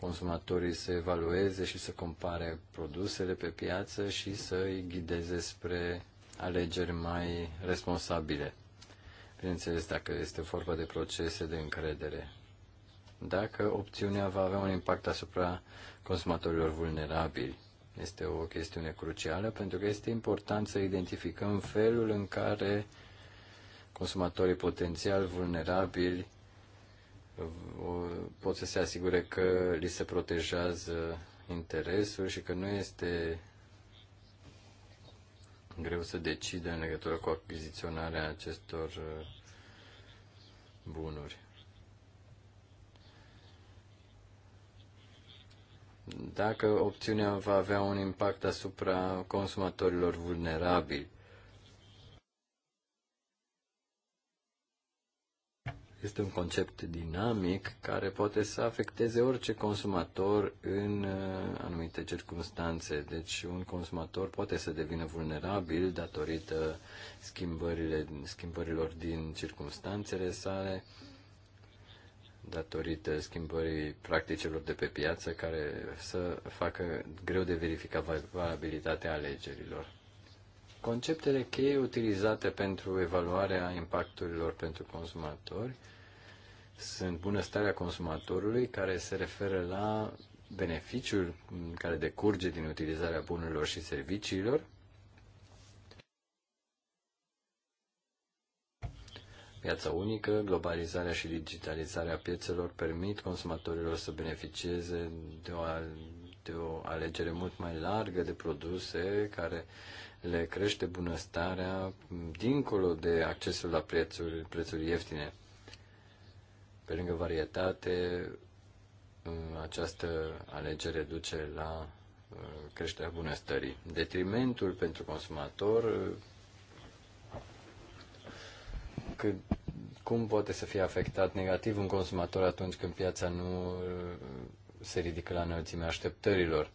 consumatorii să evalueze și să compare produsele pe piață și să îi ghideze spre alegeri mai responsabile. Bineînțeles, dacă este vorba de procese de încredere. Dacă opțiunea va avea un impact asupra consumatorilor vulnerabili. Este o chestiune crucială pentru că este important să identificăm felul în care consumatorii potențial vulnerabili pot să se asigure că li se protejează interesul și că nu este greu să decide în legătură cu achiziționarea acestor uh, bunuri. Dacă opțiunea va avea un impact asupra consumatorilor vulnerabili, Este un concept dinamic care poate să afecteze orice consumator în uh, anumite circunstanțe. Deci un consumator poate să devină vulnerabil datorită schimbările, schimbărilor din circunstanțele sale, datorită schimbării practicilor de pe piață care să facă greu de verificat valabilitatea alegerilor. Conceptele cheie utilizate pentru evaluarea impacturilor pentru consumatori sunt bunăstarea consumatorului, care se referă la beneficiul care decurge din utilizarea bunurilor și serviciilor, Piața unică, globalizarea și digitalizarea piețelor permit consumatorilor să beneficieze de o, de o alegere mult mai largă de produse care le crește bunăstarea dincolo de accesul la prețuri, prețuri ieftine. Pe lângă varietate, uh, această alegere duce la uh, creșterea bunăstării. Detrimentul pentru consumator, uh, că, cum poate să fie afectat negativ un consumator atunci când piața nu se ridică la înălțimea așteptărilor?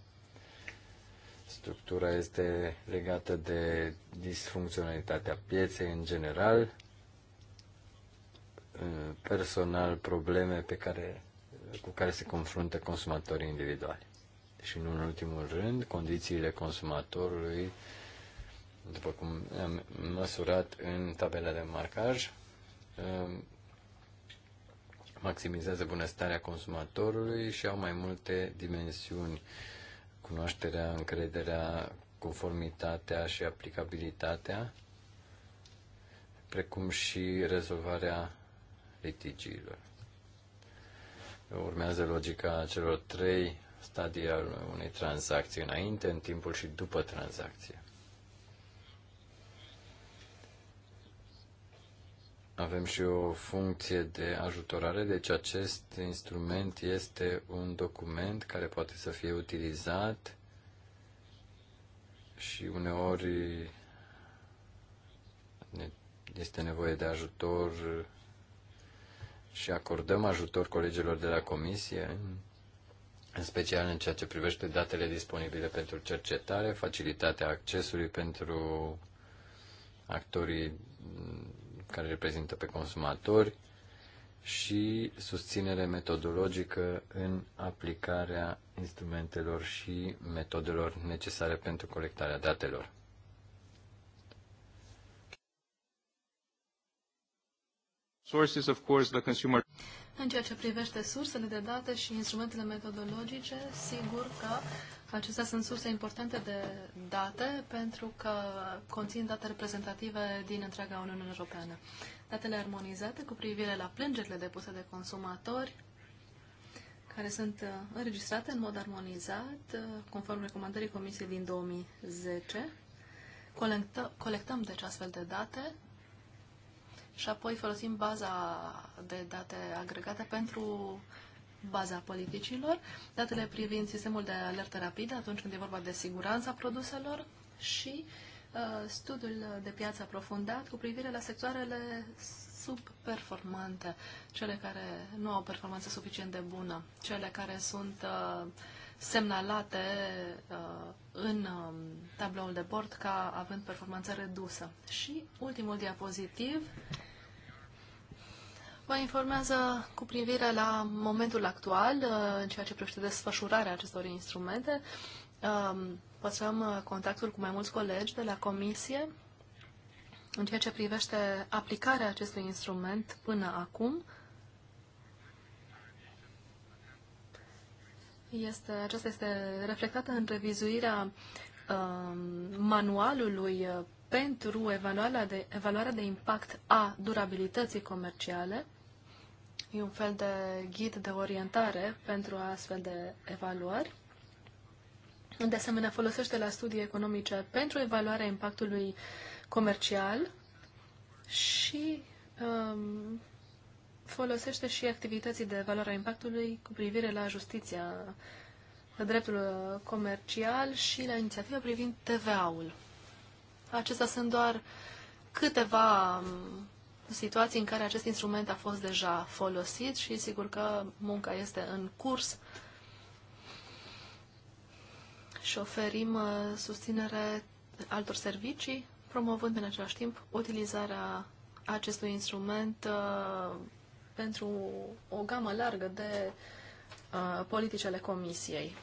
Structura este legată de disfuncționalitatea pieței în general, eh, personal, probleme pe care, cu care se confruntă consumatorii individuali. Și nu în ultimul rând, condițiile consumatorului, după cum am măsurat în tabela de marcaj, eh, maximizează bunăstarea consumatorului și au mai multe dimensiuni cunoașterea, încrederea, conformitatea și aplicabilitatea, precum și rezolvarea litigiilor. Urmează logica celor trei stadii al unei tranzacții, înainte, în timpul și după tranzacție. avem și o funcție de ajutorare, deci acest instrument este un document care poate să fie utilizat și uneori este nevoie de ajutor și acordăm ajutor colegilor de la comisie, în special în ceea ce privește datele disponibile pentru cercetare, facilitatea accesului pentru actorii care reprezintă pe consumatori și susținere metodologică în aplicarea instrumentelor și metodelor necesare pentru colectarea datelor. Sources, of course, the consumer. În ceea ce privește sursele de date și instrumentele metodologice, sigur că acestea sunt surse importante de date pentru că conțin date reprezentative din întreaga Uniune Europeană. Datele armonizate cu privire la plângerile depuse de consumatori, care sunt uh, înregistrate în mod armonizat, uh, conform recomandării Comisiei din 2010. colectăm deci astfel de date și apoi folosim baza de date agregate pentru baza politicilor, datele privind sistemul de alertă rapidă atunci când e vorba de siguranța produselor și uh, studiul de piață aprofundat cu privire la sectoarele subperformante, cele care nu au performanță suficient de bună, cele care sunt uh, semnalate uh, în um, tabloul de bord ca având performanță redusă. Și ultimul diapozitiv vă informează cu privire la momentul actual uh, în ceea ce privește desfășurarea acestor instrumente. Um, păstrăm uh, contactul cu mai mulți colegi de la comisie în ceea ce privește aplicarea acestui instrument până acum este, aceasta este reflectată în revizuirea um, uh, manualului pentru evaluarea de, evaluarea de impact a durabilității comerciale. E un fel de ghid de orientare pentru astfel de evaluări. De asemenea, folosește la studii economice pentru evaluarea impactului comercial și um, folosește și activității de valoare a impactului cu privire la justiția, la dreptul uh, comercial și la inițiativa privind TVA-ul. Acestea sunt doar câteva um, situații în care acest instrument a fost deja folosit și sigur că munca este în curs și oferim uh, susținere altor servicii, promovând în același timp utilizarea acestui instrument uh, pentru o gamă largă de uh, politicele comisiei.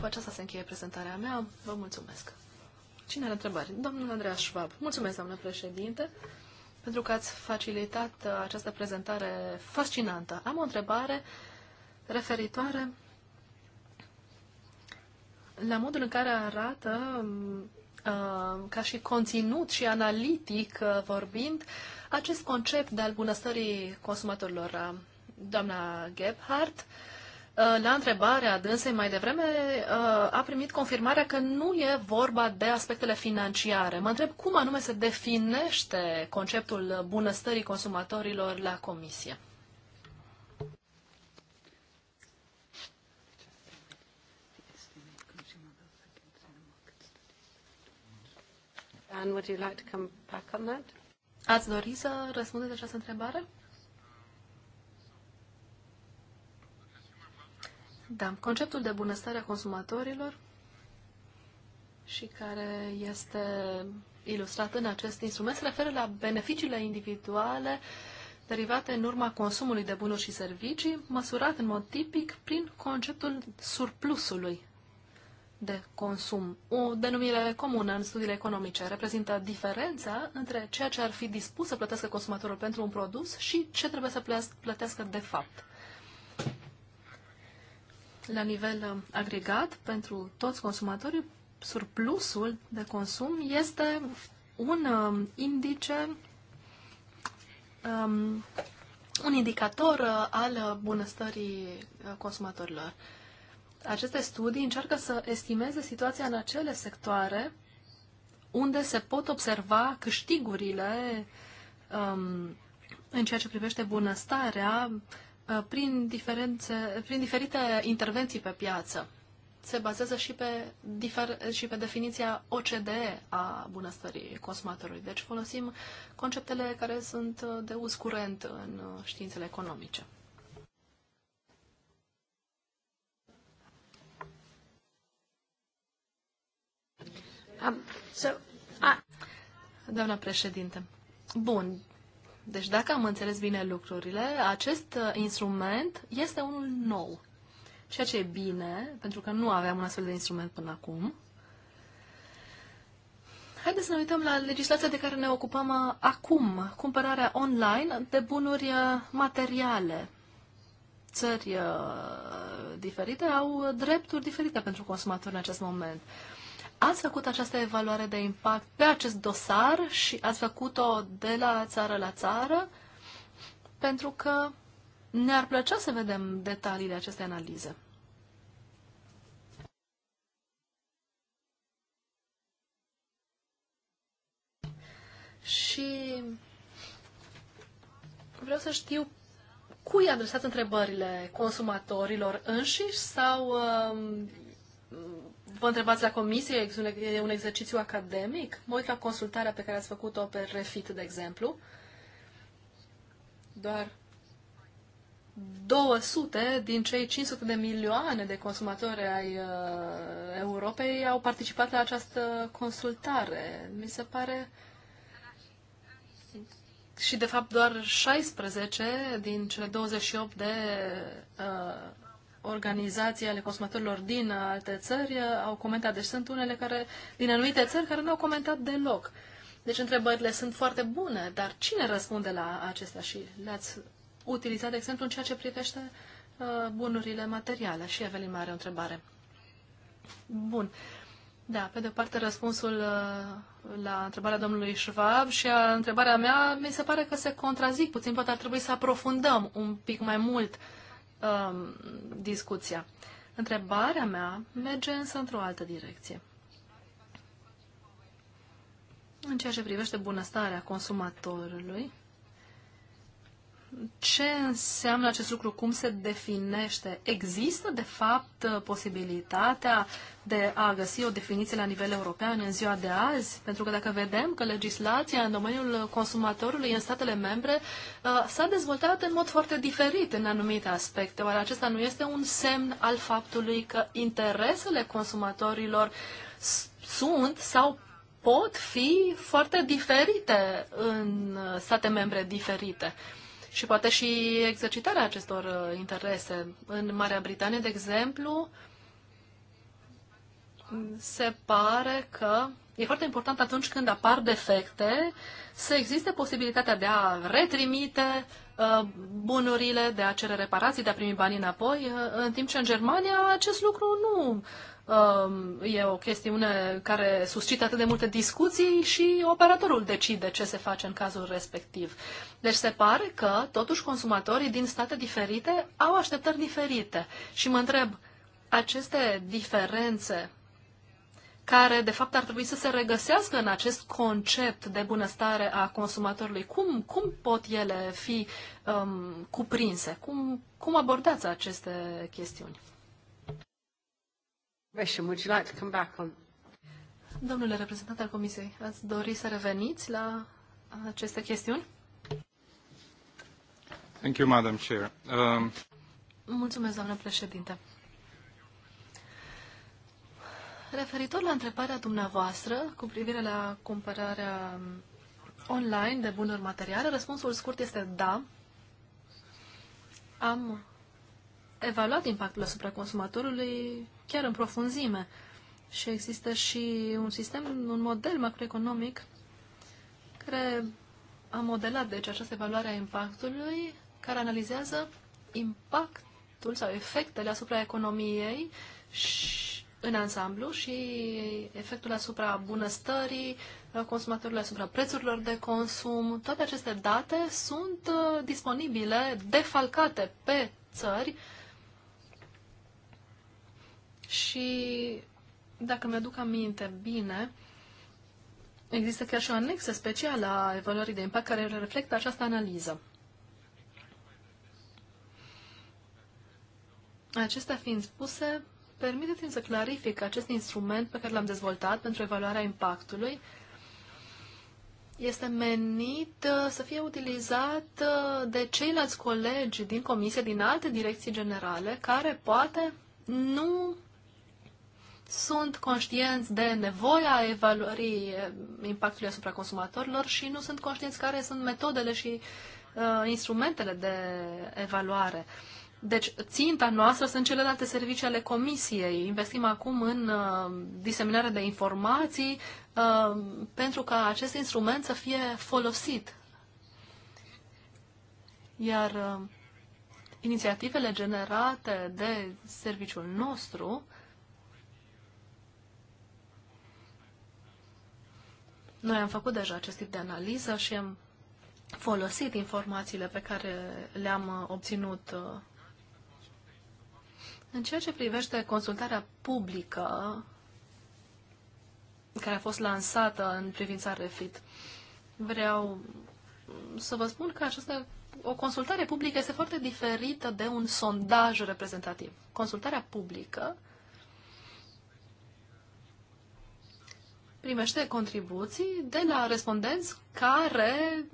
Cu aceasta se încheie prezentarea mea. Vă mulțumesc. Cine are întrebări? Domnul Andreea Schwab. Mulțumesc, doamnă președinte, pentru că ați facilitat uh, această prezentare fascinantă. Am o întrebare referitoare la modul în care arată, um, uh, ca și conținut și analitic uh, vorbind, acest concept de al bunăstării consumatorilor, uh, doamna Gebhardt, uh, la întrebarea dânsei mai devreme, uh, a primit confirmarea că nu e vorba de aspectele financiare. Mă întreb cum anume se definește conceptul bunăstării consumatorilor la Comisie. Anne, would you like to come back on that? Ați dori să răspundeți această întrebare? Da. Conceptul de bunăstare a consumatorilor și care este ilustrat în acest instrument se referă la beneficiile individuale derivate în urma consumului de bunuri și servicii, măsurat în mod tipic prin conceptul surplusului de consum. O denumire comună în studiile economice reprezintă diferența între ceea ce ar fi dispus să plătească consumatorul pentru un produs și ce trebuie să plătească de fapt. La nivel um, agregat, pentru toți consumatorii, surplusul de consum este un um, indice, um, un indicator uh, al uh, bunăstării uh, consumatorilor aceste studii încearcă să estimeze situația în acele sectoare unde se pot observa câștigurile um, în ceea ce privește bunăstarea uh, prin, diferențe, prin diferite intervenții pe piață. Se bazează și pe, difer, și pe definiția OCDE a bunăstării consumatorului. Deci folosim conceptele care sunt uh, de uz curent în uh, științele economice. Um, Doamna președinte, bun, deci dacă am înțeles bine lucrurile, acest uh, instrument este unul nou, ceea ce e bine, pentru că nu aveam un astfel de instrument până acum. Haideți să ne uităm la legislația de care ne ocupăm uh, acum, cumpărarea online de bunuri uh, materiale. Țări diferite au drepturi diferite pentru consumatori în acest moment. Ați făcut această evaluare de impact pe acest dosar și ați făcut-o de la țară la țară, pentru că ne-ar plăcea să vedem detaliile acestei analize. Și vreau să știu cui adresați întrebările consumatorilor înșiși sau um, vă întrebați la comisie, e un exercițiu academic? Mă uit la consultarea pe care ați făcut-o pe Refit, de exemplu. Doar 200 din cei 500 de milioane de consumatori ai uh, Europei au participat la această consultare. Mi se pare și de fapt doar 16 din cele 28 de uh, organizații ale consumatorilor din alte țări uh, au comentat. Deci sunt unele care, din anumite țări care nu au comentat deloc. Deci întrebările sunt foarte bune, dar cine răspunde la acestea și le-ați utilizat, de exemplu, în ceea ce privește uh, bunurile materiale? Și Evelin mai are o întrebare. Bun. Da, pe de parte răspunsul uh, la întrebarea domnului Schwab și a întrebarea mea mi se pare că se contrazic puțin, poate ar trebui să aprofundăm un pic mai mult uh, um, discuția. Întrebarea mea merge însă într-o altă direcție. În ceea ce privește bunăstarea consumatorului, ce înseamnă acest lucru, cum se definește. Există, de fapt, posibilitatea de a găsi o definiție la nivel european în ziua de azi? Pentru că dacă vedem că legislația în domeniul consumatorului în statele membre uh, s-a dezvoltat în mod foarte diferit în anumite aspecte, oare acesta nu este un semn al faptului că interesele consumatorilor sunt sau pot fi foarte diferite în state membre diferite și poate și exercitarea acestor uh, interese. În Marea Britanie, de exemplu, se pare că e foarte important atunci când apar defecte să existe posibilitatea de a retrimite uh, bunurile, de a cere reparații, de a primi banii înapoi, uh, în timp ce în Germania acest lucru nu Um, e o chestiune care suscită atât de multe discuții și operatorul decide ce se face în cazul respectiv. Deci se pare că, totuși, consumatorii din state diferite au așteptări diferite. Și mă întreb, aceste diferențe care, de fapt, ar trebui să se regăsească în acest concept de bunăstare a consumatorului. Cum, cum pot ele fi um, cuprinse? Cum, cum abordați aceste chestiuni? Domnule reprezentant al Comisiei, ați dori să reveniți la aceste chestiuni? Thank you, Madam Chair. Um... Mulțumesc, doamnă președinte. Referitor la întrebarea dumneavoastră cu privire la cumpărarea online de bunuri materiale, răspunsul scurt este da. Am evaluat impactul asupra consumatorului chiar în profunzime. Și există și un sistem, un model macroeconomic care a modelat deci această evaluare a impactului, care analizează impactul sau efectele asupra economiei și în ansamblu și efectul asupra bunăstării consumatorilor, asupra prețurilor de consum. Toate aceste date sunt uh, disponibile, defalcate pe țări și, dacă mi-aduc aminte bine, există chiar și o anexă specială a evaluării de impact care reflectă această analiză. Acestea fiind spuse, permiteți-mi să clarific acest instrument pe care l-am dezvoltat pentru evaluarea impactului. Este menit uh, să fie utilizat uh, de ceilalți colegi din comisie, din alte direcții generale, care poate nu sunt conștienți de nevoia evaluării eh, impactului asupra consumatorilor și nu sunt conștienți care sunt metodele și uh, instrumentele de evaluare. Deci, ținta noastră sunt celelalte servicii ale comisiei. Investim acum în uh, diseminarea de informații uh, pentru ca acest instrument să fie folosit. Iar uh, inițiativele generate de serviciul nostru uh, Noi am făcut deja acest tip de analiză și am folosit informațiile pe care le-am uh, obținut uh. în ceea ce privește consultarea publică care a fost lansată în privința refit, vreau mm, să vă spun că această o consultare publică este foarte diferită de un sondaj reprezentativ. Consultarea publică primește contribuții de la respondenți care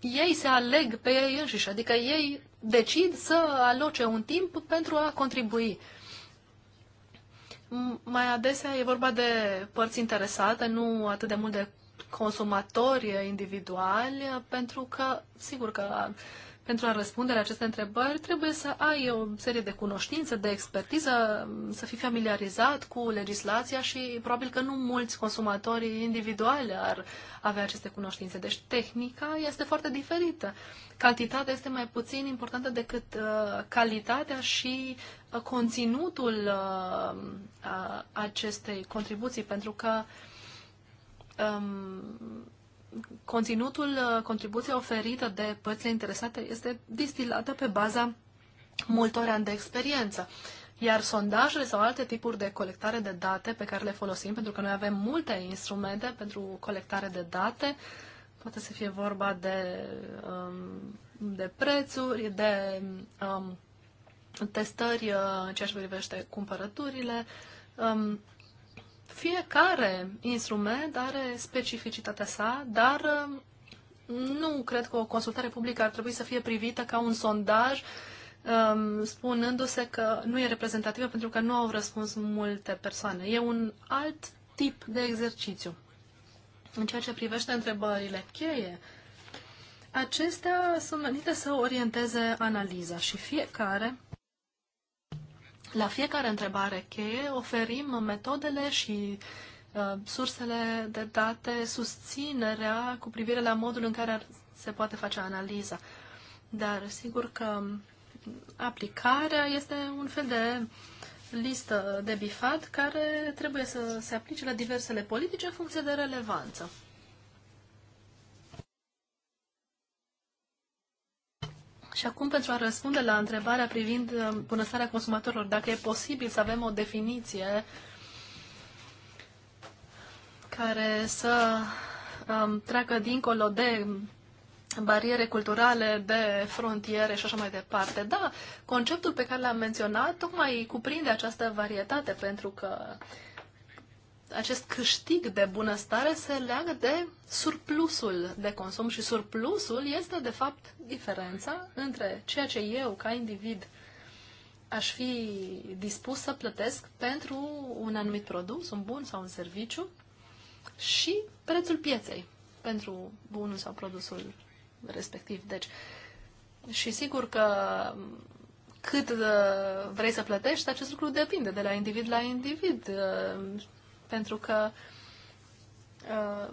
ei se aleg pe ei înșiși, adică ei decid să aloce un timp pentru a contribui. Mai adesea e vorba de părți interesate, nu atât de mult de consumatori individuali, pentru că, sigur că pentru a răspunde la aceste întrebări, trebuie să ai o serie de cunoștințe, de expertiză, să fii familiarizat cu legislația și probabil că nu mulți consumatori individuali ar avea aceste cunoștințe. Deci tehnica este foarte diferită. Cantitatea este mai puțin importantă decât uh, calitatea și uh, conținutul uh, uh acestei contribuții, pentru că um, conținutul uh, contribuției oferită de părțile interesate este distilată pe baza multor ani de experiență. Iar sondajele sau alte tipuri de colectare de date pe care le folosim, pentru că noi avem multe instrumente pentru colectare de date, poate să fie vorba de, um, de prețuri, de um, testări uh, în ceea ce privește cumpărăturile, um, fiecare instrument are specificitatea sa, dar um, nu cred că o consultare publică ar trebui să fie privită ca un sondaj um, spunându-se că nu e reprezentativă pentru că nu au răspuns multe persoane. E un alt tip de exercițiu. În ceea ce privește întrebările cheie, acestea sunt menite să orienteze analiza și fiecare la fiecare întrebare cheie oferim metodele și uh, sursele de date, susținerea cu privire la modul în care se poate face analiza. Dar sigur că aplicarea este un fel de listă de bifat care trebuie să se aplice la diversele politici în funcție de relevanță. Și acum, pentru a răspunde la întrebarea privind uh, bunăstarea consumatorilor, dacă e posibil să avem o definiție care să um, treacă dincolo de bariere culturale, de frontiere și așa mai departe. Da, conceptul pe care l-am menționat tocmai cuprinde această varietate, pentru că uh, acest câștig de bunăstare se leagă de surplusul de consum și surplusul este, de fapt, diferența între ceea ce eu, ca individ, aș fi dispus să plătesc pentru un anumit produs, un bun sau un serviciu și prețul pieței pentru bunul sau produsul respectiv. Deci, și sigur că cât uh, vrei să plătești, acest lucru depinde de la individ la individ. Uh, pentru că uh,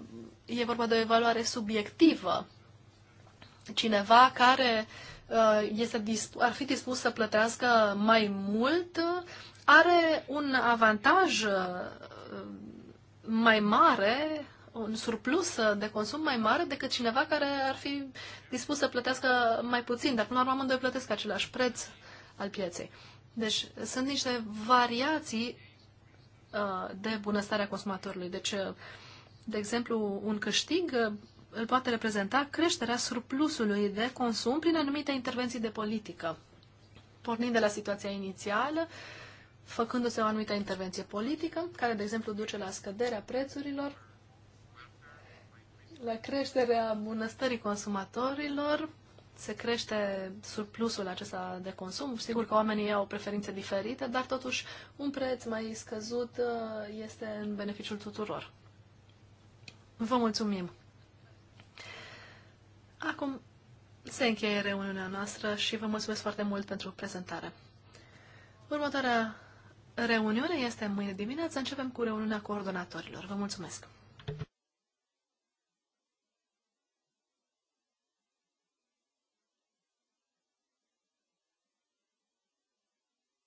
e vorba de o evaluare subiectivă. Cineva care uh, este ar fi dispus să plătească mai mult are un avantaj uh, mai mare, un surplus de consum mai mare decât cineva care ar fi dispus să plătească mai puțin, dar până la urmă amândoi plătesc același preț al pieței. Deci sunt niște variații Uh, de bunăstarea consumatorului. Deci, uh, de exemplu, un câștig uh, îl poate reprezenta creșterea surplusului de consum prin anumite intervenții de politică. Pornind de la situația inițială, făcându-se o anumită intervenție politică, care, de exemplu, duce la scăderea prețurilor, la creșterea bunăstării consumatorilor, se crește surplusul acesta de consum. Sigur că oamenii au preferințe diferite, dar totuși un preț mai scăzut uh, este în beneficiul tuturor. Vă mulțumim! Acum se încheie reuniunea noastră și vă mulțumesc foarte mult pentru prezentare. Următoarea reuniune este mâine dimineață. Începem cu reuniunea coordonatorilor. Vă mulțumesc!